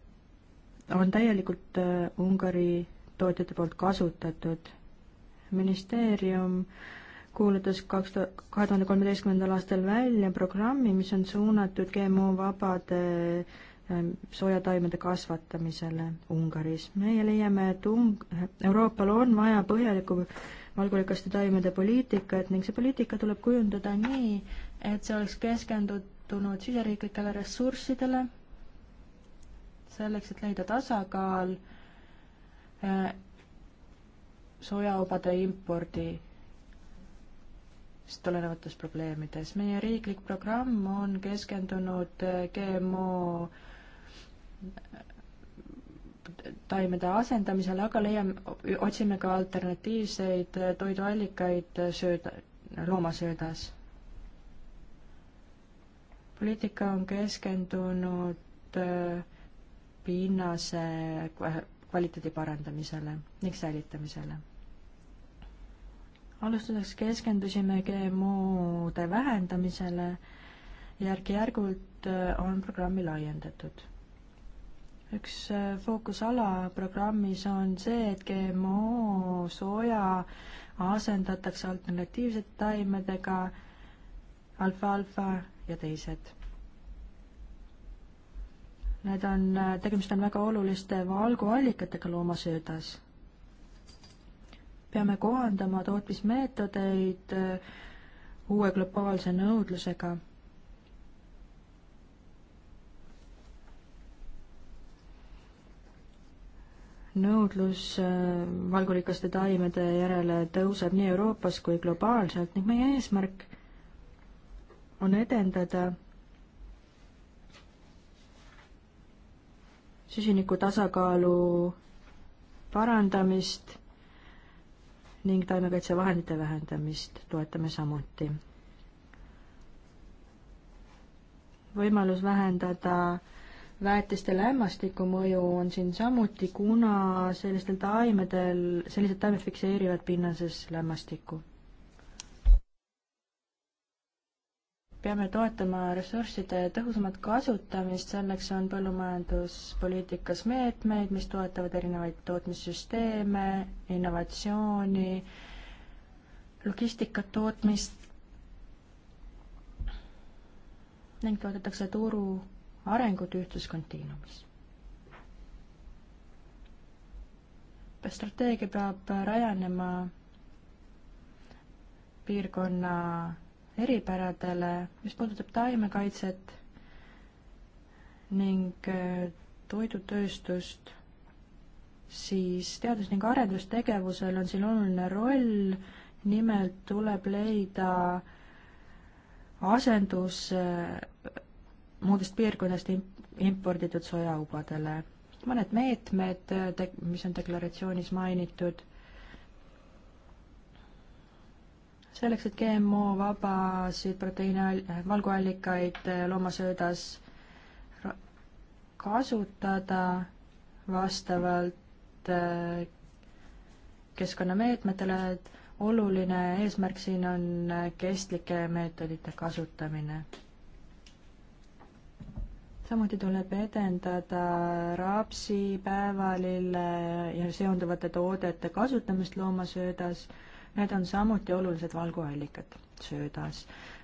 on täielikult äh, Ungari tootjate poolt kasutatud. ministeerium kuulutas kaks tuhat, kahe tuhande kolmeteistkümnendal aastal välja programmi, mis on suunatud GMO-vabade äh, Ähm, soojataimede kasvatamisele Ungaris. meie leiame, et Ung-, Euroopal on vaja põhjalikku valgulikaste taimede poliitikat ning see poliitika tuleb kujundada nii, et see oleks keskendunud siseriiklikele ressurssidele, selleks, et leida tasakaal äh, sojaubade impordi tulenevates probleemides. meie riiklik programm on keskendunud äh, GMO taimede asendamisel, aga leiame, otsime ka alternatiivseid toiduallikaid sööda, loomasöödas. poliitika on keskendunud äh, pinnase kvaliteedi parandamisele ning säilitamisele. alustuseks keskendusime GMO-de vähendamisele, järk-järgult äh, on programmi laiendatud üks äh, fookusala programmis on see, et GMO soja asendatakse alternatiivsete taimedega alfa-alfa ja teised. Need on, äh, tegemist on väga oluliste valguallikatega loomasöödas. peame kohandama tootmismeetodeid äh, uue globaalse nõudlusega nõudlus äh, valgurikaste taimede järele tõuseb nii Euroopas kui globaalselt ning meie eesmärk on edendada süsiniku tasakaalu parandamist ning taimekaitsevahendite vähendamist toetame samuti. võimalus vähendada äh, väetiste lämmastiku mõju on siin samuti, kuna sellistel taimedel, sellised taimed fikseerivad pinnases lämmastikku. peame toetama ressursside tõhusamat kasutamist, selleks on põllumajanduspoliitikas meetmeid, mis toetavad erinevaid tootmissüsteeme, innovatsiooni, logistikat, tootmist ning toetatakse turu arengut ühtluskontiinumis. strateegia peab rajanema piirkonna eripäradele, mis puudutab taimekaitset ning äh, toidutööstust, siis teadus- ning arendustegevusel on siin oluline roll, nimelt tuleb leida asendus äh, muudest piirkonnast imporditud sojaubadele. mõned meetmed, mis on deklaratsioonis mainitud, selleks, et GMO-vabasid proteiine, äh, valguallikaid äh, loomasöödas kasutada vastavalt äh, keskkonnameetmetele, et oluline eesmärk siin on kestlike meetodite kasutamine samuti tuleb edendada rapsi, päevalille ja seonduvate toodete kasutamist loomasöödas. Need on samuti olulised valguallikad söödas.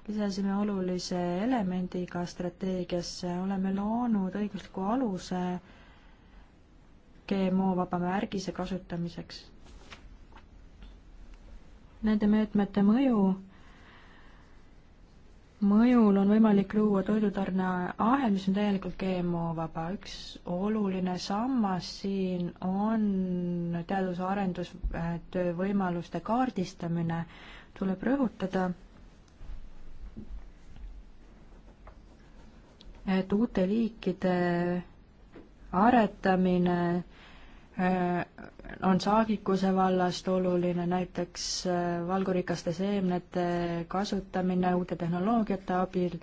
lisasime olulise elemendi ka strateegiasse, oleme loonud õigusliku aluse GMO-vaba märgise kasutamiseks. Nende meetmete mõju mõjul on võimalik luua toidutarneahel, mis on täielikult GMO-vaba. üks oluline sammas siin on teadus- ja arendustöö võimaluste kaardistamine, tuleb rõhutada et uute liikide aretamine Äh, on saagikuse vallast oluline näiteks äh, valgurikaste seemnete kasutamine uute tehnoloogiate abil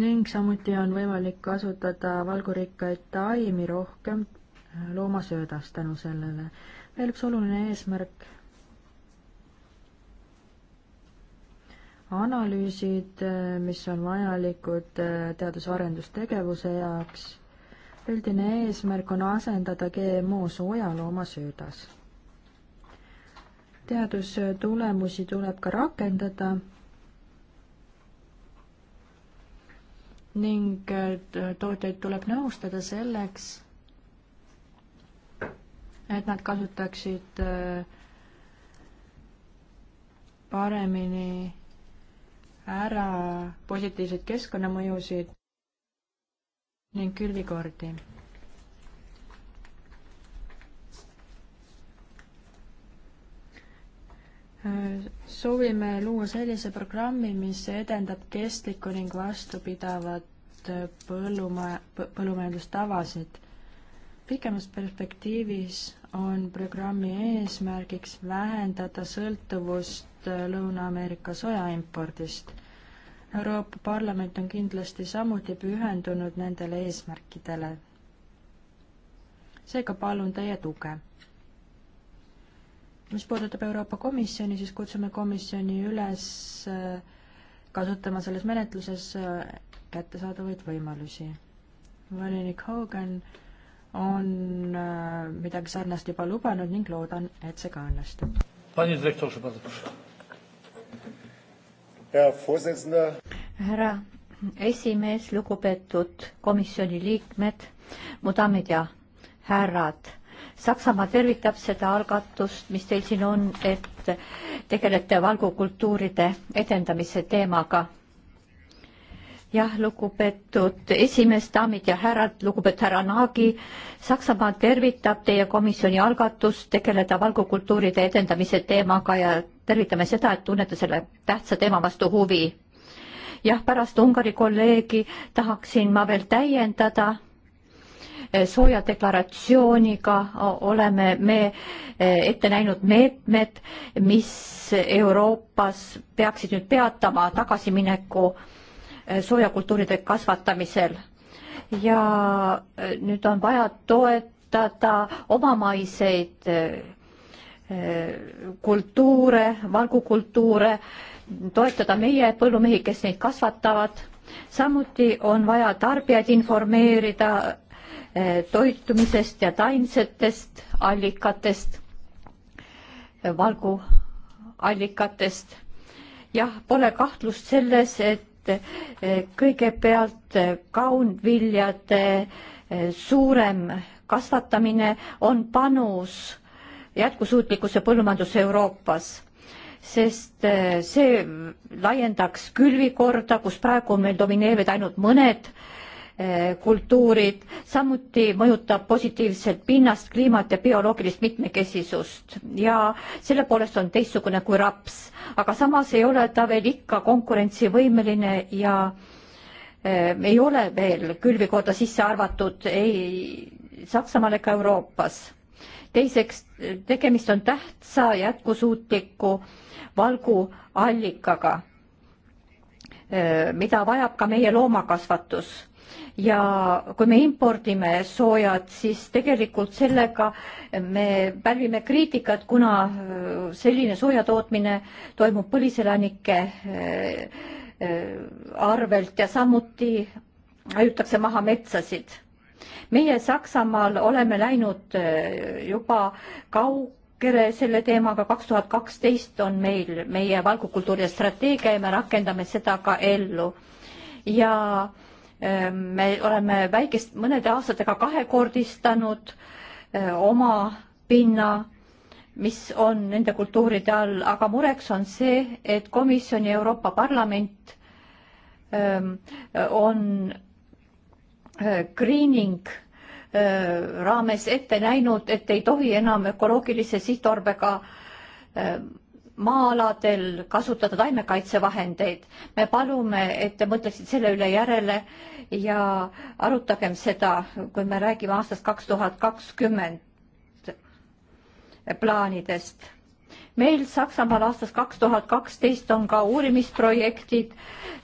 ning samuti on võimalik kasutada valgurikkaid taimi rohkem äh, loomasöödas tänu sellele. veel üks oluline eesmärk analüüsid, mis on vajalikud äh, teadus-arendustegevuse jaoks. üldine eesmärk on asendada GMO soja loomasöödas. teadustulemusi tuleb ka rakendada ning äh, tootjaid tuleb nõustada selleks, et nad kasutaksid äh, paremini ära positiivseid keskkonnamõjusid ning külvikordi. soovime luua sellise programmi, mis edendab kestlikku ning vastupidavat põllumaja, põllumajandustavasid. pikemas perspektiivis on programmi eesmärgiks vähendada sõltuvust Lõuna-Ameerika sojaimpordist. Euroopa Parlament on kindlasti samuti pühendunud nendele eesmärkidele. seega palun teie tuge. mis puudutab Euroopa Komisjoni, siis kutsume komisjoni üles äh, kasutama selles menetluses äh, kättesaadavaid võimalusi. volinik Hogan on äh, midagi sarnast juba lubanud ning loodan, et see ka õnnestub. härra esimees, lugupeetud komisjoni liikmed, mu daamid ja härrad. Saksamaa tervitab seda algatust, mis teil siin on, et tegelete valgukultuuride edendamise teemaga jah, lugupeetud esimees, daamid ja härrad, lugupeetud härra Naagi, Saksamaa tervitab teie komisjoni algatust tegeleda valgukultuuride edendamise teemaga ja tervitame seda, et tunnete selle tähtsa teema vastu huvi. jah, pärast Ungari kolleegi tahaksin ma veel täiendada eh, sooja deklaratsiooniga oleme me eh, ette näinud meetmed, mis Euroopas peaksid nüüd peatama tagasimineku äh, soojakultuuride kasvatamisel. ja äh, nüüd on vaja toetada omamaiseid äh, äh, kultuure, valgukultuure, toetada meie põllumehi, kes neid kasvatavad. samuti on vaja tarbijaid informeerida toitumisest ja taimsetest allikatest, valguallikatest. jah, pole kahtlust selles, et et eh, kõigepealt eh, kaunviljade eh, suurem kasvatamine on panus jätkusuutlikkusse põllumajandusse Euroopas sest see laiendaks külvikorda, kus praegu on meil domineerivad ainult mõned Eh, kultuurid, samuti mõjutab positiivselt pinnast, kliimat ja bioloogilist mitmekesisust ja selle poolest on teistsugune kui raps, aga samas ei ole ta veel ikka konkurentsivõimeline ja eh, ei ole veel külvikorda sisse arvatud ei Saksamaal ega Euroopas. teiseks, tegemist on tähtsa jätkusuutliku valguallikaga, eh, mida vajab ka meie loomakasvatus ja kui me impordime soojad, siis tegelikult sellega me pälvime kriitikat, kuna äh, selline sooja tootmine toimub põliselanike äh, äh, arvelt ja samuti hajutakse maha metsasid. meie Saksamaal oleme läinud juba kaugele selle teemaga, kaks tuhat kaksteist on meil meie valgukultuuri strateegia ja me rakendame seda ka ellu ja Ehm, me oleme väikest, mõnede aastatega kahekordistanud eh, oma pinna, mis on nende kultuuride all, aga mureks on see, et komisjon ja Euroopa Parlament ehm, on eh, greening eh, raames ette näinud, et ei tohi enam ökoloogilise sihtorbega ehm, maa-aladel kasutada taimekaitsevahendeid. me palume, et te mõtleksite selle üle järele ja arutagem seda, kui me räägime aastast kaks tuhat kakskümmend plaanidest. meil Saksamaal aastast kaks tuhat kaksteist on ka uurimisprojektid,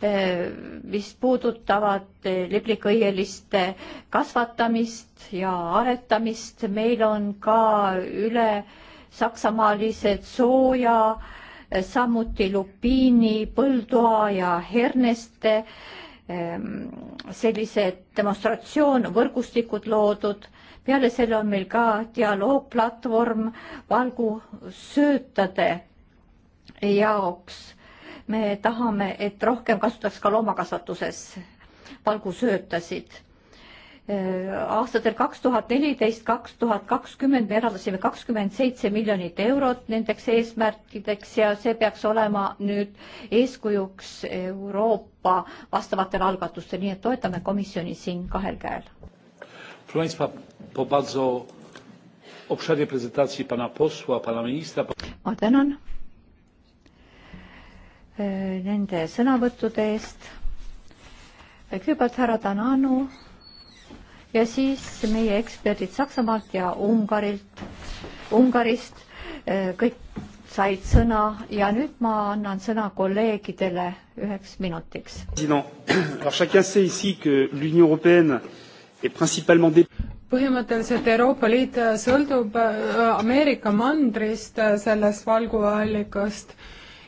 eh, mis puudutavad eh, liblikõieliste kasvatamist ja aretamist. meil on ka üle saksamaalised sooja, samuti lupiini, põldoa ja herneste ehm, sellised demonstratsioonvõrgustikud loodud. peale selle on meil ka dialoogplatvorm valgusöötade jaoks. me tahame, et rohkem kasutaks ka loomakasvatuses valgusöötasid aastatel kaks tuhat neliteist, kaks tuhat kakskümmend me eraldasime kakskümmend seitse miljonit eurot nendeks eesmärkideks ja see peaks olema nüüd eeskujuks Euroopa vastavatele algatustele, nii et toetame komisjoni siin kahel käel. ma tänan e, nende sõnavõttude eest. kõigepealt härra Tananu ja siis meie eksperdid Saksamaalt ja Ungarilt, Ungarist, äh, kõik said sõna ja nüüd ma annan sõna kolleegidele üheks minutiks. põhimõtteliselt Euroopa Liit sõltub äh, Ameerika mandrist äh, sellest valguallikast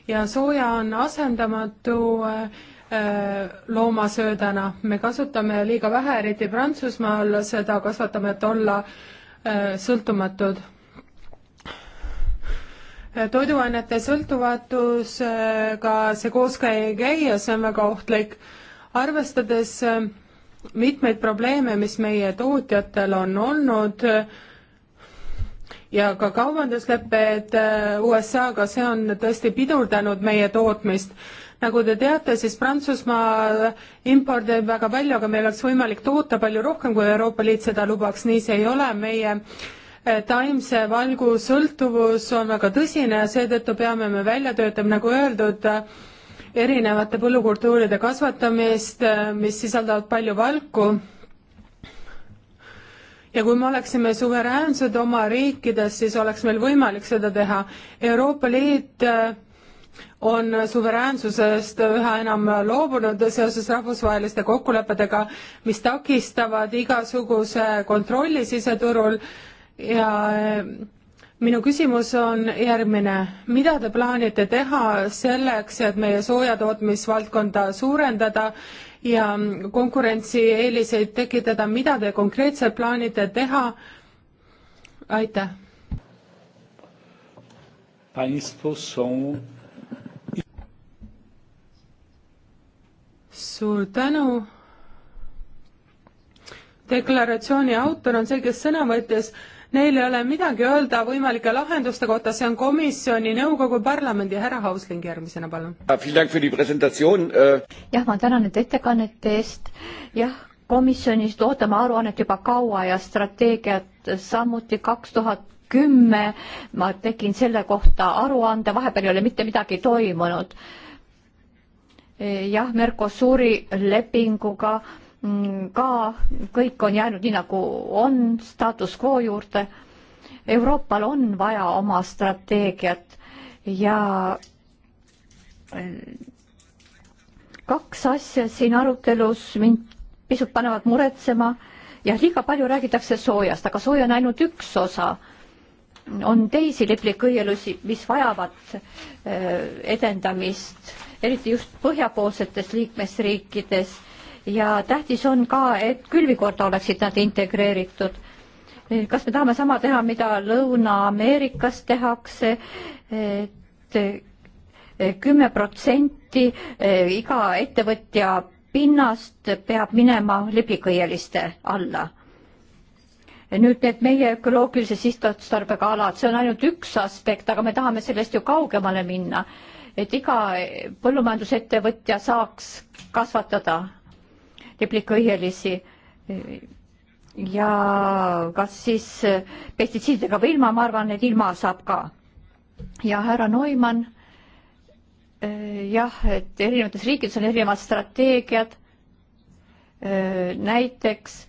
ja sooja on asendamatu äh, Äh, loomasöödana. me kasutame liiga vähe, eriti Prantsusmaal, seda kasvatame, et olla äh, sõltumatud. Äh, toiduainete sõltuvatusega see kooskäi ei käi ja see on väga ohtlik. arvestades mitmeid probleeme, mis meie tootjatel on olnud, ja ka kaubanduslepped USA-ga, see on tõesti pidurdanud meie tootmist nagu te teate, siis Prantsusmaa impordib väga palju, aga meil oleks võimalik toota palju rohkem, kui Euroopa Liit seda lubaks, nii see ei ole, meie eh, taimse valgu sõltuvus on väga tõsine ja seetõttu peame me välja töötama, nagu öeldud, erinevate põllukultuuride kasvatamist, eh, mis sisaldavad palju valku ja kui me oleksime suveräänsed oma riikides, siis oleks meil võimalik seda teha. Euroopa Liit eh, on suveräänsusest üha enam loobunud seoses rahvusvaheliste kokkulepetega, mis takistavad igasuguse kontrolli siseturul ja eh, minu küsimus on järgmine, mida te plaanite teha selleks, et meie soojatootmisvaldkonda suurendada ja konkurentsieeliseid tekitada, mida te konkreetselt plaanite teha? aitäh. Państwo są suur tänu. deklaratsiooni autor on see, kes sõna võttis neil ei ole midagi öelda võimalike lahenduste kohta, see on komisjoni, nõukogu, parlamendi, härra Hausling järgmisena, palun. Äh, jah, ma tänan nüüd ettekannete eest, jah, komisjonist ootame aruannet juba kaua ja strateegiat samuti kaks tuhat kümme ma tegin selle kohta aruande, vahepeal ei ole mitte midagi toimunud Eh, jah, Mercosuri lepinguga mm, ka kõik on jäänud nii, nagu on, status quo juurde. Euroopal on vaja oma strateegiat ja eh, kaks asja siin arutelus mind pisut panevad muretsema. jah, liiga palju räägitakse soojast, aga sooja on ainult üks osa on teisi liplikõielusi, mis vajavad eh, edendamist eriti just põhjapoolsetes liikmesriikides ja tähtis on ka, et külvikorda oleksid nad integreeritud. kas me tahame sama teha, mida Lõuna-Ameerikas tehakse et, et eh, kümme protsenti eh, iga ettevõtja pinnast peab minema libikõieliste alla nüüd need meie ökoloogilise sihtotstarbega alad, see on ainult üks aspekt, aga me tahame sellest ju kaugemale minna et iga põllumajandusettevõtja saaks kasvatada tepliköielisi ja kas siis pestitsiididega või ilma, ma arvan, et ilma saab ka. ja härra Neumann, jah, et erinevates riikides on erinevad strateegiad, näiteks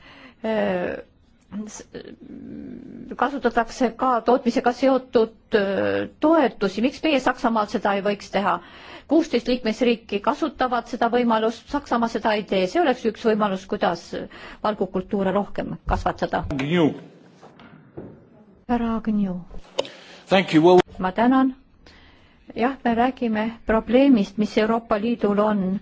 kasutatakse ka tootmisega seotud toetusi, miks meie Saksamaal seda ei võiks teha? kuusteist liikmesriiki kasutavad seda võimalust, Saksamaa seda ei tee, see oleks üks võimalus, kuidas valgukultuure rohkem kasvatada. härra Agnew. ma tänan. jah, me räägime probleemist, mis Euroopa Liidul on,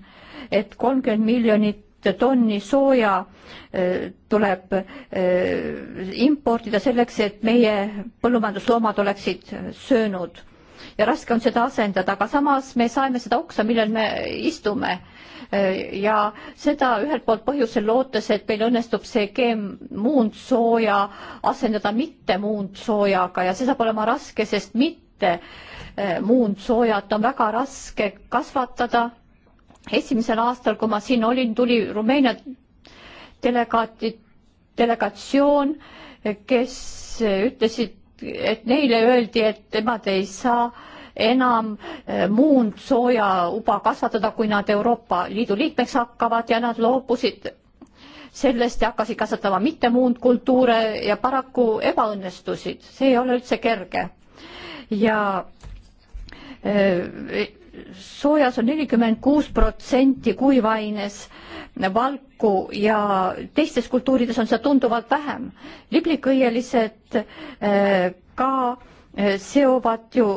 et kolmkümmend miljonit tonni sooja eh, tuleb eh, importida selleks, et meie põllumajandusloomad oleksid söönud ja raske on seda asendada, aga samas me saeme seda oksa, millel me istume. Eh, ja seda ühelt poolt põhjusel lootes, et meil õnnestub see geemmuund sooja asendada mitte muund soojaga ja see saab olema raske, sest mitte muund soojat on väga raske kasvatada esimesel aastal, kui ma siin olin, tuli Rumeenia delegaati, delegatsioon, kes ütlesid, et neile öeldi, et nemad ei saa enam eh, muund soojauba kasvatada, kui nad Euroopa Liidu liikmeks hakkavad ja nad loobusid sellest ja hakkasid kasvatama mitte muund kultuure ja paraku ebaõnnestusid, see ei ole üldse kerge. ja öö, eh, soojas on nelikümmend kuus protsenti kuivaines valku ja teistes kultuurides on seda tunduvalt vähem. liblikõielised eh, ka eh, seovad ju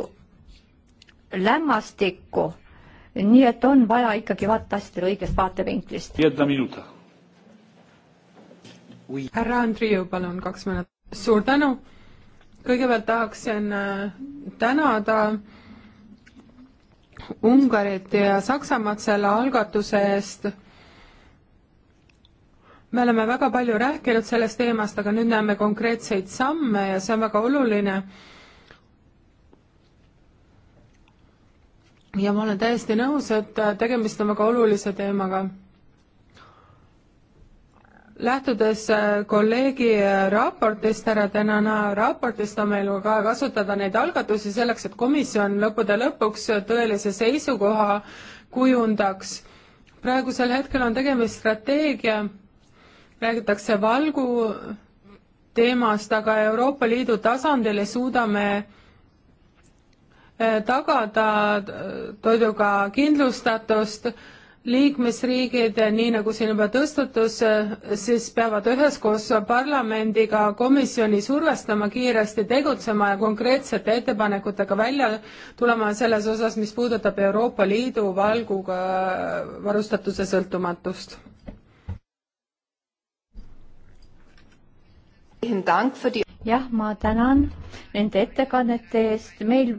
lämmastikku, nii et on vaja ikkagi vaadata asjadele õigest vaatevinklist. härra Andriu, palun kaks minutit. suur tänu. kõigepealt tahaksin eh, tänada äh, Ungarit ja Saksamaad selle algatuse eest. me oleme väga palju rääkinud sellest teemast, aga nüüd näeme konkreetseid samme ja see on väga oluline. ja ma olen täiesti nõus, et tegemist on väga olulise teemaga lähtudes äh, kolleegi äh, raportist, härra Tänana raportist, on meil ka kasutada neid algatusi selleks, et komisjon lõppude lõpuks tõelise seisukoha kujundaks. praegusel hetkel on tegemist strateegia, räägitakse valgu teemast, aga Euroopa Liidu tasandil ei suuda me äh, tagada toiduga kindlustatust liikmesriigid, nii nagu siin juba tõstatus, siis peavad üheskoos parlamendiga komisjoni survestama kiiresti tegutsema ja konkreetsete ettepanekutega välja tulema selles osas, mis puudutab Euroopa Liidu valguga varustatuse sõltumatust. jah, ma tänan nende ettekannete eest, meil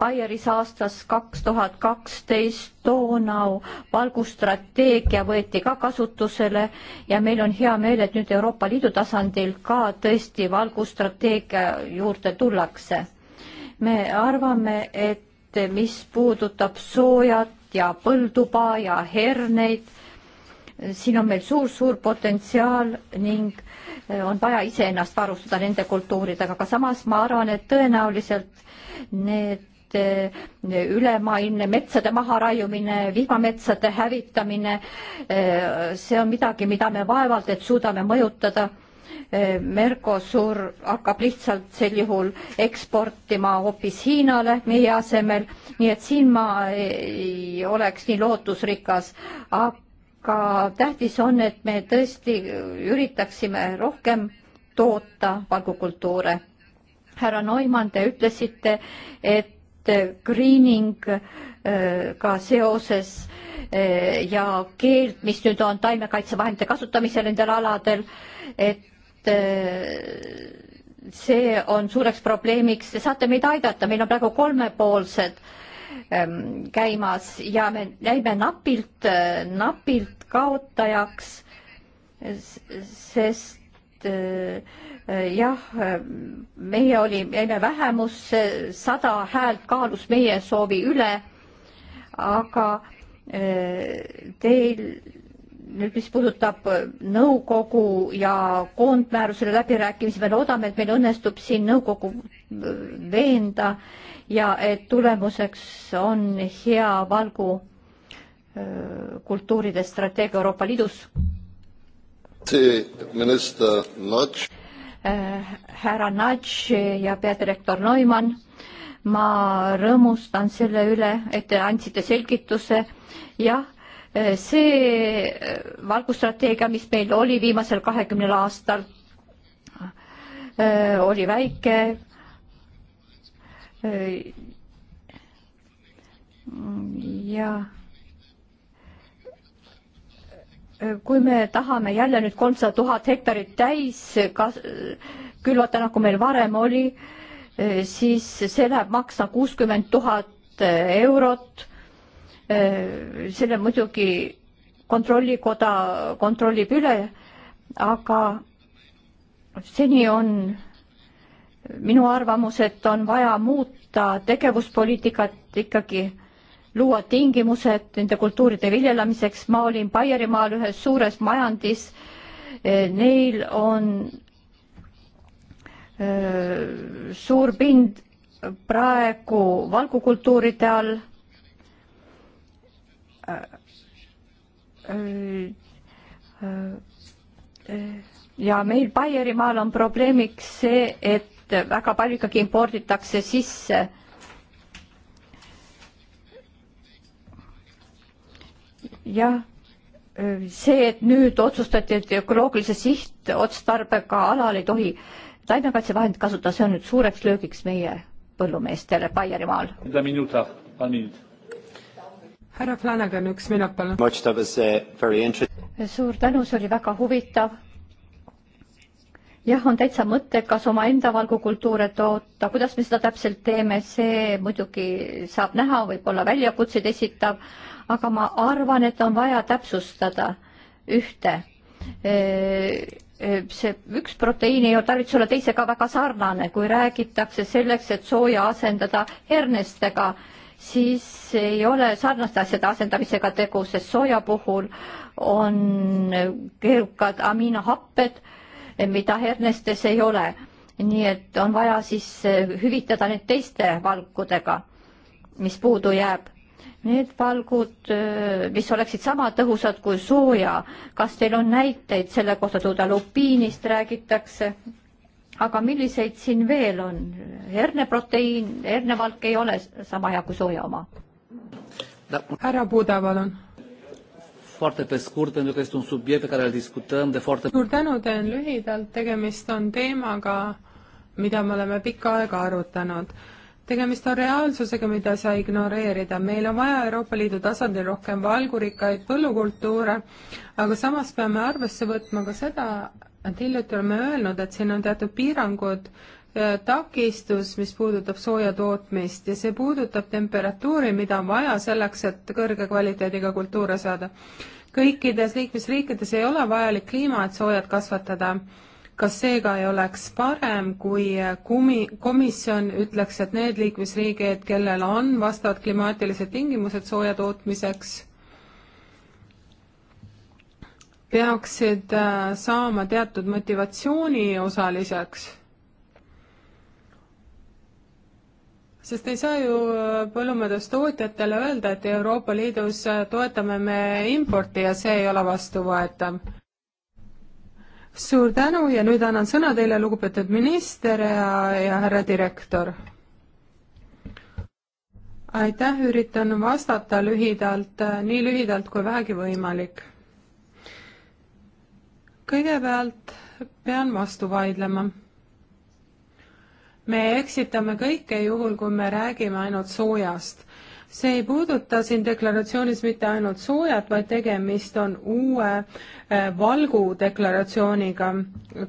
Baieris aastas kaks tuhat kaksteist Donau valgustrateegia võeti ka kasutusele ja meil on hea meel, et nüüd Euroopa Liidu tasandil ka tõesti valgustrateegia juurde tullakse. me arvame, et mis puudutab soojat ja põldupa ja herneid, siin on meil suur-suur potentsiaal ning on vaja iseennast varustada nende kultuuridega, aga samas ma arvan, et tõenäoliselt need eh, ülemaailmne metsade maharaiumine, vihmametsade hävitamine, eh, see on midagi, mida me vaevalt et suudame mõjutada eh, Mercosur hakkab lihtsalt sel juhul eksportima hoopis Hiinale meie asemel, nii et siin ma ei oleks nii lootusrikas, aga aga tähtis on, et me tõesti üritaksime rohkem toota valgukultuure. härra Neumann, te ütlesite, et greening äh, ka seoses äh, ja keeld, mis nüüd on taimekaitsevahendite kasutamisel nendel aladel, et äh, see on suureks probleemiks, te saate meid aidata, meil on praegu kolmepoolsed äh, Ähm, käimas ja me jäime napilt, äh, napilt kaotajaks, sest äh, äh, jah, meie oli, jäime vähemusse, sada häält kaalus meie soovi üle, aga teil nüüd, mis puudutab nõukogu ja koondmäärusele läbirääkimisi, me loodame, et meil õnnestub siin nõukogu veenda ja et tulemuseks on hea valgu kultuuride strateegia Euroopa Liidus. minister Nats. härra Nats ja peadirektor Neumann, ma rõõmustan selle üle, et te andsite selgituse. jah see äh, valgustrateegia, mis meil oli viimasel kahekümnel aastal, äh, oli väike. Äh, ja kui me tahame jälle nüüd kolmsada tuhat hektarit täis kas-, külvata, nagu meil varem oli, siis see läheb maksma kuuskümmend tuhat eurot Äh, selle muidugi kontrollikoda kontrollib üle, aga seni on minu arvamus, et on vaja muuta tegevuspoliitikat ikkagi, luua tingimused nende kultuuride viljelamiseks. ma olin Baierimaal ühes suures majandis. Äh, neil on öö, äh, suur pind praegu valgukultuuride all ja meil Baierimaal on probleemiks see, et väga palju ikkagi imporditakse sisse jah, see, et nüüd otsustati, et ökoloogilise sihtotstarbega alal ei tohi taimekaitsevahendit kasutada, see on nüüd suureks löögiks meie põllumeestele Baierimaal härra Flanagan, üks minut palun. Uh, suur tänu, see oli väga huvitav. jah, on täitsa mõttekas omaenda valgukultuure toota, kuidas me seda täpselt teeme, see muidugi saab näha, võib-olla väljakutseid esitav, aga ma arvan, et on vaja täpsustada ühte. E, e, see üks proteiin ei tarvitse olla teisega väga sarnane, kui räägitakse selleks, et sooja asendada hernestega siis ei ole sarnaste asjade asendamisega tegu, sest sooja puhul on keerukad aminohapped, mida hernestes ei ole. nii et on vaja siis hüvitada need teiste valkudega, mis puudu jääb. Need valgud, mis oleksid sama tõhusad kui sooja, kas teil on näiteid selle kohta, tuda lupiinist räägitakse? aga milliseid siin veel on? herneproteiin, hernevalk ei ole sama hea kui sooja oma. härra Puda, palun. suur tänu, teen lühidalt, tegemist on teemaga, mida me oleme pikka aega arutanud tegemist on reaalsusega, mida ei saa ignoreerida. meil on vaja Euroopa Liidu tasandil rohkem valgurikkaid põllukultuure, aga samas peame arvesse võtma ka seda, et hiljuti oleme öelnud, et siin on teatud piirangud, äh, takistus, mis puudutab sooja tootmist ja see puudutab temperatuuri, mida on vaja selleks, et kõrge kvaliteediga kultuure saada. kõikides liikmesriikides ei ole vajalik kliima, et soojad kasvatada. kas seega ei oleks parem, kui äh, kumi, komisjon ütleks, et need liikmesriigid, kellel on vastavad klimaatilised tingimused sooja tootmiseks peaksid äh, saama teatud motivatsiooni osaliseks sest ei saa ju äh, põllumajandustootjatele öelda, et Euroopa Liidus äh, toetame me importi ja see ei ole vastuvõetav. suur tänu ja nüüd annan sõna teile, lugupeetud minister ja, ja härra direktor. aitäh, üritan vastata lühidalt, nii lühidalt kui vähegi võimalik kõigepealt pean vastu vaidlema. me eksitame kõike juhul, kui me räägime ainult soojast. see ei puuduta siin deklaratsioonis mitte ainult soojat, vaid tegemist on uue äh, valgu deklaratsiooniga.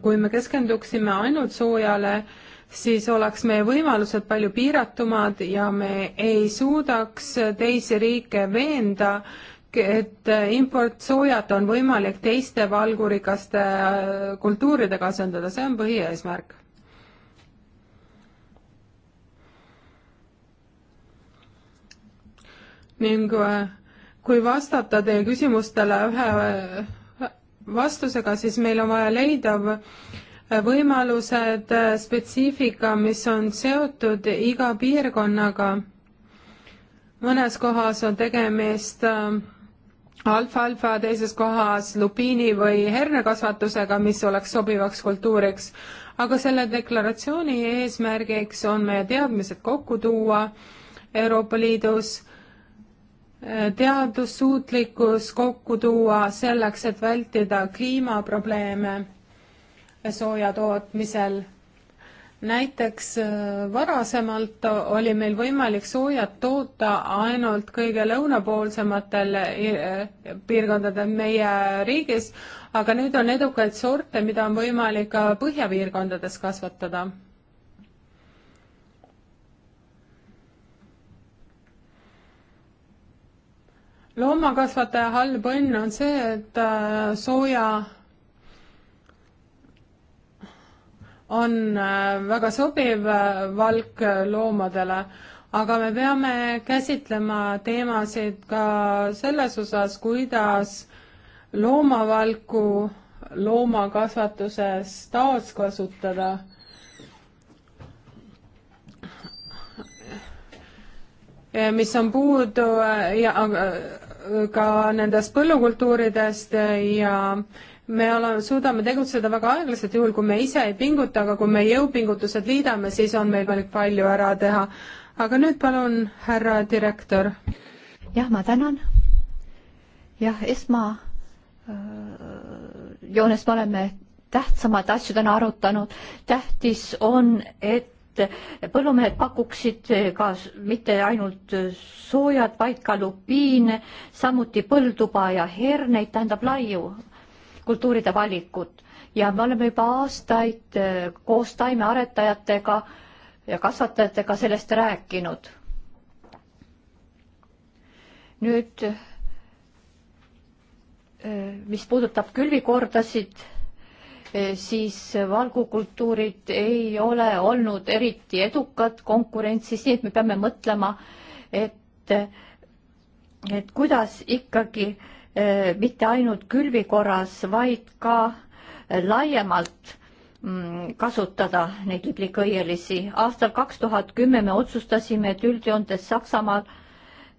kui me keskenduksime ainult soojale, siis oleks meie võimalused palju piiratumad ja me ei suudaks teisi riike veenda äh, et importsoojat on võimalik teiste valgurikaste kultuuridega asendada, see on põhieesmärk. ning äh, kui vastata teie küsimustele ühe äh, vastusega, siis meil on vaja leida äh, võimalused, spetsiifika, mis on seotud iga piirkonnaga. mõnes kohas on tegemist äh, alfalfa, teises kohas lubiini või hernekasvatusega, mis oleks sobivaks kultuuriks. aga selle deklaratsiooni eesmärgiks on meie teadmised kokku tuua Euroopa Liidus, teadussuutlikkus kokku tuua selleks, et vältida kliimaprobleeme sooja tootmisel näiteks äh, varasemalt oli meil võimalik soojat toota ainult kõige lõunapoolsematel äh, piirkondadel meie riigis, aga nüüd on edukaid sorte, mida on võimalik ka põhjapiirkondades kasvatada. loomakasvataja halb õnn on see, et äh, sooja on äh, väga sobiv äh, valk äh, loomadele, aga me peame käsitlema teemasid ka selles osas, kuidas loomavalku loomakasvatuses taaskasutada mis on puudu ja ka nendest põllukultuuridest ja me oleme, suudame tegutseda väga aeglaselt, juhul kui me ise ei pinguta, aga kui me jõupingutused liidame, siis on meil veel palju ära teha. aga nüüd palun, härra direktor. jah, ma tänan. jah, esma äh, joones me oleme tähtsamaid asju täna arutanud. tähtis on, et põllumehed pakuksid ka mitte ainult soojad, vaid ka lupiine, samuti põlduba ja herneid, tähendab laiu kultuuride valikut ja me oleme juba aastaid äh, koos taimearetajatega ja kasvatajatega sellest rääkinud. nüüd, äh, mis puudutab külvikordasid, äh, siis valgukultuurid ei ole olnud eriti edukad konkurentsis, nii et me peame mõtlema, et, et kuidas ikkagi äh, Äh, mitte ainult külvi korras, vaid ka äh, laiemalt mm, kasutada neid liblikõielisi. aastal kaks tuhat kümme me otsustasime, et üldjoontes Saksamaal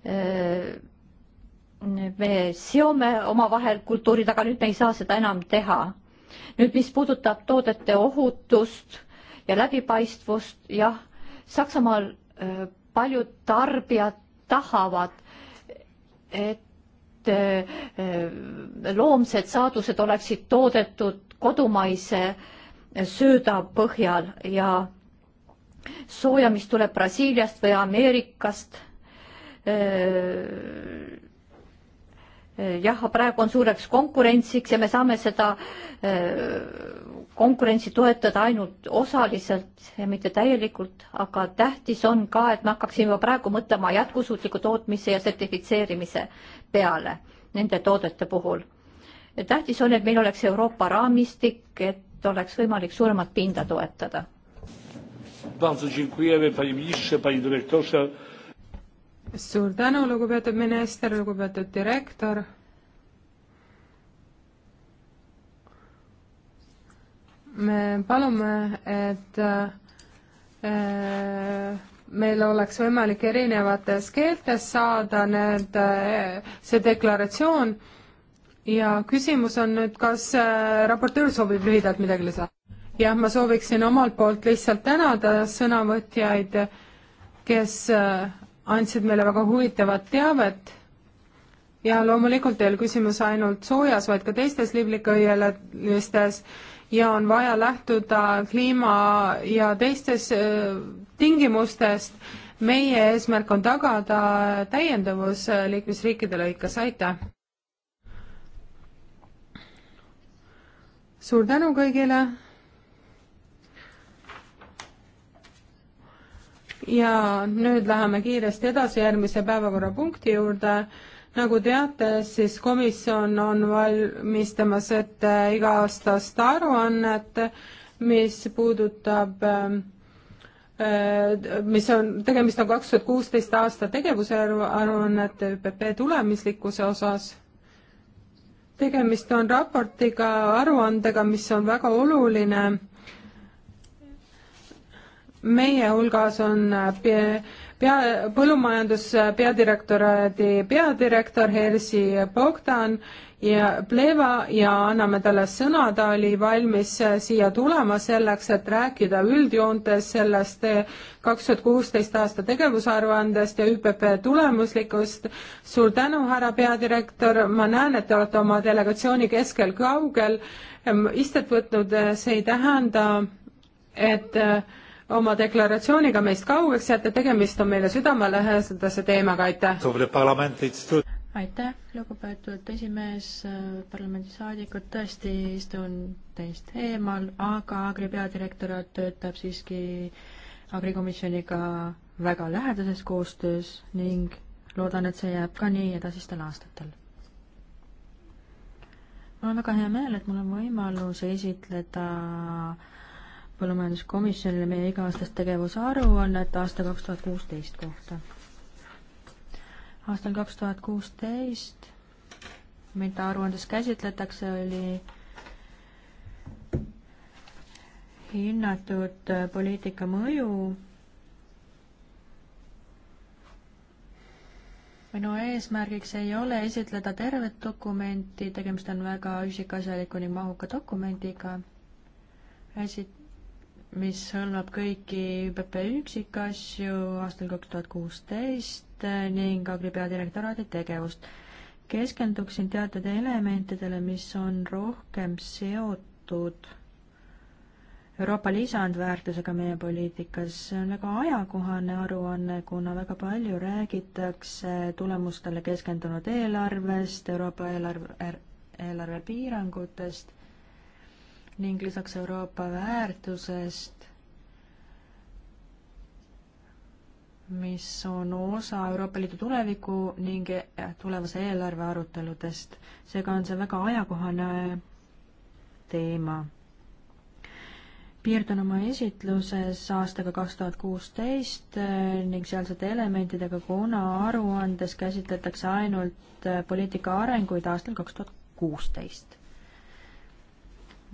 äh, me seome omavahel kultuurid, aga nüüd me ei saa seda enam teha. nüüd, mis puudutab toodete ohutust ja läbipaistvust, jah, Saksamaal paljud tarbijad tahavad, et et eh, loomsed saadused oleksid toodetud kodumaise sööda põhjal ja sooja, mis tuleb Brasiiliast või Ameerikast. Eh, jah, praegu on suureks konkurentsiks ja me saame seda eh, konkurentsi toetada ainult osaliselt ja mitte täielikult, aga tähtis on ka, et me hakkaksime juba praegu mõtlema jätkusuutliku tootmise ja sertifitseerimise peale nende toodete puhul. tähtis on, et meil oleks Euroopa raamistik, et oleks võimalik suuremat pinda toetada. suur tänu, lugupeetud minister, lugupeetud direktor me palume, et äh, meil oleks võimalik erinevates keeltes saada need, eh, see deklaratsioon ja küsimus on nüüd, kas eh, raportöör soovib lühidalt midagi lisada? jah, ma sooviksin omalt poolt lihtsalt tänada sõnavõtjaid, kes eh, andsid meile väga huvitavat teavet ja loomulikult ei ole küsimus ainult soojas, vaid ka teistes liblikõielistes ja on vaja lähtuda kliima ja teistes äh, tingimustest. meie eesmärk on tagada täiendavus äh, liikmesriikide lõikes, aitäh! suur tänu kõigile! ja nüüd läheme kiiresti edasi järgmise päevakorrapunkti juurde nagu teate, siis komisjon on valmistamas ette iga-aastast aruannet, mis puudutab ähm, äh, mis on, tegemist on kaks tuhat kuusteist aasta tegevuse aruannet ÜPP tulemislikkuse osas. tegemist on raportiga, aruandega, mis on väga oluline meie hulgas on äh, pea, põllumajandus peadirektoraadi peadirektor Hersi Bogdan ja Pleva ja anname talle sõna, ta oli valmis äh, siia tulema selleks, et rääkida üldjoontes sellest äh, kaks tuhat kuusteist aasta tegevusaruandest ja ÜPP tulemuslikkust. suur tänu, härra peadirektor, ma näen, et te olete oma delegatsiooni keskel kaugel ehm, istet võtnud, äh, see ei tähenda, et äh, oma deklaratsiooniga meist kaugeks jääte, tegemist on meile südamelähedase teemaga, aitäh! aitäh, lugupeetud esimees, parlamendisaadikud, tõesti istun teist eemal, aga Agri peadirektoraat töötab siiski agrikomisjoniga väga lähedases koostöös ning loodan, et see jääb ka nii edasistel aastatel. mul on väga hea meel, et mul on võimalus esitleda äh, põllumajanduskomisjonile meie iga-aastast tegevusaruannet aasta kaks tuhat kuusteist kohta. aastal kaks tuhat kuusteist, mida aruandes käsitletakse, oli hinnatud poliitika mõju. minu eesmärgiks ei ole esitleda tervet dokumenti, tegemist on väga üksikasjaliku ning mahuka dokumendiga. esit-, mis hõlmab kõiki ÜPP üksikasju aastal kaks tuhat kuusteist ning Agri peadirektoraadi tegevust. keskenduksin teatud elementidele, mis on rohkem seotud Euroopa lisandväärtusega meie poliitikas. see on väga ajakohane aruanne, kuna väga palju räägitakse tulemustele keskendunud eelarvest, Euroopa eelarve, er-, eelarve piirangutest ning lisaks Euroopa väärtusest, mis on osa Euroopa Liidu tuleviku ning tulevase eelarve aruteludest. seega on see väga ajakohane teema. piirdun oma esitluses aastaga kaks tuhat kuusteist eh, ning sealsete elementidega, kuna aruandes käsitletakse ainult eh, poliitika arenguid aastal kaks tuhat kuusteist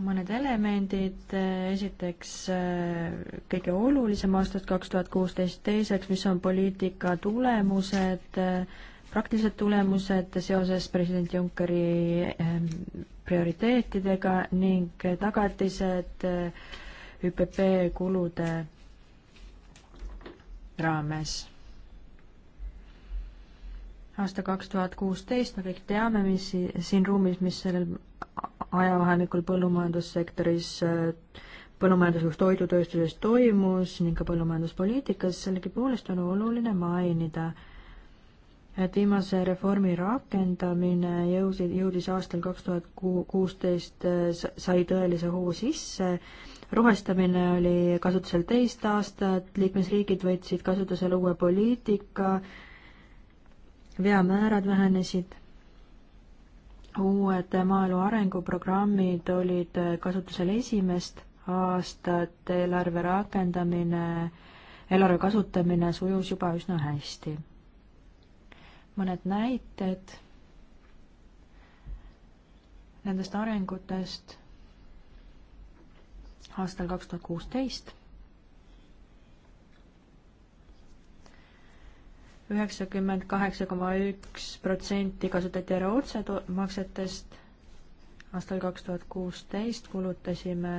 mõned elemendid, esiteks äh, kõige olulisem aastast kaks tuhat kuusteist, teiseks, mis on poliitika tulemused, praktilised tulemused seoses president Junckeri ähm, prioriteetidega ning tagatised äh, ÜPP kulude raames aasta kaks tuhat kuusteist, me kõik teame, mis siin ruumis, mis sellel ajavahemikul põllumajandussektoris põllumajanduslikus toidutööstuses toimus ning ka põllumajanduspoliitikas, sellegipoolest on oluline mainida, et viimase reformi rakendamine jõusid, jõudis aastal kaks tuhat kuusteist, sai tõelise hoo sisse, rohestamine oli kasutusel teist aastat, liikmesriigid võtsid kasutusele uue poliitika, veamäärad vähenesid uued maaelu arenguprogrammid olid kasutusel esimest aastat, eelarve rakendamine, eelarve kasutamine sujus juba üsna hästi. mõned näited nendest arengutest aastal kaks tuhat kuusteist üheksakümmend kaheksa koma üks protsenti kasutati ära otsemaksetest, aastal kaks tuhat kuusteist kulutasime,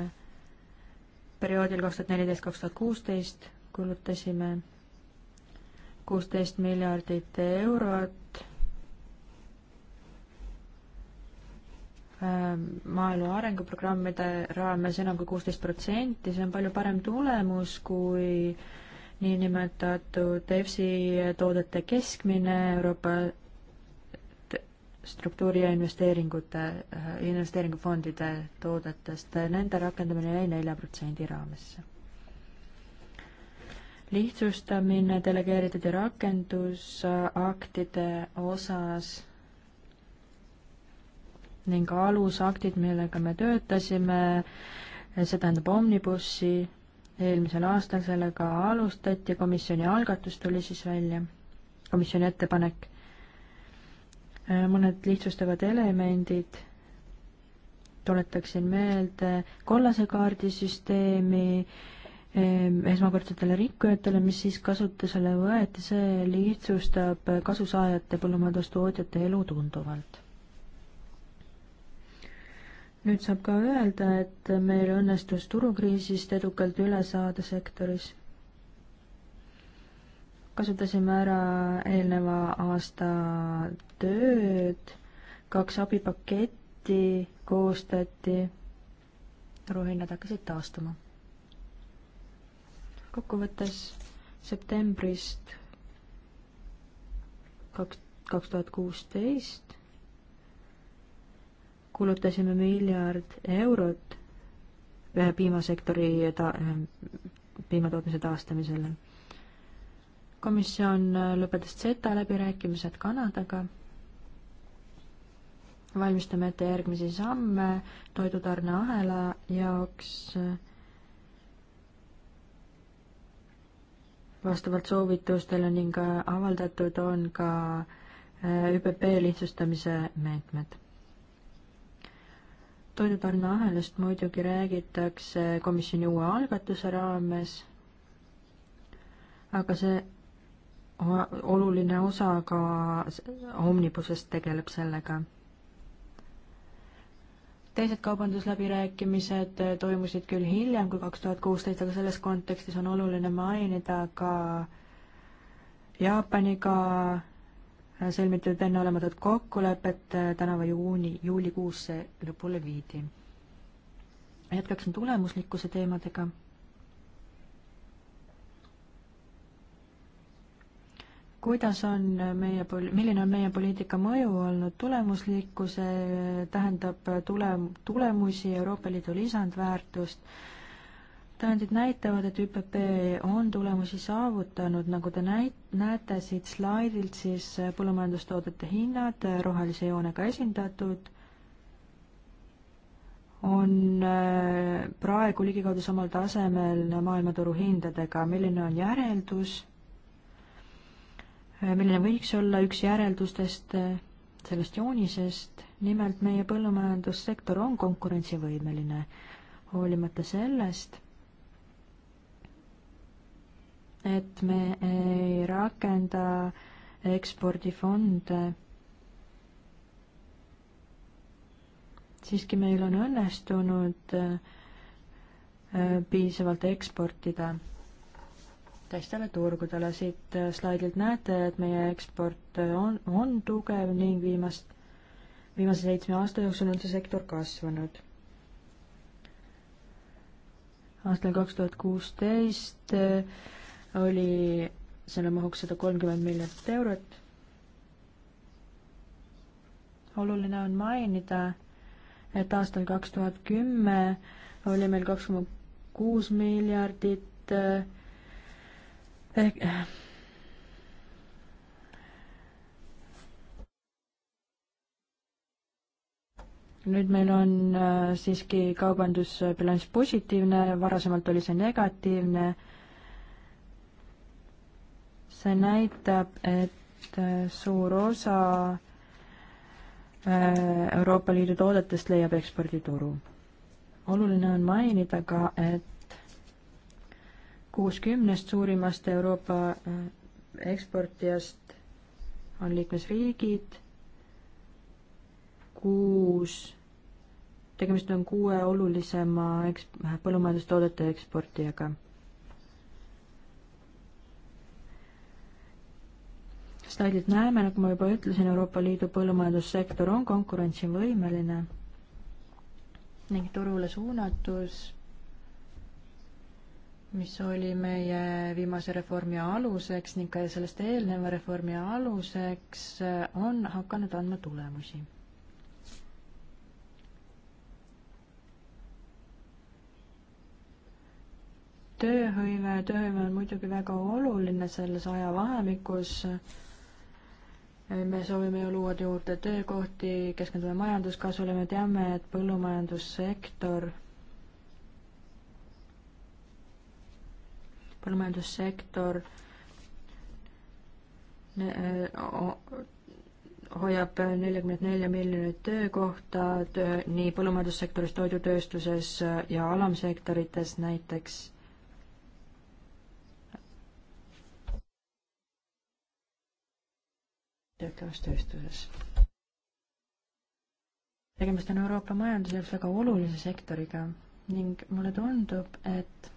perioodil kaks tuhat neliteist, kaks tuhat kuusteist kulutasime kuusteist miljardit eurot ähm, maaelu arenguprogrammide raames enam kui kuusteist protsenti, see on palju parem tulemus kui äh, niinimetatud EFSI toodete keskmine Euroopa struktuuri ja investeeringute, investeeringufondide toodetest, nende rakendamine jäi nelja protsendi raamesse. lihtsustamine delegeeritud ja rakendusaktide osas ning alusaktid, millega me töötasime, see tähendab Omnibussi eelmisel aastal sellega alustati, komisjoni algatus tuli siis välja, komisjoni ettepanek. Äh, mõned lihtsustavad elemendid, tuletaksin meelde kollase kaardi süsteemi, ähm, esmakordsetele rikkujatele, mis siis kasutusele võeti, see lihtsustab kasusaajate, põllumajandustootjate elu tunduvalt nüüd saab ka öelda, et meil õnnestus turukriisist edukalt üle saada sektoris. kasutasime ära eelneva aasta tööd, kaks abipaketti koostati, turuhinnad hakkasid taastuma. kokkuvõttes septembrist kaks, kaks tuhat kuusteist kulutasime miljard eurot äh, piimasektori ta-, äh, piimatootmise taastamisele. komisjon äh, lõpetas Zeta läbirääkimised Kanadaga, valmistame ette järgmisi samme toidutarneahela jaoks vastavalt soovitustele ning avaldatud on ka ÜPP lihtsustamise meetmed toidutarneahelast muidugi räägitakse komisjoni uue algatuse raames, aga see oluline osa ka Omnibusest tegeleb sellega. teised kaubandusläbirääkimised toimusid küll hiljem kui kaks tuhat kuusteist, aga selles kontekstis on oluline mainida ka Jaapaniga sõlmitud enneolematut kokkulepet äh, tänava juuni, juulikuus see lõpule viidi. jätkaksin tulemuslikkuse teemadega. kuidas on meie pol-, milline on meie poliitika mõju olnud tulemuslikkuse, äh, tähendab tule-, tulemusi, Euroopa Liidu lisandväärtust tõendid näitavad, et ÜPP on tulemusi saavutanud, nagu te näit-, näete siit slaidilt, siis põllumajandustoodete hinnad rohelise joonega esindatud on äh, praegu ligikaudu samal tasemel maailmaturu hindadega. milline on järeldus? Äh, milline võiks olla üks järeldustest äh, sellest joonisest? nimelt meie põllumajandussektor on konkurentsivõimeline, hoolimata sellest et me ei rakenda ekspordifonde. siiski meil on õnnestunud äh, piisavalt eksportida teistele turgudele. siit äh, slaidilt näete, et meie eksport äh, on, on tugev ning viimast, viimase seitsme aasta jooksul on see sektor kasvanud aastal kaks tuhat kuusteist oli selle mahuks sada kolmkümmend miljonit eurot. oluline on mainida, et aastal kaks tuhat kümme oli meil kaks koma kuus miljardit ehk nüüd meil on äh, siiski kaubandusbilanss positiivne, varasemalt oli see negatiivne see näitab, et äh, suur osa äh, Euroopa Liidu toodetest leiab ekspordituru. oluline on mainida ka, et kuus kümnest suurimast Euroopa äh, eksportijast on liikmesriigid, kuus, tegemist on kuue olulisema eks-, põllumajandustoodete eksportijaga slaidilt näeme, nagu ma juba ütlesin, Euroopa Liidu põllumajandussektor on konkurentsivõimeline ning turule suunatus, mis oli meie viimase reformi aluseks ning ka sellest eelneva reformi aluseks, on hakanud andma tulemusi tööhõive, tööhõive on muidugi väga oluline selles ajavahemikus, me soovime ju luua juurde töökohti, keskendume majanduskasvule, me teame, et põllumajandussektor, põllumajandussektor ne, o, hoiab neljakümmet nelja miljonit töökohta töö, nii põllumajandussektoris, toidutööstuses ja alamsektorites näiteks töötlevas tööstuses. tegemist on Euroopa majanduse jaoks väga olulise sektoriga ning mulle tundub, et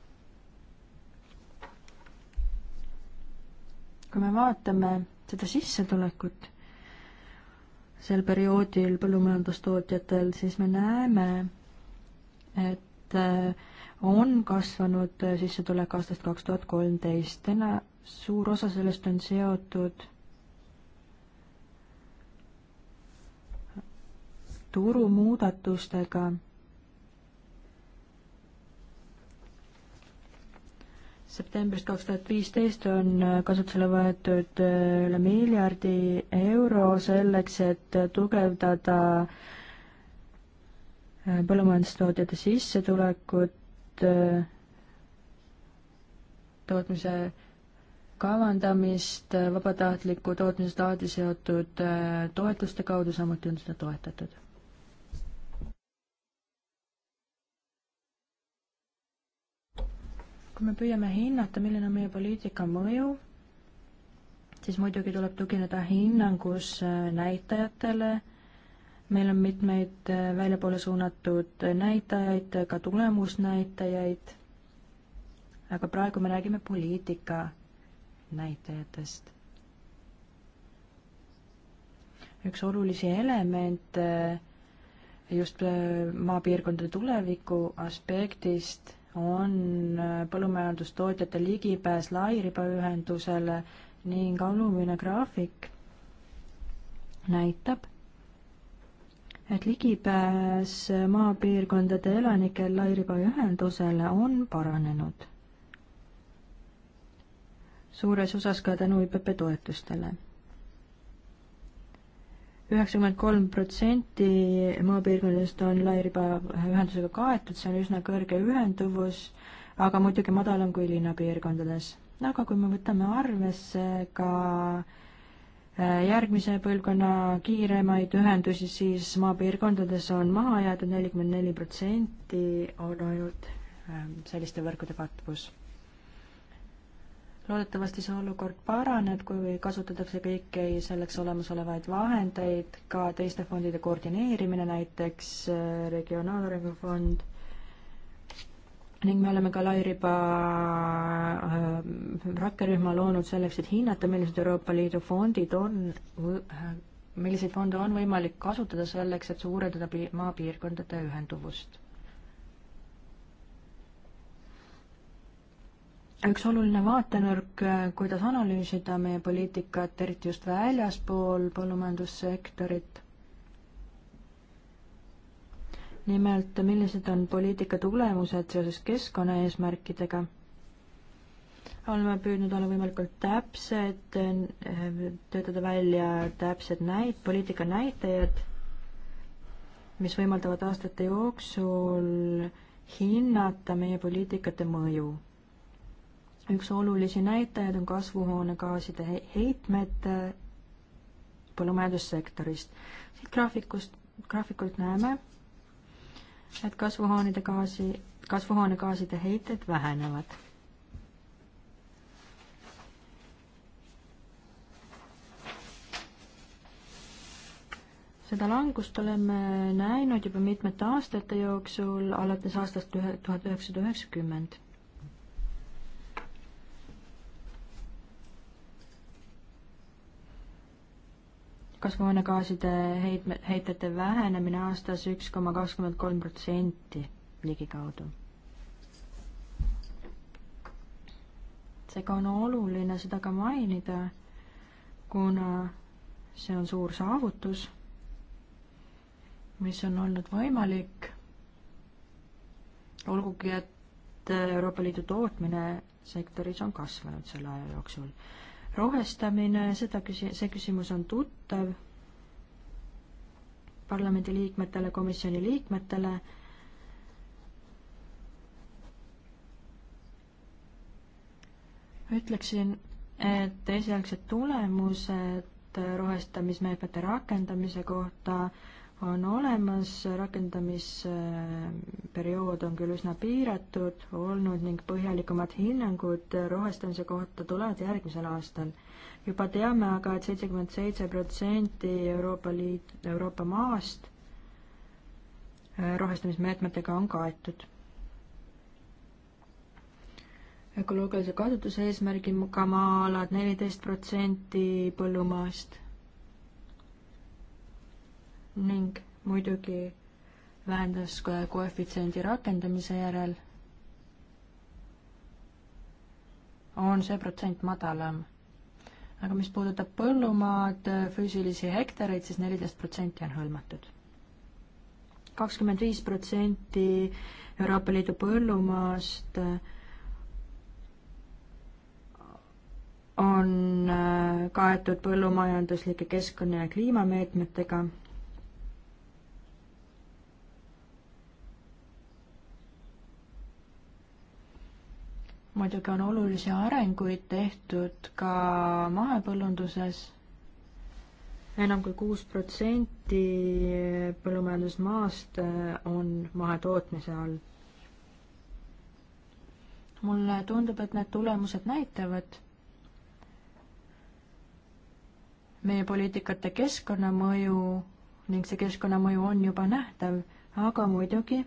kui me vaatame seda sissetulekut sel perioodil põllumajandustootjatel, siis me näeme, et äh, on kasvanud sissetulek aastast kaks tuhat kolmteist. täna suur osa sellest on seotud turumuudatustega. septembrist kaks tuhat viisteist on kasutusele võetud üle miljardi euro selleks, et tugevdada põllumajandustootjate sissetulekut, tootmise kavandamist vabatahtliku tootmisestaadi seotud toetuste kaudu, samuti on seda toetatud. kui me püüame hinnata, milline on meie poliitika mõju, siis muidugi tuleb tugineda hinnangus äh, näitajatele, meil on mitmeid äh, väljapoole suunatud näitajaid, ka tulemusnäitajaid, aga praegu me räägime poliitika näitajatest. üks olulisi elemente äh, just maapiirkondade tuleviku aspektist on põllumajandustootjate ligipääs lairibaühendusele ning alumine graafik näitab, et ligipääs maapiirkondade elanikel lairibaühendusele on paranenud suures osas ka tänu ÜPP toetustele üheksakümmend kolm protsenti maapiirkondadest on lairibaühendusega kaetud, see on üsna kõrge ühenduvus, aga muidugi madalam kui linnapiirkondades. aga kui me võtame arvesse ka äh, järgmise põlvkonna kiiremaid ühendusi, siis maapiirkondades on maha jäetud nelikümmend neli protsenti, on ainult ähm, selliste võrkude katvus loodetavasti see olukord paraneb, kui kasutatakse kõiki selleks olemasolevaid vahendeid, ka teiste fondide koordineerimine, näiteks äh, Regionaalarengu fond, ning me oleme ka lairiba äh, rakkerühma loonud selleks, et hinnata, millised Euroopa Liidu fondid on, äh, milliseid fonde on võimalik kasutada selleks, et suurendada maapiirkondade ühenduvust üks oluline vaatenurk, kuidas analüüsida meie poliitikat, eriti just väljaspool põllumajandussektorit. nimelt, millised on poliitika tulemused seoses keskkonnaeesmärkidega? oleme püüdnud olla võimalikult täpsed, töötada välja täpsed näit-, poliitika näitajad, mis võimaldavad aastate jooksul hinnata meie poliitikate mõju üks olulisi näitajaid on kasvuhoonegaaside heitmed äh, põllumajandussektorist. siit graafikust, graafikult näeme, et kasvuhoonide gaasi, kasvuhoonegaaside heited vähenevad. seda langust oleme näinud juba mitmete aastate jooksul, alates aastast tuhat üheksasada üheksakümmend kasvuhoonegaaside heitme, heitete vähenemine aastas üks koma kakskümmend kolm protsenti ligikaudu. seega on oluline seda ka mainida, kuna see on suur saavutus, mis on olnud võimalik, olgugi et Euroopa Liidu tootmine sektoris on kasvanud selle aja jooksul rohestamine, seda küsi-, see küsimus on tuttav parlamendiliikmetele, komisjoni liikmetele. ütleksin, et esialgsed tulemused rohestamismeetmete rakendamise kohta äh, on olemas, rakendamisperiood on küll üsna piiratud olnud ning põhjalikumad hinnangud rohestamise kohta tulevad järgmisel aastal. juba teame aga et, et seitsekümmend seitse protsenti Euroopa Liit, Euroopa maast äh, rohestamismeetmetega on kaetud. ökoloogilise kasutuse eesmärgiga maa-alad neliteist protsenti põllumaast ning muidugi vähendas ka koefitsiendi rakendamise järel, on see protsent madalam. aga mis puudutab põllumaad, füüsilisi hektareid siis, siis neliteist protsenti on hõlmatud. kakskümmend viis protsenti Euroopa Liidu põllumaast on äh, kaetud põllumajanduslike keskkonna- ja kliimameetmetega muidugi on olulisi arenguid tehtud ka mahepõllunduses. enam kui kuus protsenti põllumajandusmaast äh, on mahetootmise all. mulle tundub, et need tulemused näitavad meie poliitikate keskkonnamõju ning see keskkonnamõju on juba nähtav, aga muidugi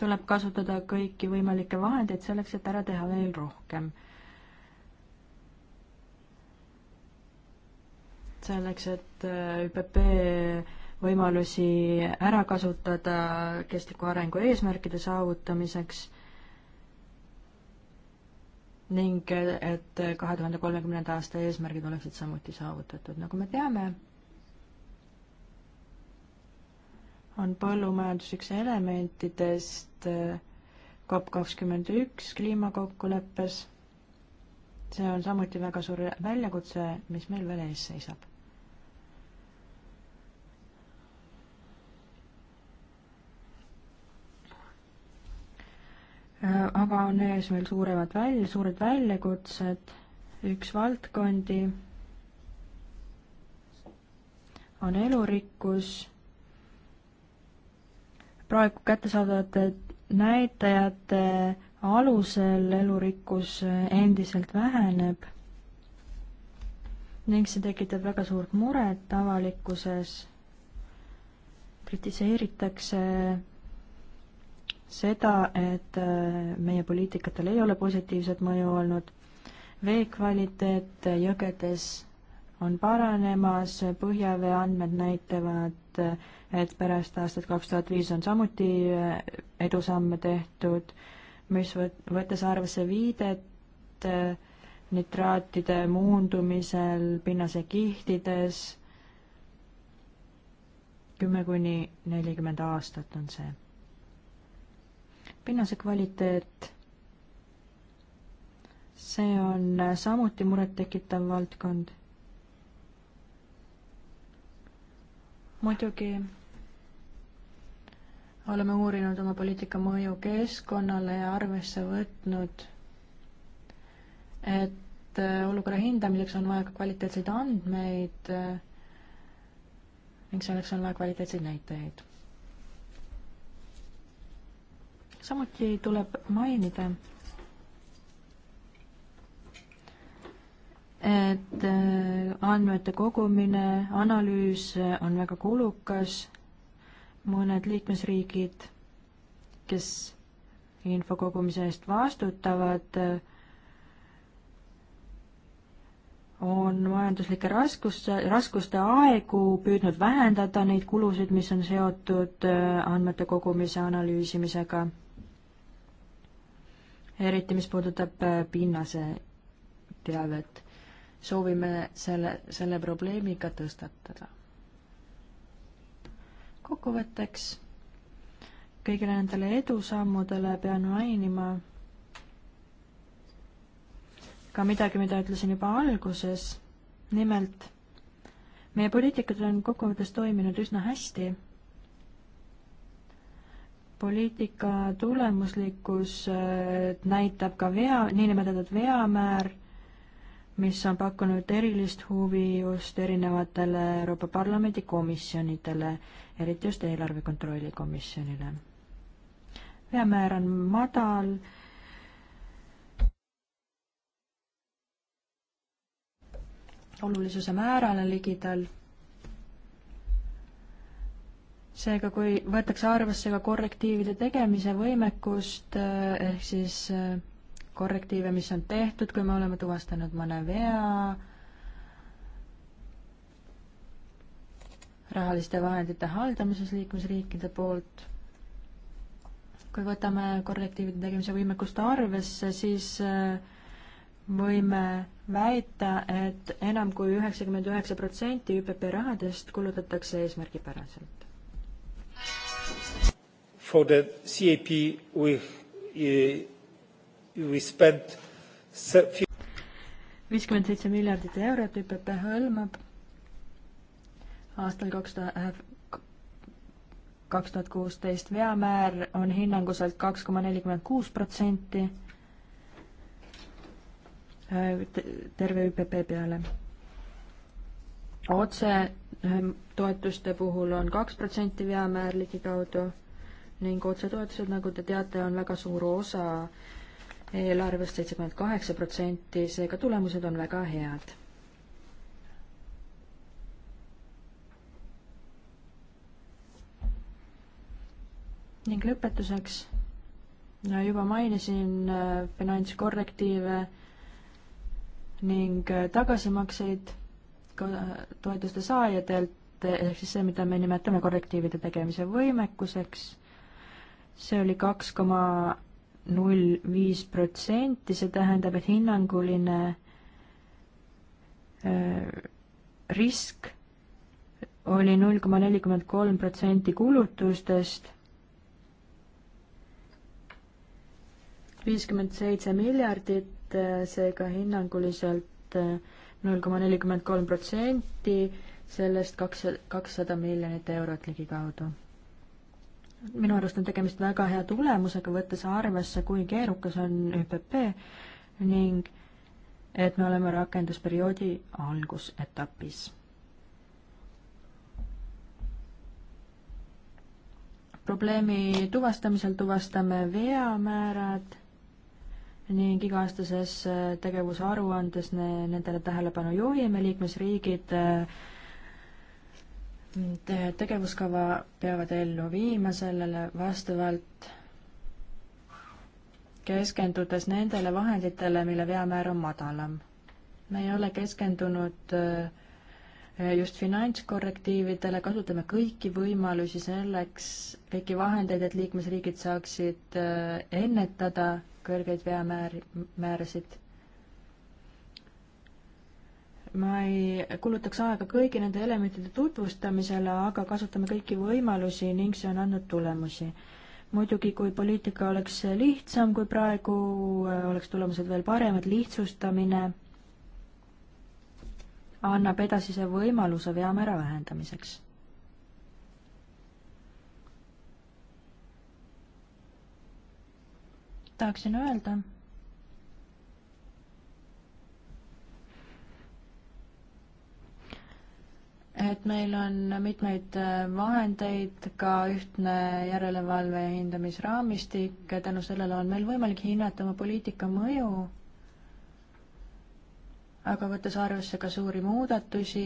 tuleb kasutada kõiki võimalikke vahendeid selleks, et ära teha veel rohkem. selleks, et äh, ÜPP võimalusi ära kasutada kestliku arengu eesmärkide saavutamiseks ning äh, et kahe tuhande kolmekümnenda aasta eesmärgid oleksid samuti saavutatud. nagu me teame, on põllumajandus üks elementidest eh, COP kakskümmend üks kliimakokkuleppes. see on samuti väga suur väljakutse, mis meil veel ees seisab. Eh, aga on ees veel suuremad välja, suured väljakutsed, üks valdkondi on elurikkus praegu kättesaadavate näitajate alusel elurikkus endiselt väheneb ning see tekitab väga suurt muret avalikkuses. kritiseeritakse seda, et äh, meie poliitikatel ei ole positiivset mõju olnud. vee kvaliteet jõgedes on paranemas, põhjavee andmed näitavad et, et pärast aastat kaks tuhat viis on samuti eh, edusamme tehtud, mis võt-, võttes arvesse viidet eh, nitraatide muundumisel pinnase kihtides, kümme kuni nelikümmend aastat on see. pinnase kvaliteet see on samuti murettekitav valdkond. muidugi oleme uurinud oma poliitika mõju keskkonnale ja arvesse võtnud, et äh, olukorra hindamiseks on vaja ka kvaliteetseid andmeid äh, ning selleks on vaja kvaliteetseid näitajaid. samuti tuleb mainida, et äh, andmete kogumine, analüüs äh, on väga kulukas, mõned liikmesriigid, kes info kogumise eest vastutavad, äh, on majanduslike raskuste, raskuste aegu püüdnud vähendada neid kulusid, mis on seotud andmete kogumise analüüsimisega. eriti, mis puudutab pinnase teavet soovime selle, selle probleemiga tõstatada. kokkuvõtteks kõigile nendele edusammudele pean mainima ka midagi, mida ütlesin juba alguses, nimelt meie poliitikad on kokkuvõttes toiminud üsna hästi. poliitika tulemuslikkus äh, näitab ka vea, niinimetatud veamäär mis on pakkunud erilist huvi just erinevatele Euroopa Parlamendi komisjonidele, eriti just eelarve kontrolli komisjonile. veamäär on madal olulisuse määrale ligidal. seega, kui võetakse arvesse ka korrektiivide tegemise võimekust eh, ehk siis eh, korrektiive, mis on tehtud, kui me oleme tuvastanud mõne vea rahaliste vahendite haldamises liikmesriikide poolt. kui võtame korrektiivide tegemise võimekust arvesse, siis äh, võime väita, et enam kui üheksakümmend üheksa protsenti ÜPP rahadest kulutatakse eesmärgipäraselt. For the CAP we eh, viiskümmend seitse miljardit eurot ÜPP hõlmab aastal kaks tuhat, äh, kaks tuhat kuusteist veamäär on hinnanguselt kaks koma nelikümmend kuus protsenti äh, terve ÜPP peale. otsetoetuste äh, puhul on kaks protsenti veamäär ligikaudu ning otsetoetused, nagu te teate, on väga suur osa äh, eelarvest seitsekümmend kaheksa protsenti, seega tulemused on väga head. ning lõpetuseks no juba mainisin äh, finantskorrektiive ning äh, tagasimakseid äh, toetuste saajadelt, ehk siis see, mida me nimetame korrektiivide tegemise võimekuseks, see oli kaks koma null viis protsenti, see tähendab, et hinnanguline risk oli null koma nelikümmend kolm protsenti kulutustest, viiskümmend seitse miljardit, seega hinnanguliselt null koma nelikümmend kolm protsenti, sellest kaks, kakssada miljonit eurot ligikaudu minu arust on tegemist väga hea tulemusega, võttes arvesse, kui keerukas on ÜPP ning et me oleme rakendusperioodi algusetapis. probleemi tuvastamisel tuvastame veamäärad ning iga-aastases tegevusaruandes ne, nendele tähelepanu juhime, liikmesriigid äh, Eh, tegevuskava peavad ellu viima sellele vastavalt keskendudes nendele vahenditele, mille veamäär on madalam. me ei ole keskendunud eh, just finantskorrektiividele, kasutame kõiki võimalusi selleks, kõiki vahendeid, et liikmesriigid saaksid eh, ennetada kõrgeid veamääri, määrasid ma ei kulutaks aega kõigi nende elementide tutvustamisele, aga kasutame kõiki võimalusi ning see on andnud tulemusi. muidugi, kui poliitika oleks lihtsam kui praegu, oleks tulemused veel paremad, lihtsustamine annab edasise võimaluse veamäära vähendamiseks. tahaksin öelda et meil on mitmeid äh, vahendeid, ka ühtne järelevalve ja hindamisraamistik, tänu sellele on meil võimalik hinnata oma poliitika mõju, aga võttes arvesse ka suuri muudatusi,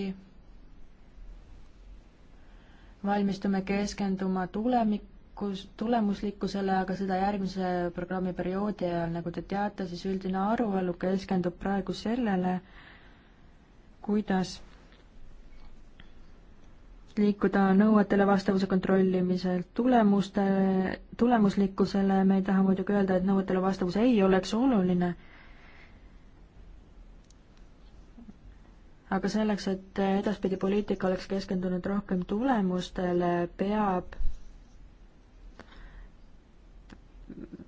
valmistume keskenduma tulemikus, tulemuslikkusele, aga seda järgmise programmiperioodi ajal, nagu te teate, siis üldine aruanne keskendub praegu sellele, kuidas liikuda nõuetele vastavuse kontrollimiselt tulemuste, tulemuslikkusele, me ei taha muidugi öelda, et nõuetele vastavus ei oleks oluline. aga selleks, et edaspidi poliitika oleks keskendunud rohkem tulemustele, peab,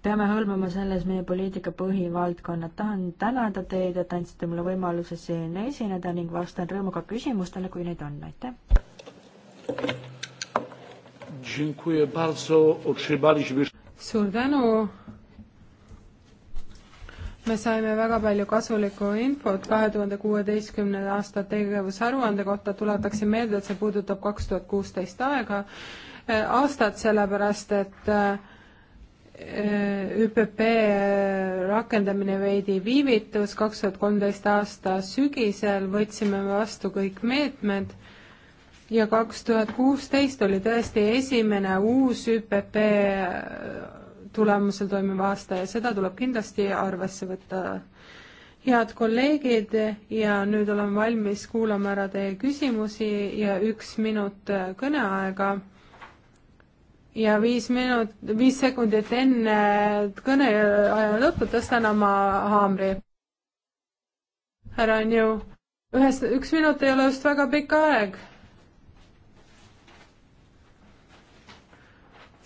peame hõlmama selles meie poliitika põhivaldkonnad. tahan tänada teid, et andsite mulle võimaluse siin esineda ning vastan rõõmuga küsimustele, kui neid on, aitäh! Dziękuję bardzo. Otrzymaliśmy... Suur tänu. me saime väga palju kasulikku infot kahe tuhande kuueteistkümnenda aasta tegevusaruande kohta, tuletaksin meelde, et see puudutab kaks tuhat kuusteist aega, eh, aastat, sellepärast et eh, ÜPP eh, rakendamine veidi viivitus, kaks tuhat kolmteist aasta sügisel võtsime vastu kõik meetmed ja kaks tuhat kuusteist oli tõesti esimene uus ÜPP äh, tulemusel toimiv aasta ja seda tuleb kindlasti arvesse võtta. head kolleegid ja nüüd olen valmis kuulama ära teie küsimusi ja üks minut äh, kõneaega ja viis minut, viis sekundit enne äh, kõneaja lõppu tõstan oma haamri. härra Anju, ühes, üks minut ei ole just väga pikk aeg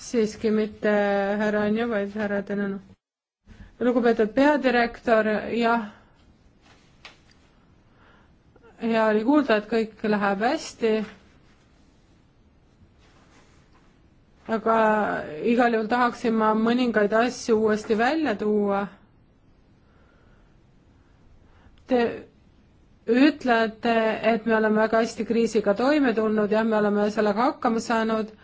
siiski mitte härra Anja, vaid härra Tõnenu. lugupeetud peadirektor, jah. hea oli kuulda, et kõik läheb hästi. aga igal juhul tahaksin ma mõningaid asju uuesti välja tuua. Te ütlete, et me oleme väga hästi kriisiga toime tulnud, jah, me oleme sellega hakkama saanud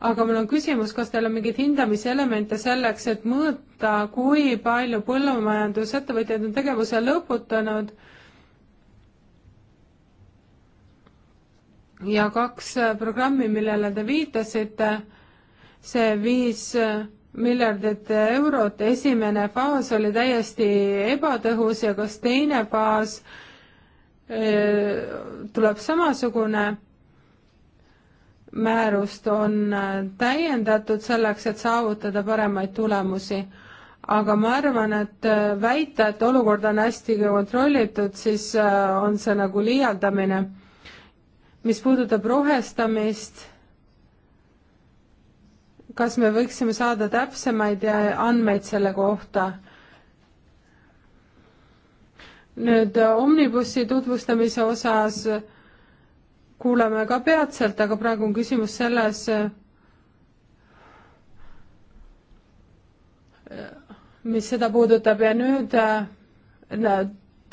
aga mul on küsimus, kas teil on mingeid hindamiselemente selleks, et mõõta, kui palju põllumajandusettevõtjad on tegevuse lõputanud ja kaks programmi, millele te viitasite, see viis miljardit eurot, esimene faas oli täiesti ebatõhus ja kas teine faas öö, eh, tuleb samasugune määrust on äh, täiendatud selleks, et saavutada paremaid tulemusi. aga ma arvan, et äh, väita, et olukord on hästi kontrollitud, siis äh, on see nagu liialdamine. mis puudutab rohestamist, kas me võiksime saada täpsemaid andmeid selle kohta? nüüd Omnibussi tutvustamise osas kuuleme ka peatselt, aga praegu on küsimus selles, mis seda puudutab ja nüüd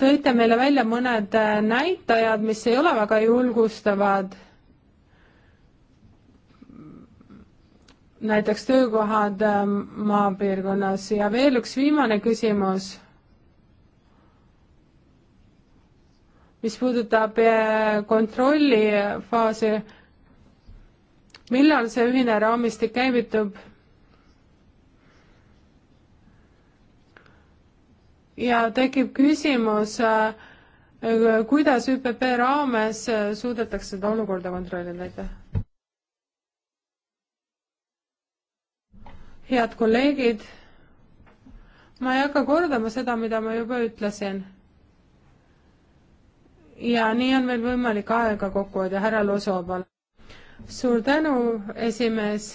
tõite meile välja mõned näitajad, mis ei ole väga julgustavad. näiteks töökohad äh, maapiirkonnas ja veel üks viimane küsimus mis puudutab äh, kontrolli faasi, millal see ühine raamistik käivitub? ja tekib küsimus, äh, kuidas ÜPP raames äh, suudetakse seda olukorda kontrollida, aitäh? head kolleegid, ma ei hakka kordama seda, mida ma juba ütlesin ja nii on meil võimalik aega kokku hoida, härra Losova. suur tänu, esimees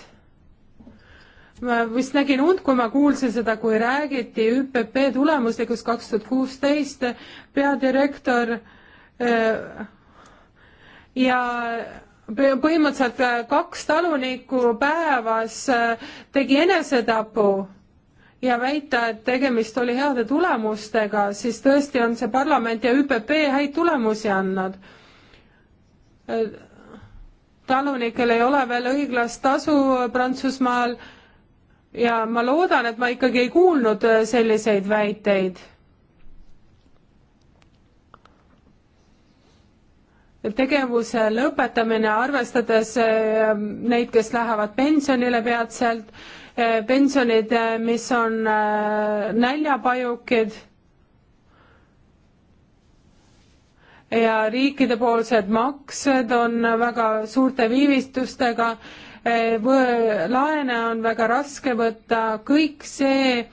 ma vist nägin und, kui ma kuulsin seda, kui räägiti ÜPP tulemuslikust kaks tuhat kuusteist, peadirektor äh, ja põhimõtteliselt kaks talunikku päevas äh, tegi enesetapu ja väita, et tegemist oli heade tulemustega, siis tõesti on see parlament ja ÜPP häid tulemusi andnud. talunikel ei ole veel õiglast tasu Prantsusmaal ja ma loodan, et ma ikkagi ei kuulnud äh, selliseid väiteid. tegevuse lõpetamine, arvestades äh, neid, kes lähevad pensionile peatselt Äh, pensionid, äh, mis on äh, näljapajukid ja riikidepoolsed maksed on väga suurte viivistustega, laene on väga raske võtta, kõik see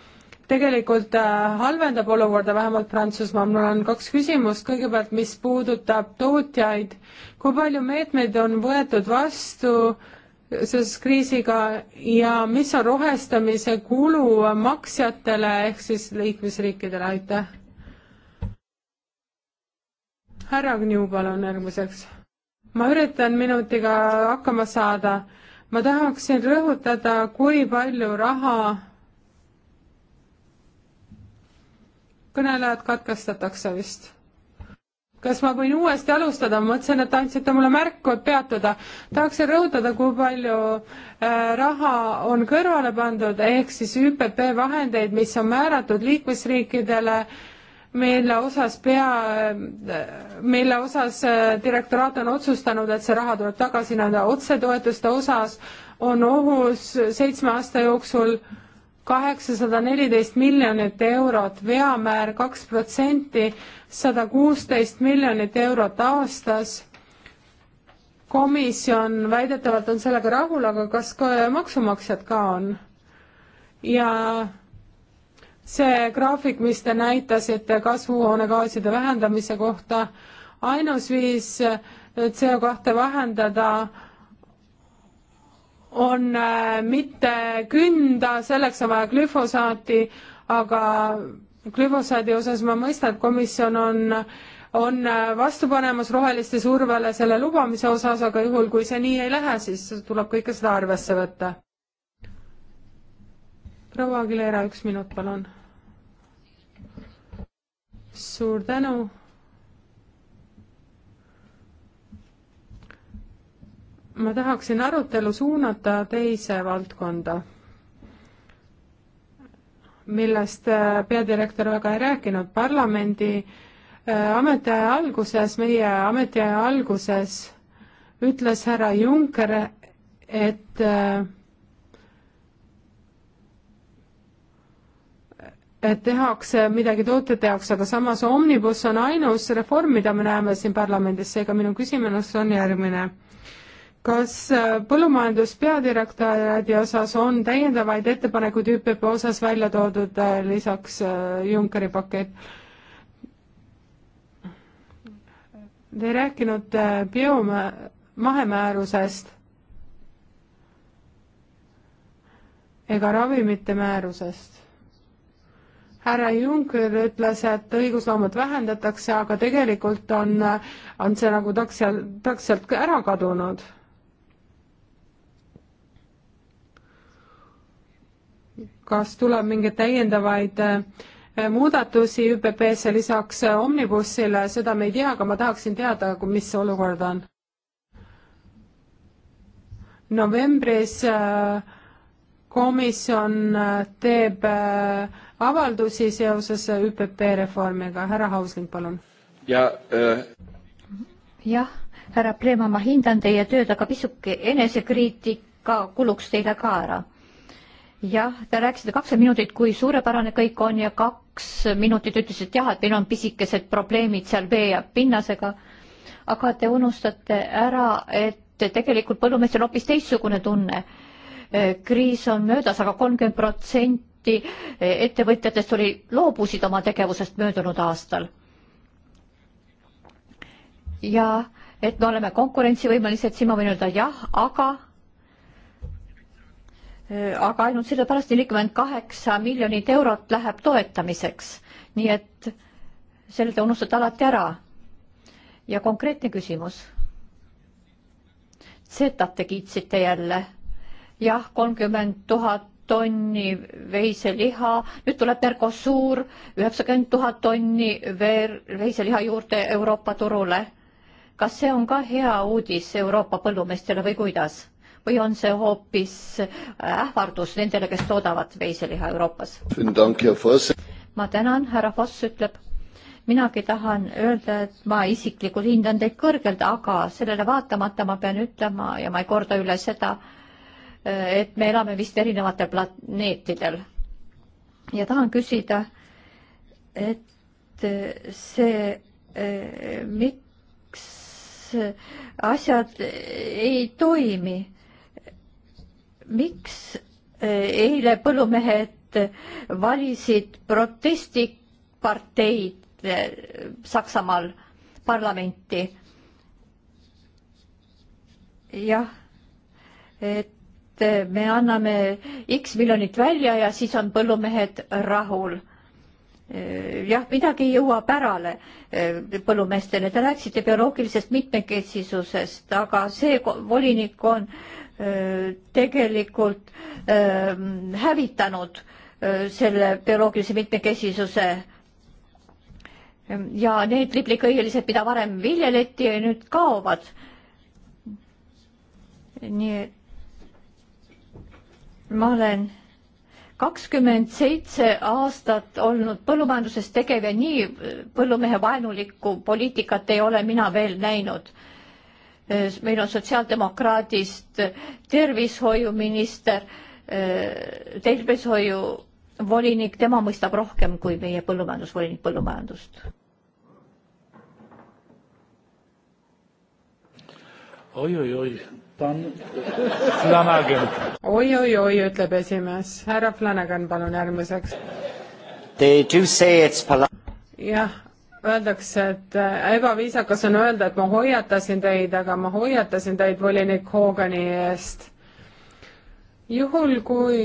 tegelikult halvendab olukorda, vähemalt Prantsusmaal. mul on kaks küsimust, kõigepealt mis puudutab tootjaid, kui palju meetmeid on võetud vastu äh, seoses kriisiga ja mis on rohestamise kulu maksjatele ehk siis liikmesriikidele, aitäh. härra Gniu, palun järgmiseks. ma üritan minutiga hakkama saada. ma tahaksin rõhutada, kui palju raha kõnelejad katkestatakse vist kas ma võin uuesti alustada, ma mõtlesin, et andsite mulle märku, et peatuda. tahaksin rõhutada, kui palju äh, raha on kõrvale pandud, ehk siis ÜPP vahendeid, mis on määratud liikmesriikidele, mille osas pea, äh, mille osas äh, direktoraat on otsustanud, et see raha tuleb tagasi anda otsetoetuste osas, on ohus seitsme aasta jooksul kaheksasada neliteist miljonit eurot, veamäär kaks protsenti sada kuusteist miljonit eurot aastas. komisjon väidetavalt on sellega rahul, aga kas ka maksumaksjad ka on? ja see graafik, mis te näitasite kasvuhoonegaaside vähendamise kohta, ainus viis CO kahte vähendada on äh, mitte künda, selleks on vaja glüfosaati, aga glüfosaadi osas ma mõistan, et komisjon on, on vastu panemas roheliste survele selle lubamise osas, aga juhul, kui see nii ei lähe, siis tuleb kõike seda arvesse võtta. proua Aguilera, üks minut, palun. suur tänu. ma tahaksin arutelu suunata teise valdkonda millest äh, peadirektor väga ei rääkinud, parlamendi äh, ametiaja alguses, meie ametiaja alguses ütles härra Juncker, et äh, et tehakse midagi tootjate jaoks, aga samas Omnibus on ainus reform, mida me näeme siin parlamendis, seega minu küsimus on järgmine kas äh, põllumajanduspeadirektoraadi osas on täiendavaid ettepanekuid ÜPP osas välja toodud äh, lisaks äh, Junckeri pakett? Te ei rääkinud bioma-, mahemäärusest ega ravimite määrusest. härra Juncker ütles, et õigusloomet vähendatakse, aga tegelikult on, on see nagu taks-, taks sealt ära kadunud kas tuleb mingeid täiendavaid äh, muudatusi ÜPP-sse lisaks äh, Omnibussile, seda me ei tea, aga ma tahaksin teada, mis see olukord on. novembris äh, komisjon teeb avaldusi seoses ÜPP reformiga, härra Hausling, palun. ja äh... jah, härra Preema, ma hindan teie tööd, aga pisuke enesekriitika kuluks teile ka ära jah, te rääkisite kakskümmend minutit, kui suurepärane kõik on ja kaks minutit ütlesite jah, et meil on pisikesed probleemid seal vee ja pinnasega. aga te unustate ära, et tegelikult põllumeestel on hoopis teistsugune tunne. Eh, kriis on möödas aga, aga kolmkümmend protsenti eh, ettevõtjatest oli, loobusid oma tegevusest möödunud aastal. ja et me oleme konkurentsivõimelised, siin ma võin öelda jah, aga aga ainult sellepärast nelikümmend kaheksa miljonit eurot läheb toetamiseks. nii et selle te unustate alati ära. ja konkreetne küsimus. Zetat te kiitsite jälle. jah, kolmkümmend tuhat tonni veiseliha, nüüd tuleb Mercosur üheksakümmend tuhat tonni veel veiseliha juurde Euroopa turule. kas see on ka hea uudis Euroopa põllumeestele või kuidas? või on see hoopis äh, ähvardus nendele, kes toodavad veiseliha Euroopas? ma tänan, härra Foss ütleb. minagi tahan öelda, et ma isiklikult hindan teid kõrgelt, aga sellele vaatamata ma pean ütlema ja ma ei korda üle seda, äh, et me elame vist erinevatel planeetidel. ja tahan küsida, et äh, see, miks asjad ei toimi miks eh, eile põllumehed valisid protestiparteid eh, Saksamaal parlamenti? jah, et eh, me anname X miljonit välja ja siis on põllumehed rahul jah, midagi jõuab pärale põllumeestele, te rääkisite bioloogilisest mitmekesisusest, aga see volinik on tegelikult hävitanud selle bioloogilise mitmekesisuse ja need liblikõielised, mida varem viljeleti, nüüd kaovad. nii et ma olen kakskümmend seitse aastat olnud põllumajanduses tegev ja nii põllumehevaenulikku poliitikat ei ole mina veel näinud Äh, meil on sotsiaaldemokraadist äh, tervishoiuminister, äh, tervishoiuvolinik, tema mõistab rohkem kui meie põllumajandusvolinik põllumajandust. oi-oi-oi, pan Flanagan. oi-oi-oi, ütleb esimees. härra Flanagan, palun järgmiseks. jah, Öeldakse, et äh, ebaviisakas on öelda, et ma hoiatasin teid, aga ma hoiatasin teid volinik Hogani eest. juhul, kui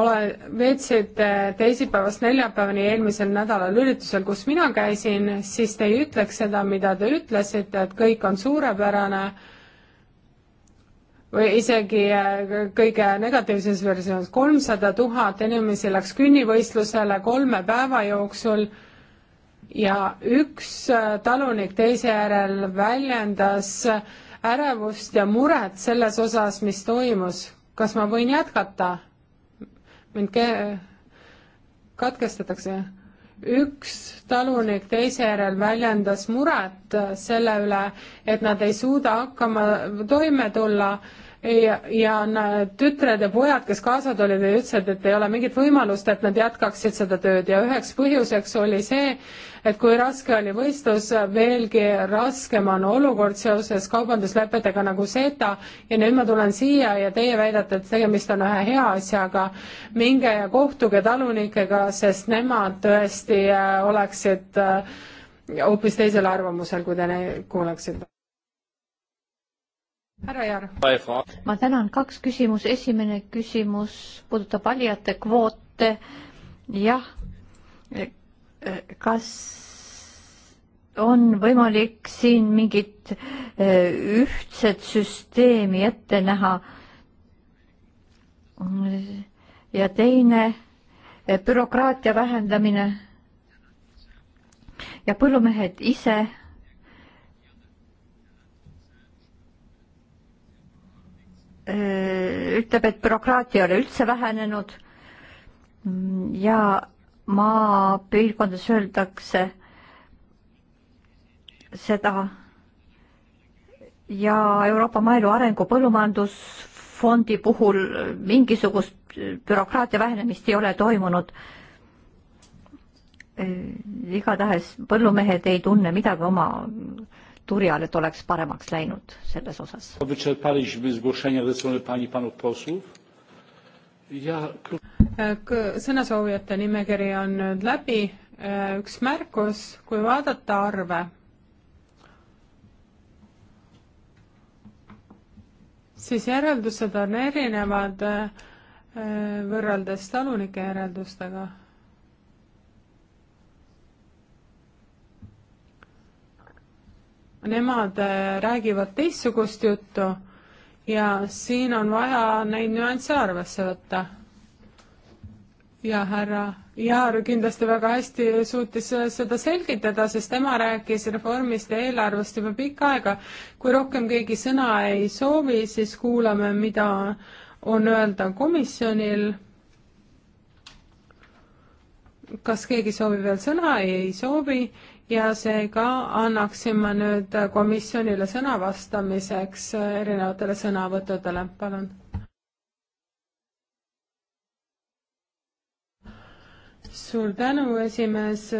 ole, veetsite teisipäevast neljapäevani eelmisel nädalal üritusel, kus mina käisin, siis te ei ütleks seda, mida te ütlesite, et kõik on suurepärane või isegi äh, kõige negatiivses versioonis kolmsada tuhat inimesi läks künnivõistlusele kolme päeva jooksul ja üks äh, talunik teise järel väljendas äh, ärevust ja muret selles osas, mis toimus. kas ma võin jätkata? mind ke-, katkestatakse. üks talunik teise järel väljendas muret äh, selle üle, et nad ei suuda hakkama toime tulla äh, ja, ja nad, äh, tütred ja pojad, kes kaasad olid, ütlesid, et ei ole mingit võimalust, et nad jätkaksid seda tööd ja üheks põhjuseks oli see, et kui raske oli võistlus, veelgi raskem on olukord seoses kaubanduslepetega nagu SETA ja nüüd ma tulen siia ja teie väidate, et tegemist on ühe hea asjaga. minge ja kohtuge talunikega, sest nemad tõesti äh, oleksid äh, hoopis teisel arvamusel, kui te kuuleksite härra Jaar. ma tänan, kaks küsimust, esimene küsimus puudutab valijate kvoote. jah, kas on võimalik siin mingit eh, ühtset süsteemi ette näha? ja teine, eh, bürokraatia vähendamine ja põllumehed ise Äh, ütleb, et bürokraatia ei ole üldse vähenenud ja maapiirkondades öeldakse seda ja Euroopa Maaelu Arengu Põllumajandusfondi puhul mingisugust bürokraatia vähenemist ei ole toimunud. Äh, igatahes põllumehed ei tunne midagi oma turjal, et oleks paremaks läinud selles osas. Äh, sõnasoovijate nimekiri on nüüd läbi, äh, üks märkus, kui vaadata arve, siis järeldused on erinevad äh, võrreldes talunike järeldustega nemad äh, räägivad teistsugust juttu ja siin on vaja neid nüansse arvesse võtta. ja härra Jaar kindlasti väga hästi suutis äh, seda selgitada, sest tema rääkis reformist ja eelarvest juba pikka aega. kui rohkem keegi sõna ei soovi, siis kuulame, mida on öelda komisjonil. kas keegi soovib veel sõna? ei soovi ja seega annaksin ma nüüd komisjonile sõna vastamiseks erinevatele sõnavõttudele, palun. suur tänu, esimees.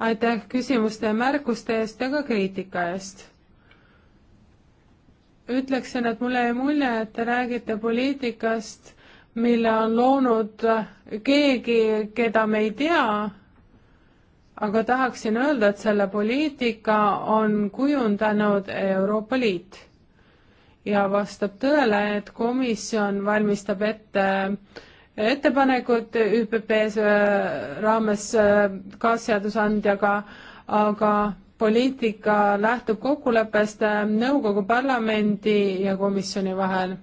aitäh küsimuste ja märkuste eest ja ka kriitika eest ütleksin, et mulle jäi mulje, et te räägite poliitikast, mille on loonud keegi, keda me ei tea aga tahaksin öelda, et selle poliitika on kujundanud Euroopa Liit. ja vastab tõele, et komisjon valmistab ette ettepanekud ÜPP-s äh, raames äh, kaasseadusandjaga, aga poliitika lähtub kokkuleppest äh, nõukogu, parlamendi ja komisjoni vahel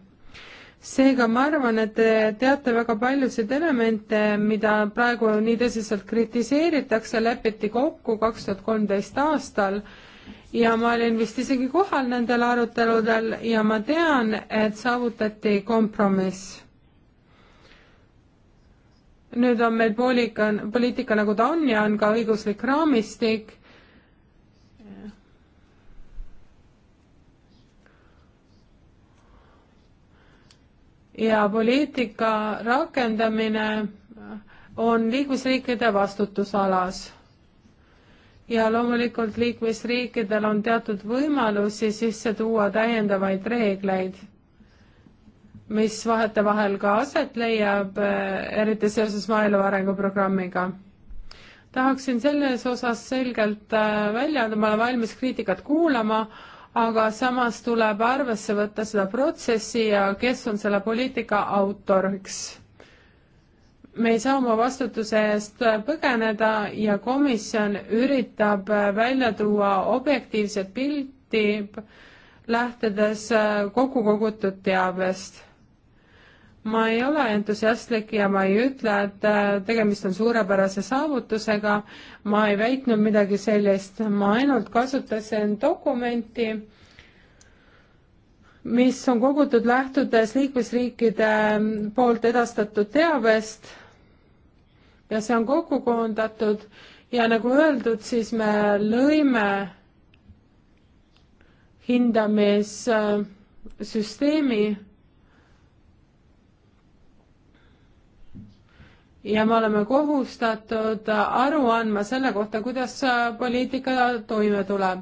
seega ma arvan, et te teate väga paljusid elemente, mida praegu nii tõsiselt kritiseeritakse, lepiti kokku kaks tuhat kolmteist aastal ja ma olin vist isegi kohal nendel aruteludel ja ma tean, et saavutati kompromiss. nüüd on meil poliitika, poliitika nagu ta on ja on ka õiguslik raamistik ja poliitika rakendamine on liikmesriikide vastutusalas. ja loomulikult liikmesriikidel on teatud võimalusi sisse tuua täiendavaid reegleid, mis vahetevahel ka aset leiab, eriti seoses maaelu arenguprogrammiga. tahaksin selles osas selgelt äh, välja öelda, ma olen valmis kriitikat kuulama aga samas tuleb arvesse võtta seda protsessi ja kes on selle poliitika autoriks. me ei saa oma vastutuse eest põgeneda ja komisjon üritab välja tuua objektiivset pilti, lähtudes kokku kogutud teabest ma ei ole entusiastlik ja ma ei ütle, et äh, tegemist on suurepärase saavutusega, ma ei väitnud midagi sellist, ma ainult kasutasin dokumenti, mis on kogutud lähtudes liikmesriikide poolt edastatud teabest ja see on kokku koondatud ja nagu öeldud, siis me lõime hindamissüsteemi äh, ja me oleme kohustatud aru andma selle kohta, kuidas poliitika toime tuleb.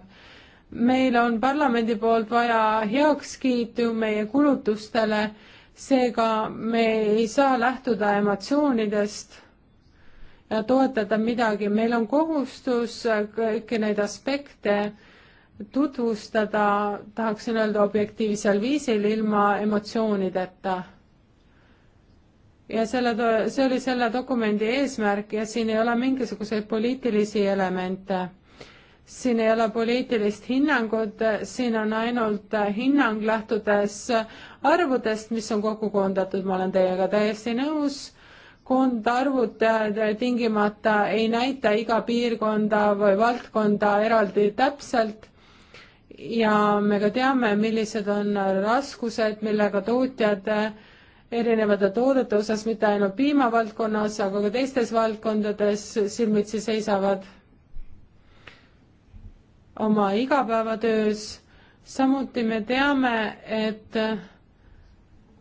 meil on parlamendi poolt vaja heakskiitu meie kulutustele, seega me ei saa lähtuda emotsioonidest ja toetada midagi, meil on kohustus kõiki neid aspekte tutvustada, tahaksin öelda objektiivsel viisil, ilma emotsioonideta ja selle, see oli selle dokumendi eesmärk ja siin ei ole mingisuguseid poliitilisi elemente. siin ei ole poliitilist hinnangut, siin on ainult hinnang lähtudes arvudest, mis on kokku koondatud, ma olen teiega täiesti nõus, koondarvud äh, tingimata ei näita iga piirkonda või valdkonda eraldi täpselt ja me ka teame, millised on raskused, millega tootjad äh, erinevate toodete osas, mitte ainult piimavaldkonnas, aga ka teistes valdkondades silmitsi seisavad oma igapäevatöös. samuti me teame, et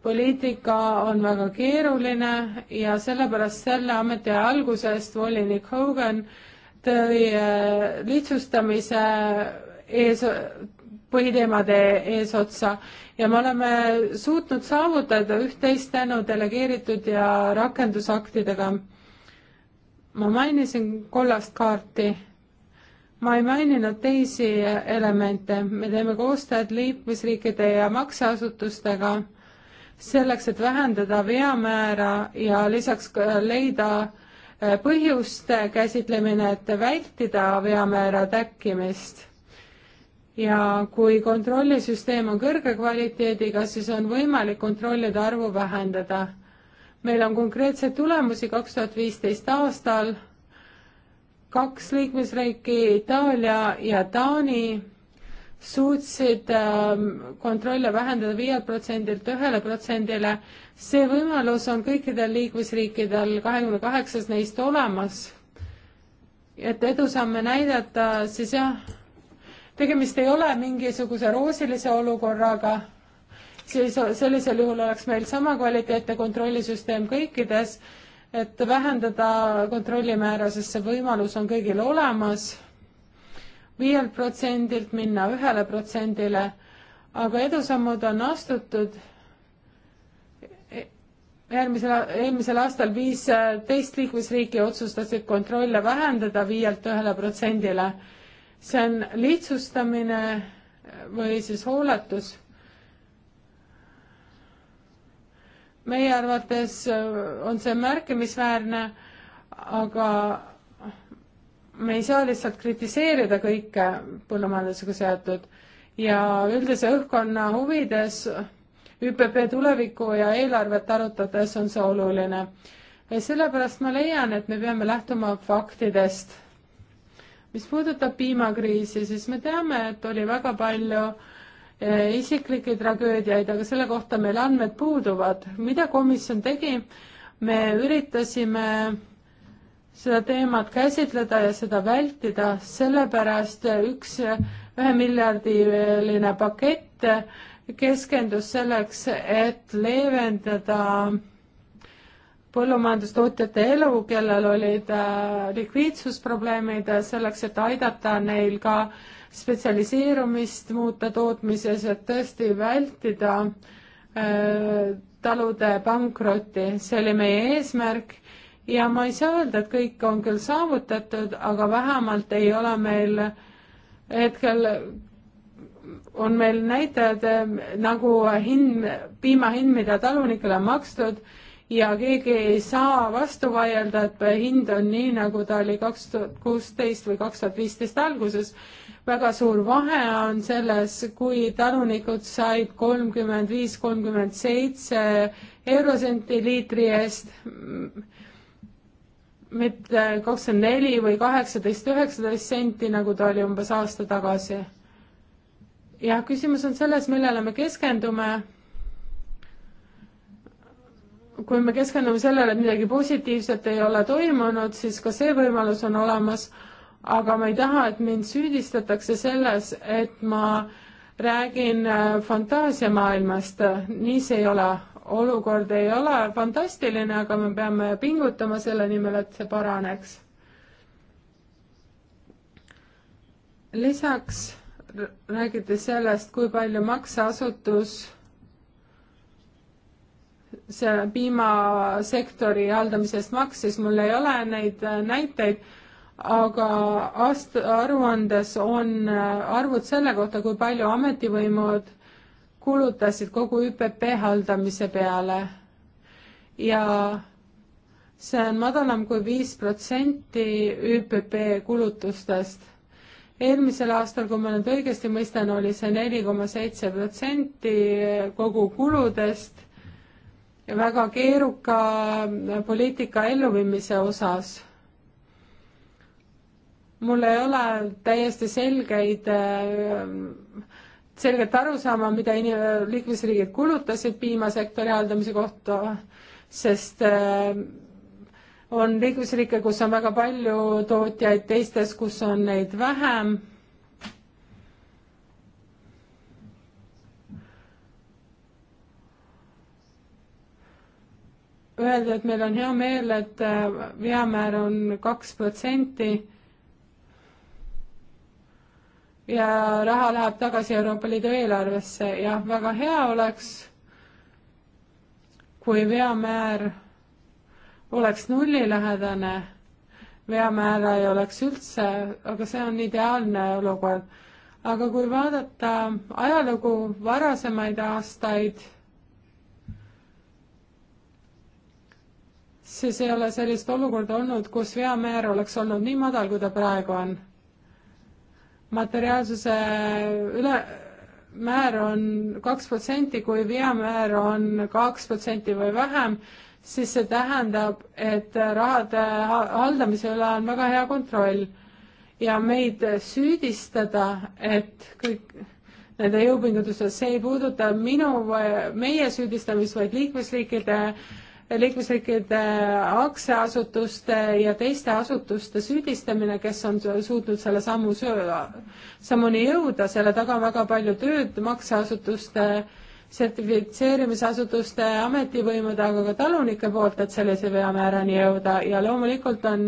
poliitika on väga keeruline ja sellepärast selle ametiaja algusest volinik Hogan tõi äh, lihtsustamise ees põhiteemade eesotsa ja me oleme suutnud saavutada üht-teist tänu delegeeritud ja rakendusaktidega. ma mainisin kollast kaarti, ma ei maininud teisi elemente, me teeme koostööd liikmesriikide ja makseasutustega selleks, et vähendada veamäära ja lisaks leida eh, põhjuste käsitlemine, et vältida veamäära täkkimist ja kui kontrollisüsteem on kõrge kvaliteediga, siis on võimalik kontrollide arvu vähendada. meil on konkreetseid tulemusi kaks tuhat viisteist aastal, kaks liikmesriiki, Itaalia ja Taani, suutsid ähm, kontrolle vähendada viielt protsendilt ühele protsendile. see võimalus on kõikidel liikmesriikidel, kahekümne kaheksas neist olemas. et edusamme näidata, siis jah tegemist ei ole mingisuguse roosilise olukorraga, siis sellisel juhul oleks meil sama kvaliteetne kontrollisüsteem kõikides, et vähendada kontrollimäära, sest see võimalus on kõigil olemas, viielt protsendilt minna ühele protsendile, aga edusammud on astutud järgmisel, eelmisel aastal viisteist liikmesriiki otsustasid kontrolle vähendada viielt ühele protsendile see on lihtsustamine või siis hooletus. meie arvates äh, on see märkimisväärne, aga me ei saa lihtsalt kritiseerida kõike põllumajandusega seotud ja üldise õhkkonna huvides ÜPP tulevikku ja eelarvet arutades on see oluline. sellepärast ma leian, et me peame lähtuma faktidest mis puudutab piimakriisi, siis me teame, et oli väga palju eh, isiklikke tragöödiaid, aga selle kohta meil andmed puuduvad. mida komisjon tegi? me üritasime seda teemat käsitleda ja seda vältida, sellepärast üks ühe miljardiline pakett keskendus selleks, et leevendada põllumajandustootjate elu, kellel olid äh, likviidsusprobleemid, äh, selleks et aidata neil ka spetsialiseerumist muuta tootmises, et tõesti vältida äh, talude pankrotti, see oli meie eesmärk ja ma ei saa öelda, et kõik on küll saavutatud, aga vähemalt ei ole meil hetkel, on meil näitajad nagu hind, piima hind, mida talunikele on makstud ja keegi ei saa vastu vaielda, et hind on nii, nagu ta oli kaks tuhat kuusteist või kaks tuhat viisteist alguses. väga suur vahe on selles, kui talunikud said kolmkümmend viis, kolmkümmend seitse eurosenti liitri eest, mitte kakskümmend neli või kaheksateist, üheksateist senti, nagu ta oli umbes aasta tagasi. jah, küsimus on selles, millele me keskendume kui me keskendume sellele, et midagi positiivset ei ole toimunud, siis ka see võimalus on olemas, aga ma ei taha, et mind süüdistatakse selles, et ma räägin äh, fantaasiamaailmast, nii see ei ole. olukord ei ole fantastiline, aga me peame pingutama selle nimel, et see paraneks. lisaks räägite sellest, kui palju makseasutus see piimasektori haldamisest maksis, mul ei ole neid äh, näiteid, aga aast-, aruandes on äh, arvud selle kohta, kui palju ametivõimud kulutasid kogu ÜPP haldamise peale. ja see on madalam kui viis protsenti ÜPP kulutustest eelmisel aastal, kui ma nüüd õigesti mõistan, oli see neli koma seitse protsenti kogu kuludest väga keeruka äh, poliitika elluviimise osas. mul ei ole täiesti selgeid, äh, selget arusaama, mida inim-, liikmesriigid kulutasid piimasektori haldamise kohta, sest äh, on liikmesriike, kus on väga palju tootjaid, teistes, kus on neid vähem öelda, et meil on hea meel, et äh, veamäär on kaks protsenti ja raha läheb tagasi Euroopa Liidu eelarvesse, jah, väga hea oleks, kui veamäär oleks nullilähedane, veamäära ei oleks üldse, aga see on ideaalne olukord. aga kui vaadata ajalugu, varasemaid aastaid siis ei ole sellist olukorda olnud, kus veamäär oleks olnud nii madal, kui ta praegu on. materiaalsuse üle, määr on kaks protsenti, kui veamäär on kaks protsenti või vähem, siis see tähendab, et rahade haldamise üle on väga hea kontroll. ja meid süüdistada, et kõik nende jõupingutused, see ei puuduta minu, meie süüdistamist, vaid liikmesriikide äh, liikmesriikide aktsiaasutuste ja teiste asutuste süüdistamine, kes on suutnud selle sammu, sammuni jõuda, selle taga on väga palju tööd makseasutuste, sertifitseerimisasutuste, ametivõimude, aga ka talunike poolt, et sellise veamäärani jõuda ja loomulikult on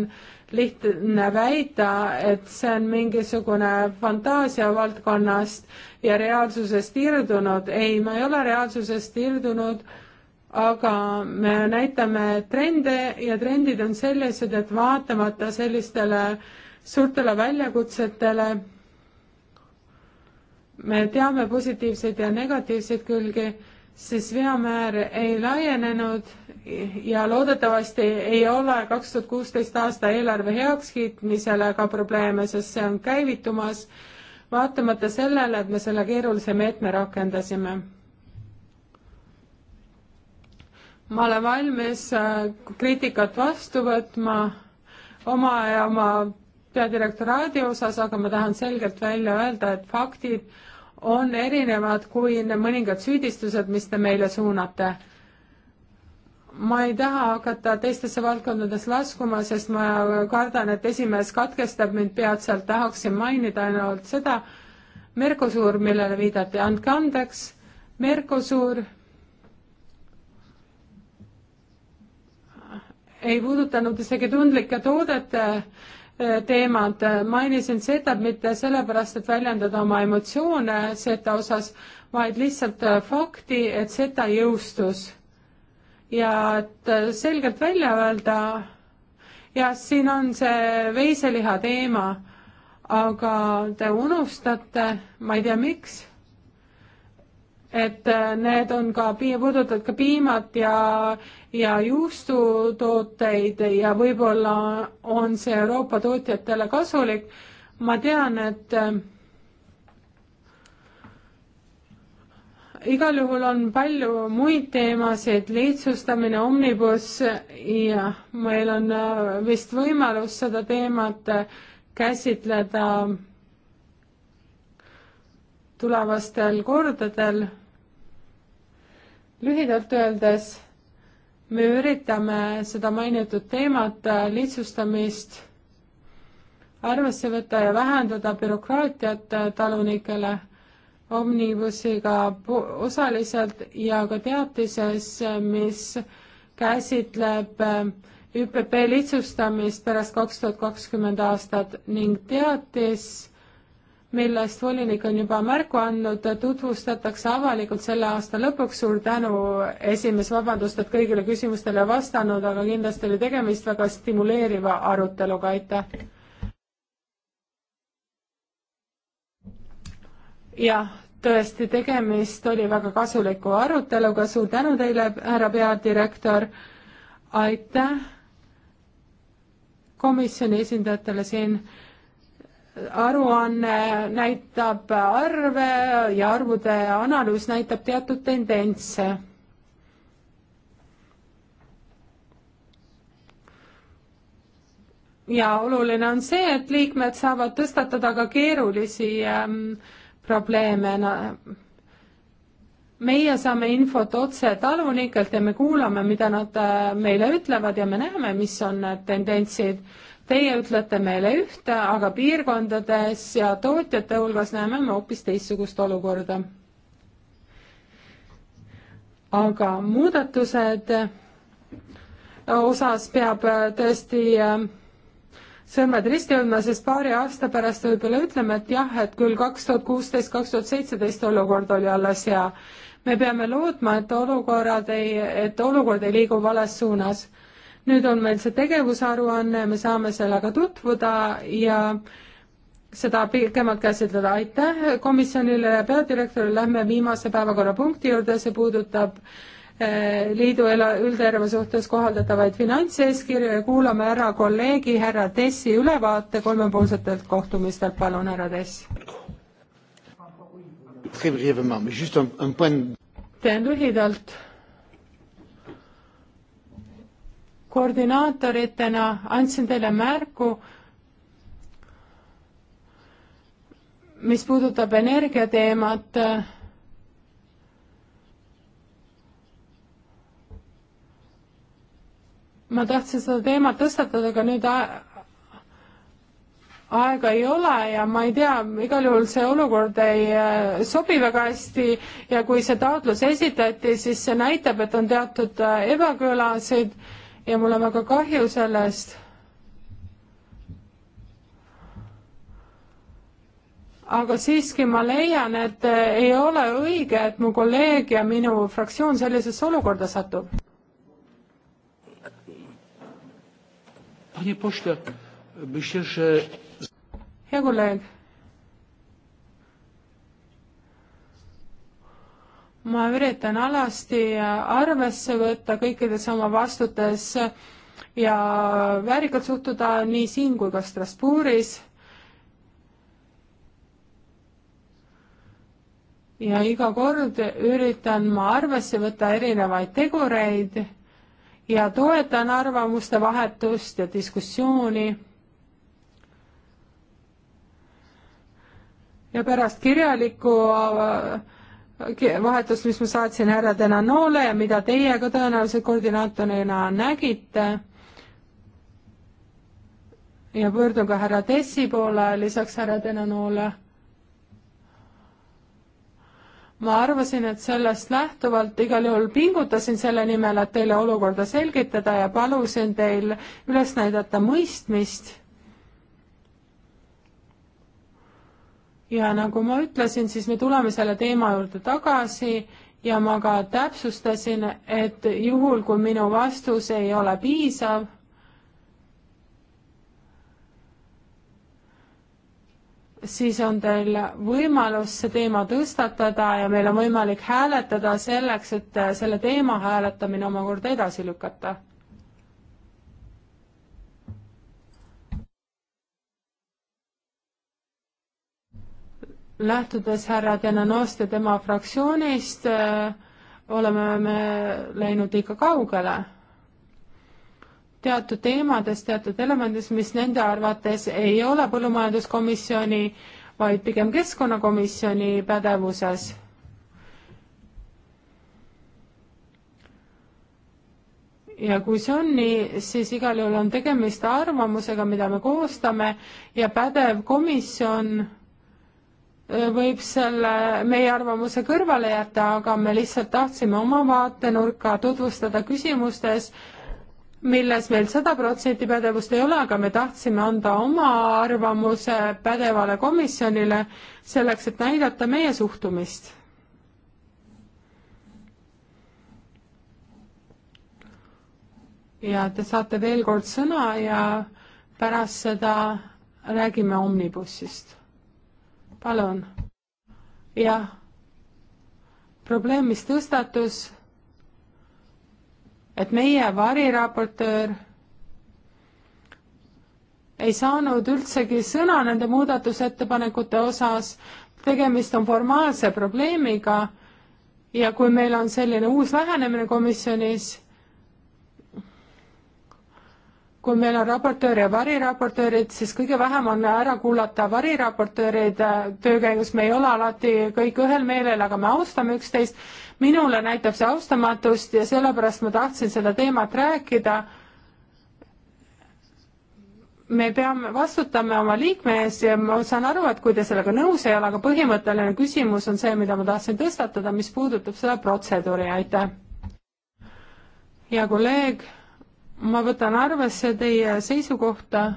lihtne väita, et see on mingisugune fantaasia valdkonnast ja reaalsusest irdunud. ei, ma ei ole reaalsusest irdunud aga me näitame trende ja trendid on sellised, et vaatamata sellistele suurtele väljakutsetele me teame positiivseid ja negatiivseid külgi, siis veamäär ei laienenud ja loodetavasti ei ole kaks tuhat kuusteist aasta eelarve heakskiitmisele ka probleeme, sest see on käivitumas, vaatamata sellele, et me selle keerulise meetme rakendasime ma olen valmis äh, kriitikat vastu võtma oma ja oma peadirektoraadi osas, aga ma tahan selgelt välja öelda, et faktid on erinevad kui mõningad süüdistused, mis te meile suunate. ma ei taha hakata teistesse valdkondadesse laskuma, sest ma kardan, et esimees katkestab mind peatselt, tahaksin mainida ainult seda, Mercosur, millele viidati, andke andeks, Mercosur ei puudutanud isegi tundlike toodete eh, teemad, mainisin setab mitte sellepärast, et väljendada oma emotsioone seta osas, vaid lihtsalt eh, fakti, et seta jõustus. ja et eh, selgelt välja öelda, jah, siin on see veiseliha teema, aga te unustate, ma ei tea, miks et äh, need on ka, puudutavad ka piimat ja, ja juustutooteid ja võib-olla on see Euroopa tootjatele kasulik. ma tean, et äh, igal juhul on palju muid teemasid, lihtsustamine, omnibus ja meil on äh, vist võimalus seda teemat käsitleda tulevastel kordadel lühidalt öeldes me üritame seda mainitud teemat äh, lihtsustamist arvesse võtta ja vähendada bürokraatiat äh, talunikele omnibusiga osaliselt ja ka teatises, äh, mis käsitleb ÜPP lihtsustamist pärast kaks tuhat kakskümmend aastat ning teatis millest volinik on juba märku andnud, tutvustatakse avalikult selle aasta lõpuks. suur tänu, esimees, vabandust, et kõigile küsimustele vastanud, aga kindlasti oli tegemist väga stimuleeriva aruteluga, aitäh. jah, tõesti, tegemist oli väga kasuliku aruteluga, suur tänu teile, härra peadirektor, aitäh komisjoni esindajatele siin aruanne näitab arve ja arvude analüüs näitab teatud tendentse. ja oluline on see, et liikmed saavad tõstatada ka keerulisi ähm, probleeme. meie saame infot otse talunikelt ja me kuulame, mida nad äh, meile ütlevad ja me näeme, mis on need tendentsid Teie ütlete meile ühte, aga piirkondades ja tootjate hulgas näeme me hoopis teistsugust olukorda. aga muudatused osas peab tõesti äh, sõrmed risti hoidma, sest paari aasta pärast võib-olla ütleme, et jah, et küll kaks tuhat kuusteist, kaks tuhat seitseteist olukord oli alles hea. me peame lootma, et olukorrad ei, et olukord ei liigu vales suunas nüüd on meil see tegevusaruanne, me saame sellega tutvuda ja seda pikemalt käsitleda. aitäh komisjonile ja peadirektorile, lähme viimase päevakorrapunkti juurde, see puudutab eh, liidu üldterve suhtes kohaldatavaid finantseeskirju ja kuulame ära kolleegi härra Tessi ülevaate kolmepoolsetelt kohtumistelt, palun härra Tess. teen lühidalt koordinaatoritena andsin teile märku, mis puudutab energiateemat, ma tahtsin seda teemat tõstatada, aga nüüd aega ei ole ja ma ei tea, igal juhul see olukord ei äh, sobi väga hästi ja kui see taotlus esitati, siis see näitab, et on teatud äh, ebakõlasid ja mul on väga kahju sellest. aga siiski ma leian, et eh, ei ole õige, et mu kolleeg ja minu fraktsioon sellisesse olukorda satub. hea kolleeg ma üritan alasti arvesse võtta kõikides oma vastutes ja väärikalt suhtuda nii siin kui ka Strasbourgis. ja iga kord üritan ma arvesse võtta erinevaid tegureid ja toetan arvamuste vahetust ja diskussiooni ja pärast kirjalikku äh, vahetust, mis ma saatsin härra Denanole ja mida teie ka tõenäoliselt koordinaatorina nägite. ja pöördun ka härra Tessi poole, lisaks härra Denanole. ma arvasin, et sellest lähtuvalt igal juhul pingutasin selle nimel, et teile olukorda selgitada ja palusin teil üles näidata mõistmist ja nagu ma ütlesin, siis me tuleme selle teema juurde tagasi ja ma ka täpsustasin, et juhul, kui minu vastus ei ole piisav, siis on teil võimalus see teema tõstatada ja meil on võimalik hääletada selleks, et selle teema hääletamine omakorda edasi lükata lähtudes härra Denanost ja tema fraktsioonist äh, oleme me läinud liiga kaugele teatud teemades, teatud elemendis, mis nende arvates ei ole põllumajanduskomisjoni, vaid pigem keskkonnakomisjoni pädevuses. ja kui see on nii, siis igal juhul on tegemist arvamusega, mida me koostame ja pädev komisjon võib selle meie arvamuse kõrvale jätta, aga me lihtsalt tahtsime oma vaatenurka tutvustada küsimustes, milles meil sada protsenti pädevust ei ole, aga me tahtsime anda oma arvamuse pädevale komisjonile selleks, et näidata meie suhtumist ja te saate veel kord sõna ja pärast seda räägime Omnibussist palun. jah. probleem, mis tõstatus, et meie variraportöör ei saanud üldsegi sõna nende muudatusettepanekute osas, tegemist on formaalse probleemiga ja kui meil on selline uus lähenemine komisjonis kui meil on raportöör ja variraportöörid, siis kõige vähem on ära kuulata variraportööride äh, töö käigus, me ei ole alati kõik ühel meelel, aga me austame üksteist. minule näitab see austamatust ja sellepärast ma tahtsin seda teemat rääkida. me peame, vastutame oma liikme ees ja ma saan aru, et kui te sellega nõus ei ole, aga põhimõtteline küsimus on see, mida ma tahtsin tõstatada, mis puudutab seda protseduuri, aitäh. hea kolleeg ma võtan arvesse teie seisukohta.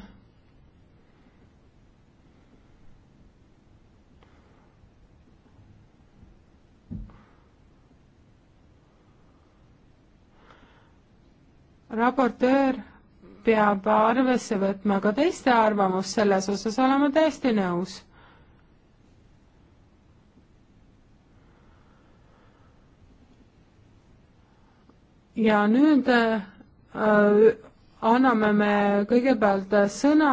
raportöör peab arvesse võtma ka teiste arvamust, selles osas oleme täiesti nõus ja nüüd Äh, anname me kõigepealt sõna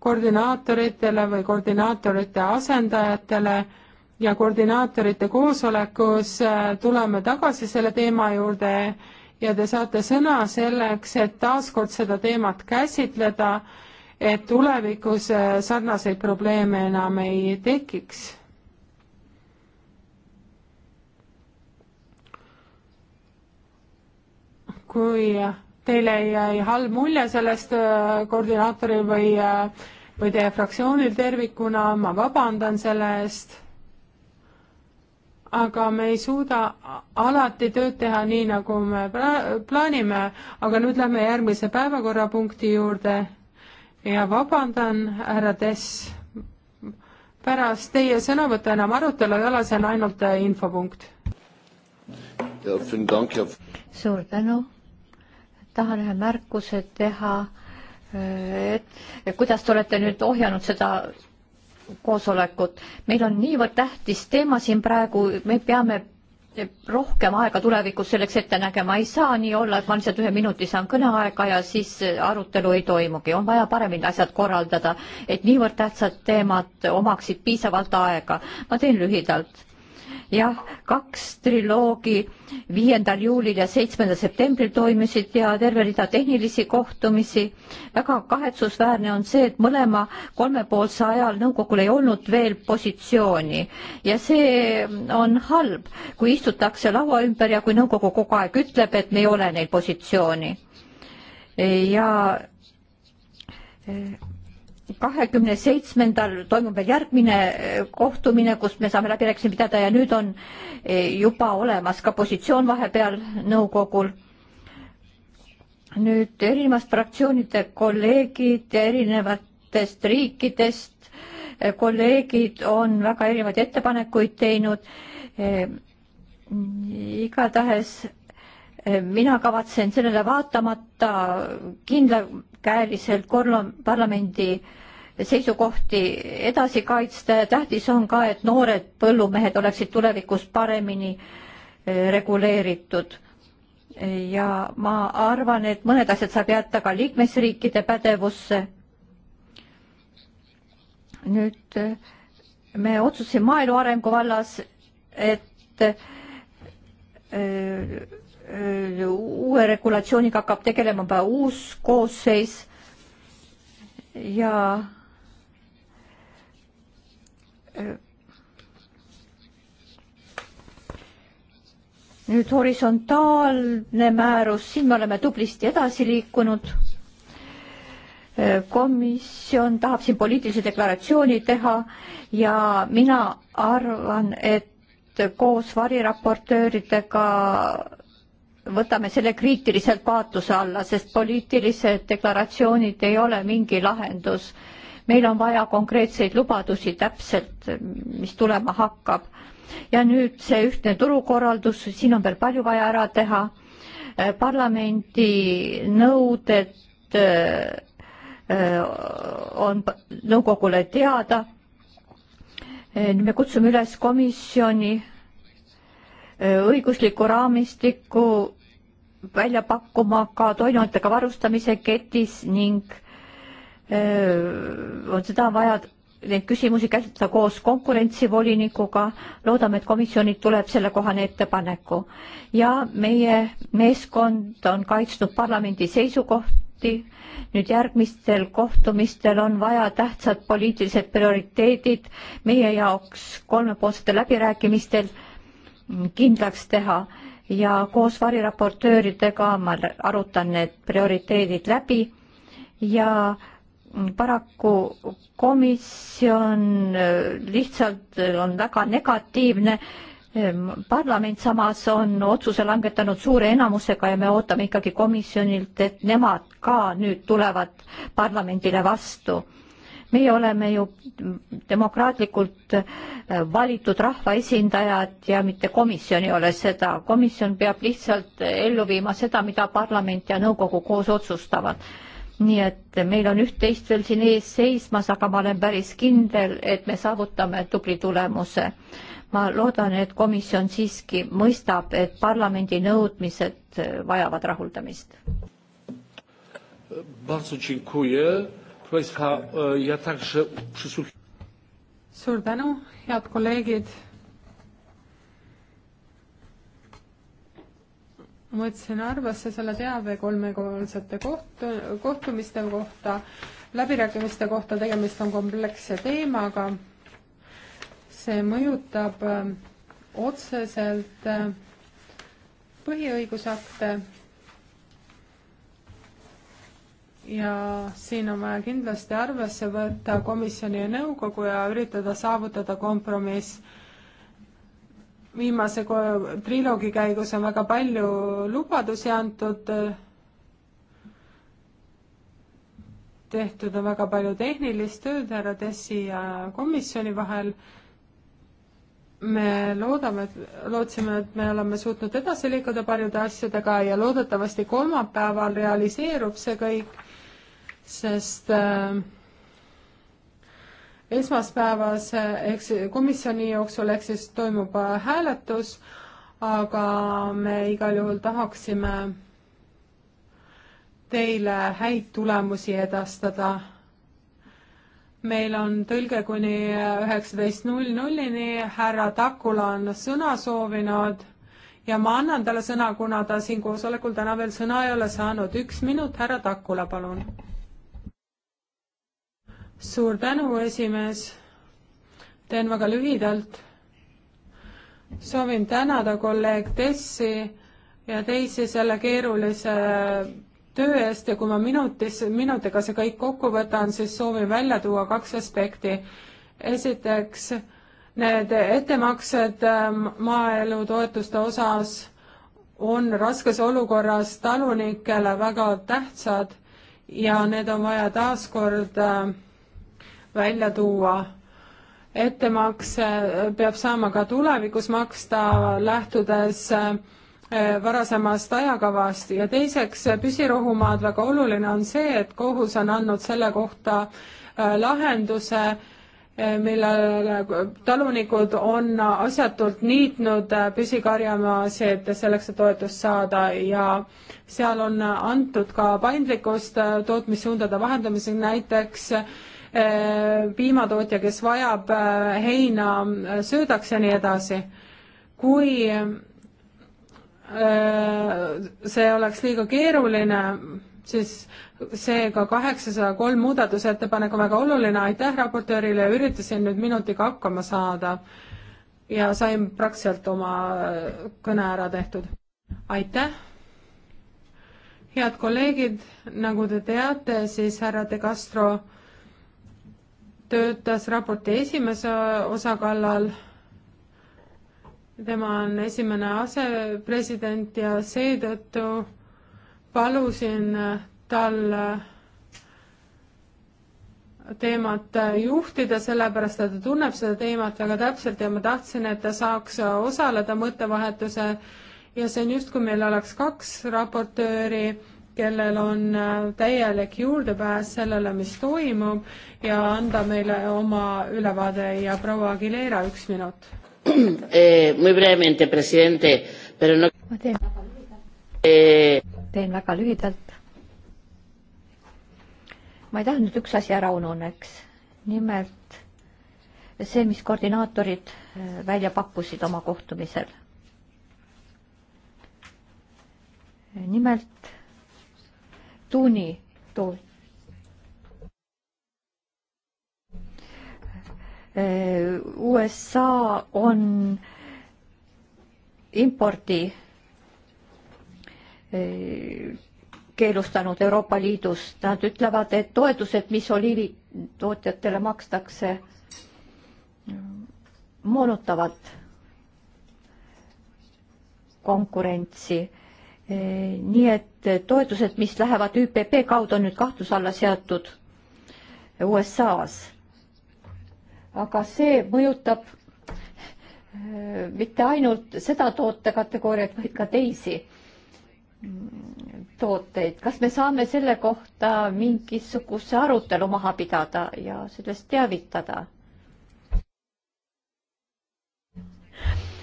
koordinaatoritele või koordinaatorite asendajatele ja koordinaatorite koosolekus äh, tuleme tagasi selle teema juurde ja te saate sõna selleks, et taaskord seda teemat käsitleda, et tulevikus äh, sarnaseid probleeme enam ei tekiks kui teile jäi halb mulje sellest äh, koordinaatoril või, äh, või teie fraktsioonil tervikuna, ma vabandan selle eest, aga me ei suuda alati tööd teha nii, nagu me plaanime, aga nüüd lähme järgmise päevakorrapunkti juurde ja vabandan, härra Tess, pärast teie sõnavõttu enam arutelu ei ole, see on ainult äh, infopunkt. suur tänu tahan ühe märkuse teha, et kuidas te olete nüüd ohjanud seda koosolekut. meil on niivõrd tähtis teema siin praegu, me peame rohkem aega tulevikus selleks ette nägema, ei saa nii olla, et ma lihtsalt ühe minuti saan kõneaega ja siis arutelu ei toimugi, on vaja paremini asjad korraldada, et niivõrd tähtsad teemad omaksid piisavalt aega. ma teen lühidalt jah, kaks triloogi viiendal juulil ja seitsmendal septembril toimusid ja terve rida tehnilisi kohtumisi. väga kahetsusväärne on see, et mõlema kolmepoolse ajal nõukogul ei olnud veel positsiooni ja see on halb, kui istutakse laua ümber ja kui nõukogu kogu aeg ütleb, et me ei ole neil positsiooni. ja eh, kahekümne seitsmendal toimub veel järgmine eh, kohtumine, kus me saame läbirääkimisi pidada ja nüüd on eh, juba olemas ka positsioon vahepeal nõukogul. nüüd erinevast fraktsioonide kolleegid ja erinevatest riikidest eh, kolleegid on väga erinevaid ettepanekuid teinud. igatahes mina kavatsen sellele vaatamata kindlakäeliselt parlamendi seisukohti edasi kaitsta ja tähtis on ka, et noored põllumehed oleksid tulevikus paremini eh, reguleeritud. ja ma arvan, et mõned asjad saab jätta ka liikmesriikide pädevusse. nüüd eh, me otsustasime maaelu arengu vallas, et eh, uue regulatsiooniga hakkab tegelema juba uus koosseis ja nüüd horisontaalne määrus, siin me oleme tublisti edasi liikunud. komisjon tahab siin poliitilise deklaratsiooni teha ja mina arvan, et koos variraportööridega võtame selle kriitiliselt vaatluse alla, sest poliitilised deklaratsioonid ei ole mingi lahendus meil on vaja konkreetseid lubadusi täpselt, mis tulema hakkab. ja nüüd see ühtne turukorraldus, siin on veel palju vaja ära teha. parlamendi nõuded eh, on nõukogule teada. Eh, me kutsume üles komisjoni eh, õiguslikku raamistikku välja pakkuma ka toiduainetega varustamise ketis ning äh, on seda vaja neid küsimusi käsitleda koos konkurentsivolinikuga. loodame, et komisjonilt tuleb sellekohane ettepaneku ja meie meeskond on kaitsnud parlamendi seisukohti. nüüd järgmistel kohtumistel on vaja tähtsad poliitilised prioriteedid meie jaoks kolmepoolsetel läbirääkimistel kindlaks teha ja koos variraportööridega ma arutan need prioriteedid läbi ja paraku komisjon äh, lihtsalt äh, on väga negatiivne. Äh, parlament samas on otsuse langetanud suure enamusega ja me ootame ikkagi komisjonilt, et nemad ka nüüd tulevad parlamendile vastu. meie oleme ju demokraatlikult valitud rahvaesindajad ja mitte komisjon ei ole seda. komisjon peab lihtsalt ellu viima seda, mida parlament ja nõukogu koos otsustavad nii et meil on üht-teist veel siin ees seismas, aga ma olen päris kindel, et me saavutame tubli tulemuse. ma loodan, et komisjon siiski mõistab, et parlamendi nõudmised vajavad rahuldamist. E, suur tänu, head kolleegid ma võtsin arvesse selle teave kolmekordsete koht-, kohtumiste kohta, läbirääkimiste kohta, tegemist on kompleksse teemaga, see mõjutab ähm, otseselt ähm, põhiõigusakte ja siin on vaja kindlasti arvesse võtta komisjoni ja nõukogu ja üritada saavutada kompromiss viimase triloogi käigus on väga palju lubadusi antud, tehtud on väga palju tehnilist tööd härra Tessi ja komisjoni vahel. me loodame, et lootsime, et me oleme suutnud edasi liikuda paljude asjadega ja loodetavasti kolmapäeval realiseerub see kõik, sest äh, esmaspäevas ehk komisjoni jooksul ehk siis toimub hääletus, aga me igal juhul tahaksime teile häid tulemusi edastada. meil on tõlge kuni üheksateist null nullini, härra Takula on sõna soovinud ja ma annan talle sõna, kuna ta siin koosolekul täna veel sõna ei ole saanud. üks minut, härra Takula, palun suur tänu, esimees. teen väga lühidalt. soovin tänada kolleeg Tessi ja teisi selle keerulise töö eest ja kui ma minutis, minutiga see kõik kokku võtan, siis soovin välja tuua kaks aspekti. esiteks, need ettemaksed ähm, maaelu toetuste osas on raskes olukorras talunikele väga tähtsad ja need on vaja taaskord äh, välja tuua. ettemakse äh, peab saama ka tulevikus maksta, lähtudes äh, varasemast ajakavast ja teiseks äh, püsirohumaad, väga oluline on see, et kohus on andnud selle kohta lahenduse, millele talunikud on asjatult niitnud püsikarjamaasid selleks, et toetust saada ja seal on antud ka paindlikkust tootmissuundade vahendamiseks, näiteks Äh, piimatootja, kes vajab äh, heina äh, söödaks ja nii edasi. kui see oleks liiga keeruline, siis seega kaheksasaja kolm muudatusettepanek on väga oluline, aitäh raportöörile, üritasin nüüd minutiga hakkama saada ja sain praktiliselt oma kõne ära tehtud. aitäh! head kolleegid, nagu te teate, siis härra De Castro töötas raporti esimese osa kallal. tema on esimene asepresident ja seetõttu palusin tal teemat juhtida, sellepärast et ta tunneb seda teemat väga täpselt ja ma tahtsin, et ta saaks osaleda mõttevahetuse ja see on justkui meil oleks kaks raportööri kellel on äh, täielik juurdepääs sellele, mis toimub ja anda meile oma ülevaade ja proua Aguilera üks minut eh,. Muy brevemente, presidente, pero no. ma teen väga lühidalt eh.... teen väga lühidalt. ma ei tahtnud üks asi ära ununeks, nimelt see, mis koordinaatorid eh, välja pakkusid oma kohtumisel. nimelt tuunitoot-, äh, USA on impordi äh, keelustanud Euroopa Liidus, nad ütlevad, et toetused, mis oliivitootjatele makstakse, moonutavad konkurentsi nii et toetused, mis lähevad ÜPP kaudu, on nüüd kahtluse alla seatud USA-s. aga see mõjutab äh, mitte ainult seda tootekategooriat, vaid ka teisi mm, tooteid. kas me saame selle kohta mingisuguse arutelu maha pidada ja sellest teavitada?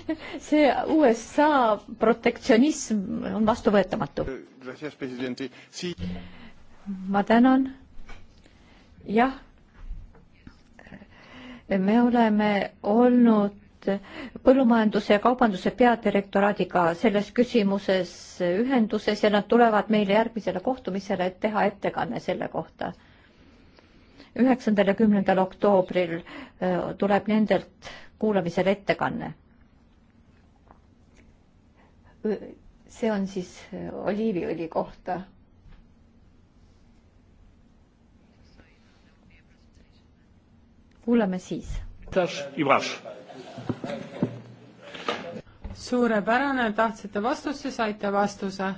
see USA protektsionism on vastuvõetamatu. ma tänan. jah, me oleme olnud põllumajanduse ja kaubanduse peadirektoraadiga selles küsimuses ühenduses ja nad tulevad meile järgmisele kohtumisele, et teha ettekanne selle kohta. üheksandal ja kümnendal oktoobril äh, tuleb nendelt kuulamisele ettekanne see on siis äh, oliiviõli kohta. kuulame siis. suurepärane, tahtsite vastust, siis saite vastuse.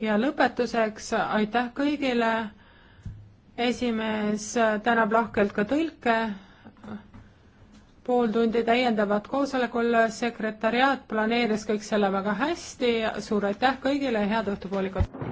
ja lõpetuseks aitäh kõigile. esimees tänab lahkelt ka tõlke pool tundi täiendavat koosolekul, sekretäriaat planeeris kõik selle väga hästi, suur aitäh kõigile ja head õhtupoolikut!